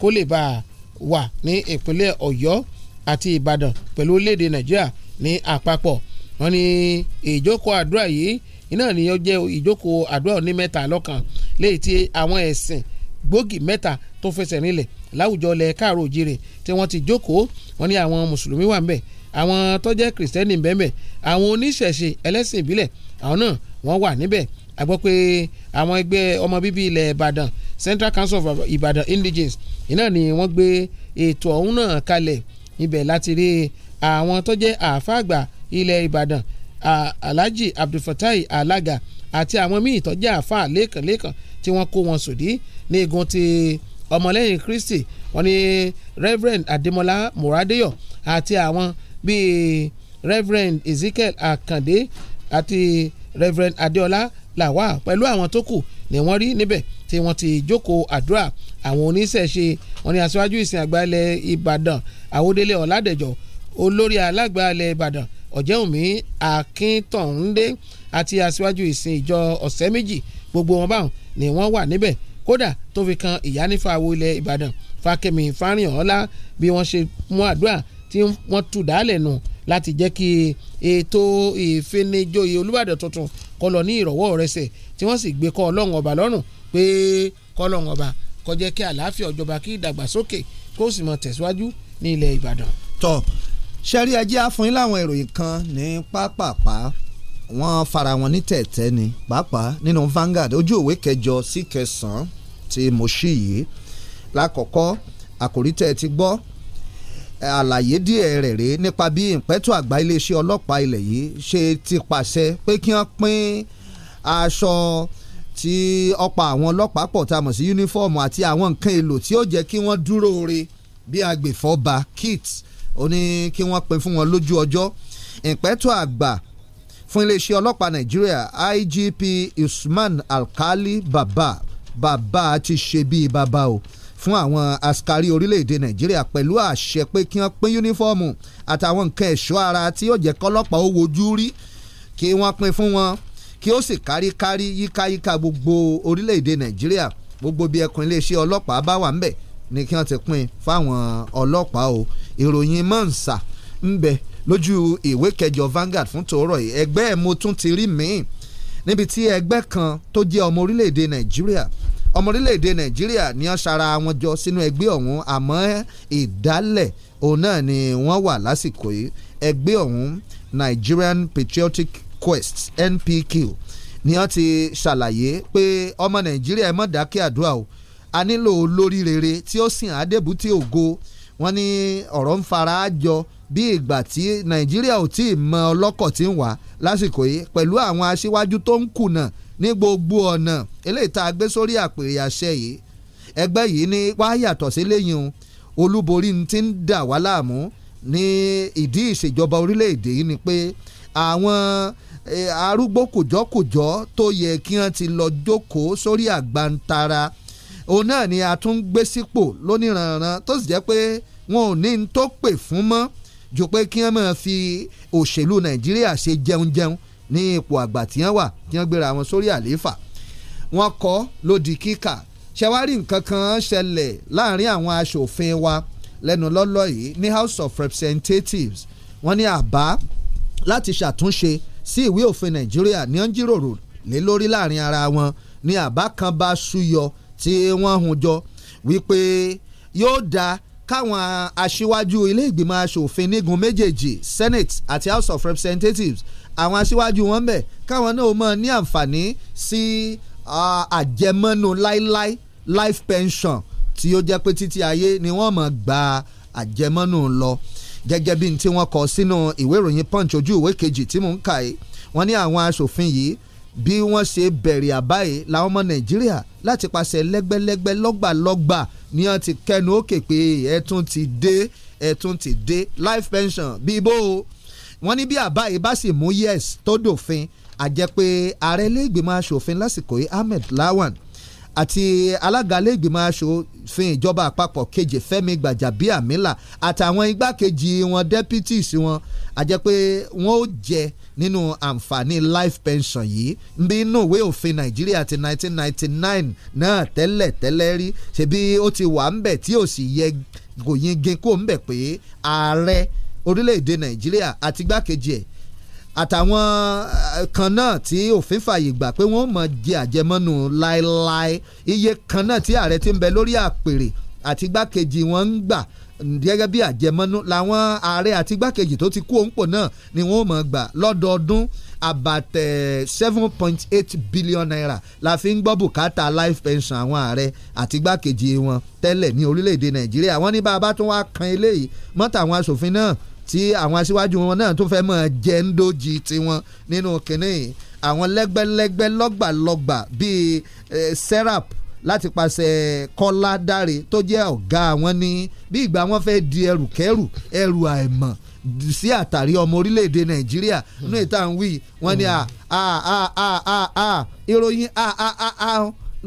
kó lè bá a wà ní ìpínlẹ̀ ọ̀yọ́ àti ìbàdàn pẹ̀lú orílẹ̀-èdè nàìjíríà ní àpapọ̀ wọn ni ìjókòó àdúrà yìí iná ni ó jẹ́ ìjókòó àdúrà oní mẹ́ta lọ́kan léyìí tí àwọn ẹ̀sìn gbòógì mẹ́ta tó fẹsẹ̀ nílẹ̀ láwùjọ lẹ̀ káàró òjìrè tí wọ́n ti jókòó wọn ni àwọn mùsùlùmí wà ń bẹ̀ àwọn tó kìrìsìtẹ́nì ń bẹ̀ ń bẹ̀ àwọn oníṣẹ̀ṣe ẹlẹ́sìn ìbílẹ̀ àwọn náà wọ́n wà níbẹ̀ a gbọ́ pé àwọn ẹgbẹ́ ọmọ bíbí ilẹ̀ Ìbàdàn Central Council of Ìbàdàn Indigenes iná ni wọ́n gbé ètò ọ̀hún náà kalẹ̀ ibẹ̀ láti rí àwọn tó jẹ́ àáfàá àgbà ilẹ̀ Ìbàdàn Alhaji Abdulfatai Alaga àti àwọn míì tó jẹ́ àáfàá lẹ́kànlẹ́kàn tí wọ́n kó wọn sòdí ní igun ti ọmọlẹ́yìn Kristi wọ́n ní Reverend Ademola Moradeyo àti àwọn bíi Reverend Ezekiel Akande àti Reverend Adeola Lawal pẹ̀lú àwọn tó kù ni wọ́n rí níbẹ̀ tí wọ́n ti jókòó àdúrà àwọn oníṣẹ̀ṣe wọn ni aṣáájú ìsìn àgbà ilẹ̀ Ìbàdàn Àwọdélé Ọ̀làdẹ̀jọ olórí alágbà ilẹ̀ Ìbàdàn Ọ̀jẹ̀wùmí Akíntọ̀úndé àti aṣáájú ìsìn ìjọ ọ̀sẹ̀ méjì gbogbo wọn báwọn ni wọ́n wà níbẹ̀ kódà tó fi kan ìyánífà awo ilẹ̀ Ìbàdàn Fákẹ́mi Fáríhànlá bí wọ́n ṣe mú àdúrà tí wọ́n tù dálẹ̀ nù láti jẹ́ kí ètò ìfinijoyè olùbàdàn tuntun kó lọ ní ìrọ̀wọ́ rẹsẹ̀ tí wọ́n sì gbé kọ́ ọlọ́run ọba lọ́rùn pé kọ́lọ́run ọba kó kí àlàáfíà ọjọba kí ìdàgbàsókè kó sì mọ tẹ̀síwájú ní ilẹ̀ ìbàdàn. tọ́ sẹ́rí ajé àfọyín láwọn ìròyìn kan ní pápápá wọ́n fara wọn ní tẹ̀tẹ́ ni pàápàá nínú Vanguard ojú òwe kẹjọ sí kẹsàn-án ti Moshi yìí lákọ̀ọ́kọ́ àkòrí tẹ̀ ti gbọ́ àlàyé díẹ̀ rẹ̀ rèé nípa bí ìpẹ́tù àgbà iléeṣẹ́ ọlọ́pàá ilẹ̀ yìí ṣe ti pàṣẹ pé kí wọ́n pín aṣọ tí ọ̀pá àwọn ọlọ́pàá pọ̀ tá a mọ̀ sí yúnífọ́ọ̀mù àti àwọn nǹkan èlò tí ó jẹ́ kí wọ́n dúró re bí agbèfọ́ba kit ó ní kí wọ́n pín fún wọn lójú ọjọ́ ìpẹ́tù àgbà fún iléeṣẹ́ ọlọ́pàá nàìjíríà IGP Usman Alkali Baba Baba ti ṣe bíi baba o fún àwọn askari orílẹ̀-èdè nàìjíríà pẹ̀lú àṣẹ pé kí wọ́n pín yúnífọ́ọ̀mù àtàwọn nǹkan ẹ̀ṣọ́ ara tí yóò jẹ́ kọ́lọ́pàá ó wojú rí kí wọ́n pín fún wọn kí ó sì kárí kárí yíkáyíká gbogbo orílẹ̀-èdè nàìjíríà gbogbo bí ẹkùn iléeṣẹ́ ọlọ́pàá bá wà ńbẹ̀ ni kí wọ́n ti pín fáwọn ọlọ́pàá o ìròyìn mọ́ǹsà ńbẹ lójú ìwé kẹjọ Vanguard fún tòórọ̀ yìí ẹgbẹ́ mo tún ti rí míì níbi tí ẹgbẹ́ kan tó jẹ́ ọmọ orílẹ̀-èdè nàìjíríà ọmọ orílẹ̀-èdè nàìjíríà ni wọ́n sara wọn jọ sínú ẹgbẹ́ ọ̀hún àmọ́ ìdálẹ̀ òun náà ni wọ́n wà lásìkò yìí ẹgbẹ́ ọ̀hún Nigerian Patriotic Quest NPQ ni wọ́n ti ṣàlàyé pé ọmọ nàìjíríà ẹ má dákẹ́ àdúrà o a nílò olórí rere tí ó sìn àdébùtì ògo wọ́n ní ọ̀rọ̀ ń fara jọ bí ìgbà tí nàìjíríà ò tí ì mọ ọlọ́kọ̀ tí ń wá lásìkò yìí pẹ̀lú àwọn aṣíwájú tó ń kùnà ní gbogbo ọ̀nà eléyìí tá a gbé sórí àpèrè àṣẹ yìí ẹgbẹ́ yìí ní wá yàtọ̀ sí lẹ́yìn olúborí ti ń dà wá láàmú ní ìdí ìṣèjọba orílẹ̀-èdè yìí ni pé àwọn arúgbó kòjọ́kòjọ́ tó yẹ kí wọ́n ti lọ jókòó sórí àgbàǹtara òun náà ni a tún ń gbé sípò lóníranran tó sì jẹ́ pé wọn ò ní tó pè fún mọ́ jù pé kí wọ́n máa fi òṣèlú Nàìjíríà ṣe jẹun jẹun ní ipò àgbà tí wọ́n wà tí wọ́n gbéra wọn sórí àlééfà wọ́n kọ́ lòdì kíkà ṣẹwárí nǹkan kan ṣẹlẹ̀ láàrin àwọn aṣòfin wa lẹ́nu lọ́lọ́ yìí ní House of Representatives wọ́n ní àbá láti ṣàtúnṣe sí ìwé òfin Nàìjíríà ní wọ́n jíròrò lé lórí láàrin ara wọn ní àbá kan bá ṣúyọ tí wọ́n hun jọ wípé yóò da káwọn aṣíwájú ilé ìgbìmọ̀ asòfin nígun méjèèjì senate àti house of representatives àwọn aṣíwájú wọn bẹ̀ káwọn náà mọ̀ ní àǹfààní sí àjẹmọ́nú láíláí life pension tí ó jẹ́ pé títí ayé ni wọ́n mọ̀ gba àjẹmọ́nú lọ gẹ́gẹ́ bí n tí wọ́n kọ sínú ìwé ìròyìn punch ojú ìwé kejì tí mò ń kà yìí wọ́n ní àwọn aṣòfin yìí bí wọ́n ṣe bẹ̀rẹ̀ àbáyé làwọn ọmọ nàìjíríà láti pàṣẹ lẹ́gbẹ́lẹ́gbẹ́ lọ́gbàlọ́gbà ni wọ́n ti kẹnu òkè pé ẹ̀tún ti dé ẹ̀tún ti dé life pension bíi bó o wọ́n ní bí àbáyé bá sì mú yes tó dòfin àjẹpé ààrẹ ilé ìgbìmọ̀ asòfin lásìkò yìí Ahmed Lawan àti alága iléègbìmọ̀ asòfin ìjọba àpapọ̀ keje Fẹ́mi Gbàjàbíàmílà àtàwọn igbákejì wọn deputies wọn àjẹpé wọn ó jẹ nínú àǹfààní life pension yìí bí inú ìwé òfin nàìjíríà ti 1999 náà tẹ́lẹ̀ tẹ́lẹ̀ rí ṣebí ó ti wà ń bẹ̀ tí ò sì yẹ kò yin gin kó ń bẹ̀ pé ààrẹ orílẹ̀-èdè nàìjíríà àti igbákejì ẹ̀ àtàwọn eh, kan náà tí òfin fàyè gbà pé wọ́n mọ̀ jẹ àjẹmọ́nù láéláé iye kan náà tí ààrẹ ti ń bẹ lórí àpèrè àti igbákejì wọn ń gbà gẹ́gẹ́ bí àjẹmọ́nú làwọn ààrẹ àti igbákejì tó ti kú òǹpò náà ni wọ́n mọ̀ gbà lọ́dọọdún about seven point eight billion naira la fi ń gbọ́ bùkátà life pension àwọn ààrẹ àti igbákejì wọn tẹ́lẹ̀ ní orílẹ̀-èdè nàìjíríà wọ́n ní bàbá tó wá kan eléyìí mọ́tà àwọn asòfin náà tí àwọn aṣíwájú wọn náà tó fẹ́ mọ̀ jẹ́ ń dojì tiwọn nínú kínní àwọn lẹ́gbẹ́lẹ́gbẹ́ lọ́gbàlọ́gbà bíi eh, serap láti pàṣẹ Kọ́lá Dáre tó jẹ́ ọ̀gá wọn ní bí ìgbà wọn fẹ́ di ẹrù kẹrù ẹrù àìmọ̀ sí àtàrí ọmọ orílẹ̀-èdè Nàìjíríà nínú ìta ń wí wọn ni a a a a a a ìròyìn a a a a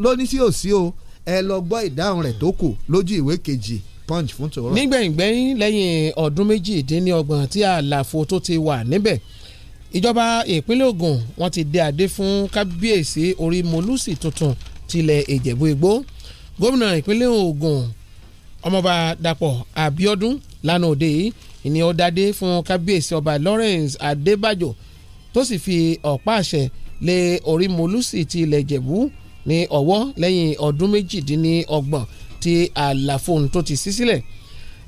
lóní sí òsí o ẹ lọ gbọ́ ìdáhùn rẹ̀ tó kù lójú ìwé kejì punch fún tòrọ. nígbẹ̀yìngbẹ̀yìn lẹ́yìn ọdún méjìdínlọ́gbọ̀n tí àlàfo tó ti wà níbẹ̀ ìjọba ìpínlẹ̀ Ògùn wọ́n ti dé adé fún kábíyèsí Orímolúsì tuntun tilẹ̀ ìjẹ̀bú igbó gómìnà ìpínlẹ̀ Ògùn ọmọọba Dàpọ̀ Abíọ́dún lánàá òde yìí ìní ó dádé fún kábíyèsí ọba Lawrence Adébájò tó sì fi ọ̀pá àṣẹ lé orí mọ́lúsì ti ilẹ̀ ìjẹ̀bú ní ọwọ́ lẹ́yìn ọdún méjìdínlọ́gbọ̀n ti àlàfo tó ti sí sílẹ̀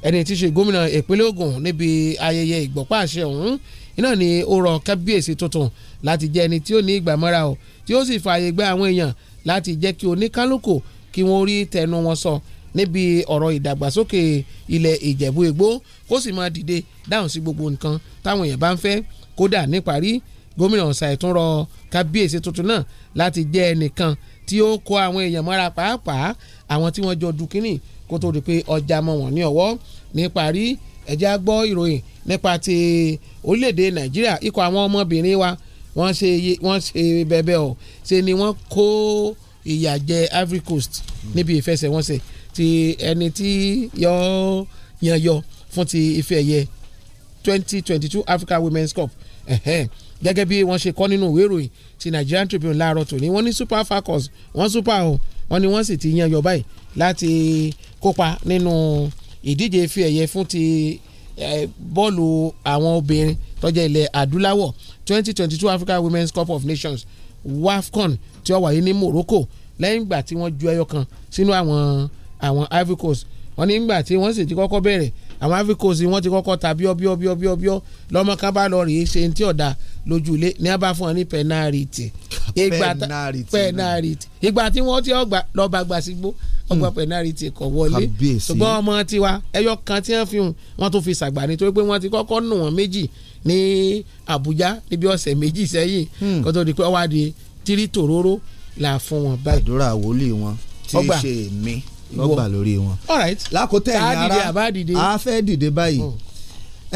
ẹni tí í ṣe gómìnà ìpínlẹ̀ Ògùn níbi ayẹyẹ ìgbọ̀pá àṣẹ ọ̀hún iná ni ó rọ kábíyèsí tuntun láti jẹ́ ẹni tí ó ní ìgbàmọ́ra o tí ó sì fààyè gba àwọn èèyàn láti jẹ́ kí oníkálukú kí wọ́n rí tẹnu wọn sọ níbi ọ̀rọ̀ ìdàgbàsókè ilẹ̀ ìjẹ̀bú igbó kó sì máa dìde dáhùn sí gbogbo nǹkan táwọn èèyàn bá ń fẹ́ kódà níparí gómìnà Ọ̀sà ìtún rọ kábíyèsí tuntun náà láti jẹ́ ẹnìkan tí ó kó àwọn èèyàn mọ́ra pàápàá àwọn tí wọ́n jọ dùkínì kó tó di pé ọjà mọ́ wọn ní ọwọ́ níparí ẹ̀jẹ̀ gbọ́ ìròyìn nípa ti orílẹ̀-èdè Nàìjíríà ikọ̀ àwọn ọmọbìnrin wa wọ́n ṣe wọ́n ṣe bẹ́ẹ̀bẹ́ o ṣe ni wọ́n kó ìyà jẹ Ivory Coast hmm. níbi ìfẹsẹ̀wọnsẹ̀ ti ẹni tí yọ yan yọ fún ti ife ẹ̀yẹ twenty twenty Africa Women's Cup gẹ́gẹ́ bí wọ́n ṣe kọ́ nínú ìwé ìròyìn ti Nigerian Tribune láàárọ̀ tòní wọ́n ní Super Falcons wọ́n super o wọ́n ní wọ́n sì ti yan yọ báyìí láti kópa nínú ìdíje ife ẹ̀yẹ fún ti bọ́ọ̀lù àwọn obìnrin tó ilẹ̀ adúláwọ̀ twenty Africa Women's Cup of Nations WAFCON tí ó wáyé ní Morocco lẹ́yìn ìgbà tí wọ́n ju ẹyọ kan sínú àwọn àwọn Ivory Coast wọ́n ní ìgbà tí wọ́n sì ti kọ́kọ́ bẹ̀rẹ̀ àwọn Ivory Coast wọ́n ti kọ́kọ́ ta bíọ́bíọ́bíọ́bíọ́ lọ́mọ kan bá lọ rèé ṣe ní tí ọ̀dà lójú ilé ní abá fún ọ ní pẹnariti pẹnariti ìgbà tí wọ́n ti ọgbà lọ́ba gbàsígbó ọgbà hmm. pẹnárìtì kò wọlé ṣùgbọ́n ọmọ tiwa ẹyọ kan tí wọ́n fi hùn wọ́n tún fi ṣàgbà nítorí pé wọ́n ti kọ́kọ́ nù wọ́n méjì ní Àbújá níbi ọ̀sẹ̀ méjì sẹ́yìn hmm. kó tó di pé wọ́n wá di tírí tòróró là fún wọn báyìí. àdúrà wòlíì wọn tí í ṣe mi lọ́gbà lórí wọn. lákòótẹ́ ìyára a fẹ́ dìde báyìí oh.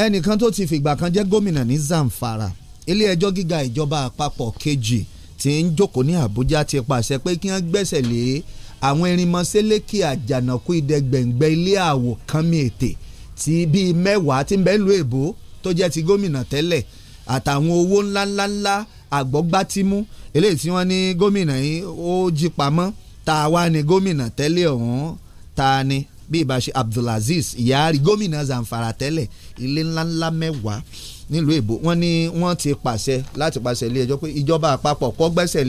ẹnìkan tó ti fìgbà kan jẹ́ gómìnà ní Zamfara ilé ẹjọ́ gíga ìjọba àpapọ̀ kejì tí ń jókòó ní Àbújá ti pàṣẹ pé kí wọ́n gbẹ́sẹ̀ lé àwọn erinmọ́sẹ́lẹ́kì àjànàkú ìdẹ́gbẹ̀ngbẹ́ ilé àwò kánmi ètè tí bíi mẹ́wàá tí ń bẹ́ẹ̀ lu èbó tó jẹ́ ti gómìnà tẹ́lẹ̀ àtàwọn owó ńláńláńlá àgbọ́gbátímú eléyìí tí wọ́n ní gómìnà yìí ó jí pamọ́ tá a wá ní gómìnà tẹ́lẹ̀ ọ̀hún ta ni bí ibà ṣe Abdulaziz Yari gómìnà Zamfara tẹ́lẹ̀ ilé ńláńlá mẹ́wàá nílùú èbó wọ́n ní wọ́n ti pàṣẹ láti pàṣẹ ilé ẹjọ́ pé ìjọba àpapọ̀ kó gbẹ́sẹ̀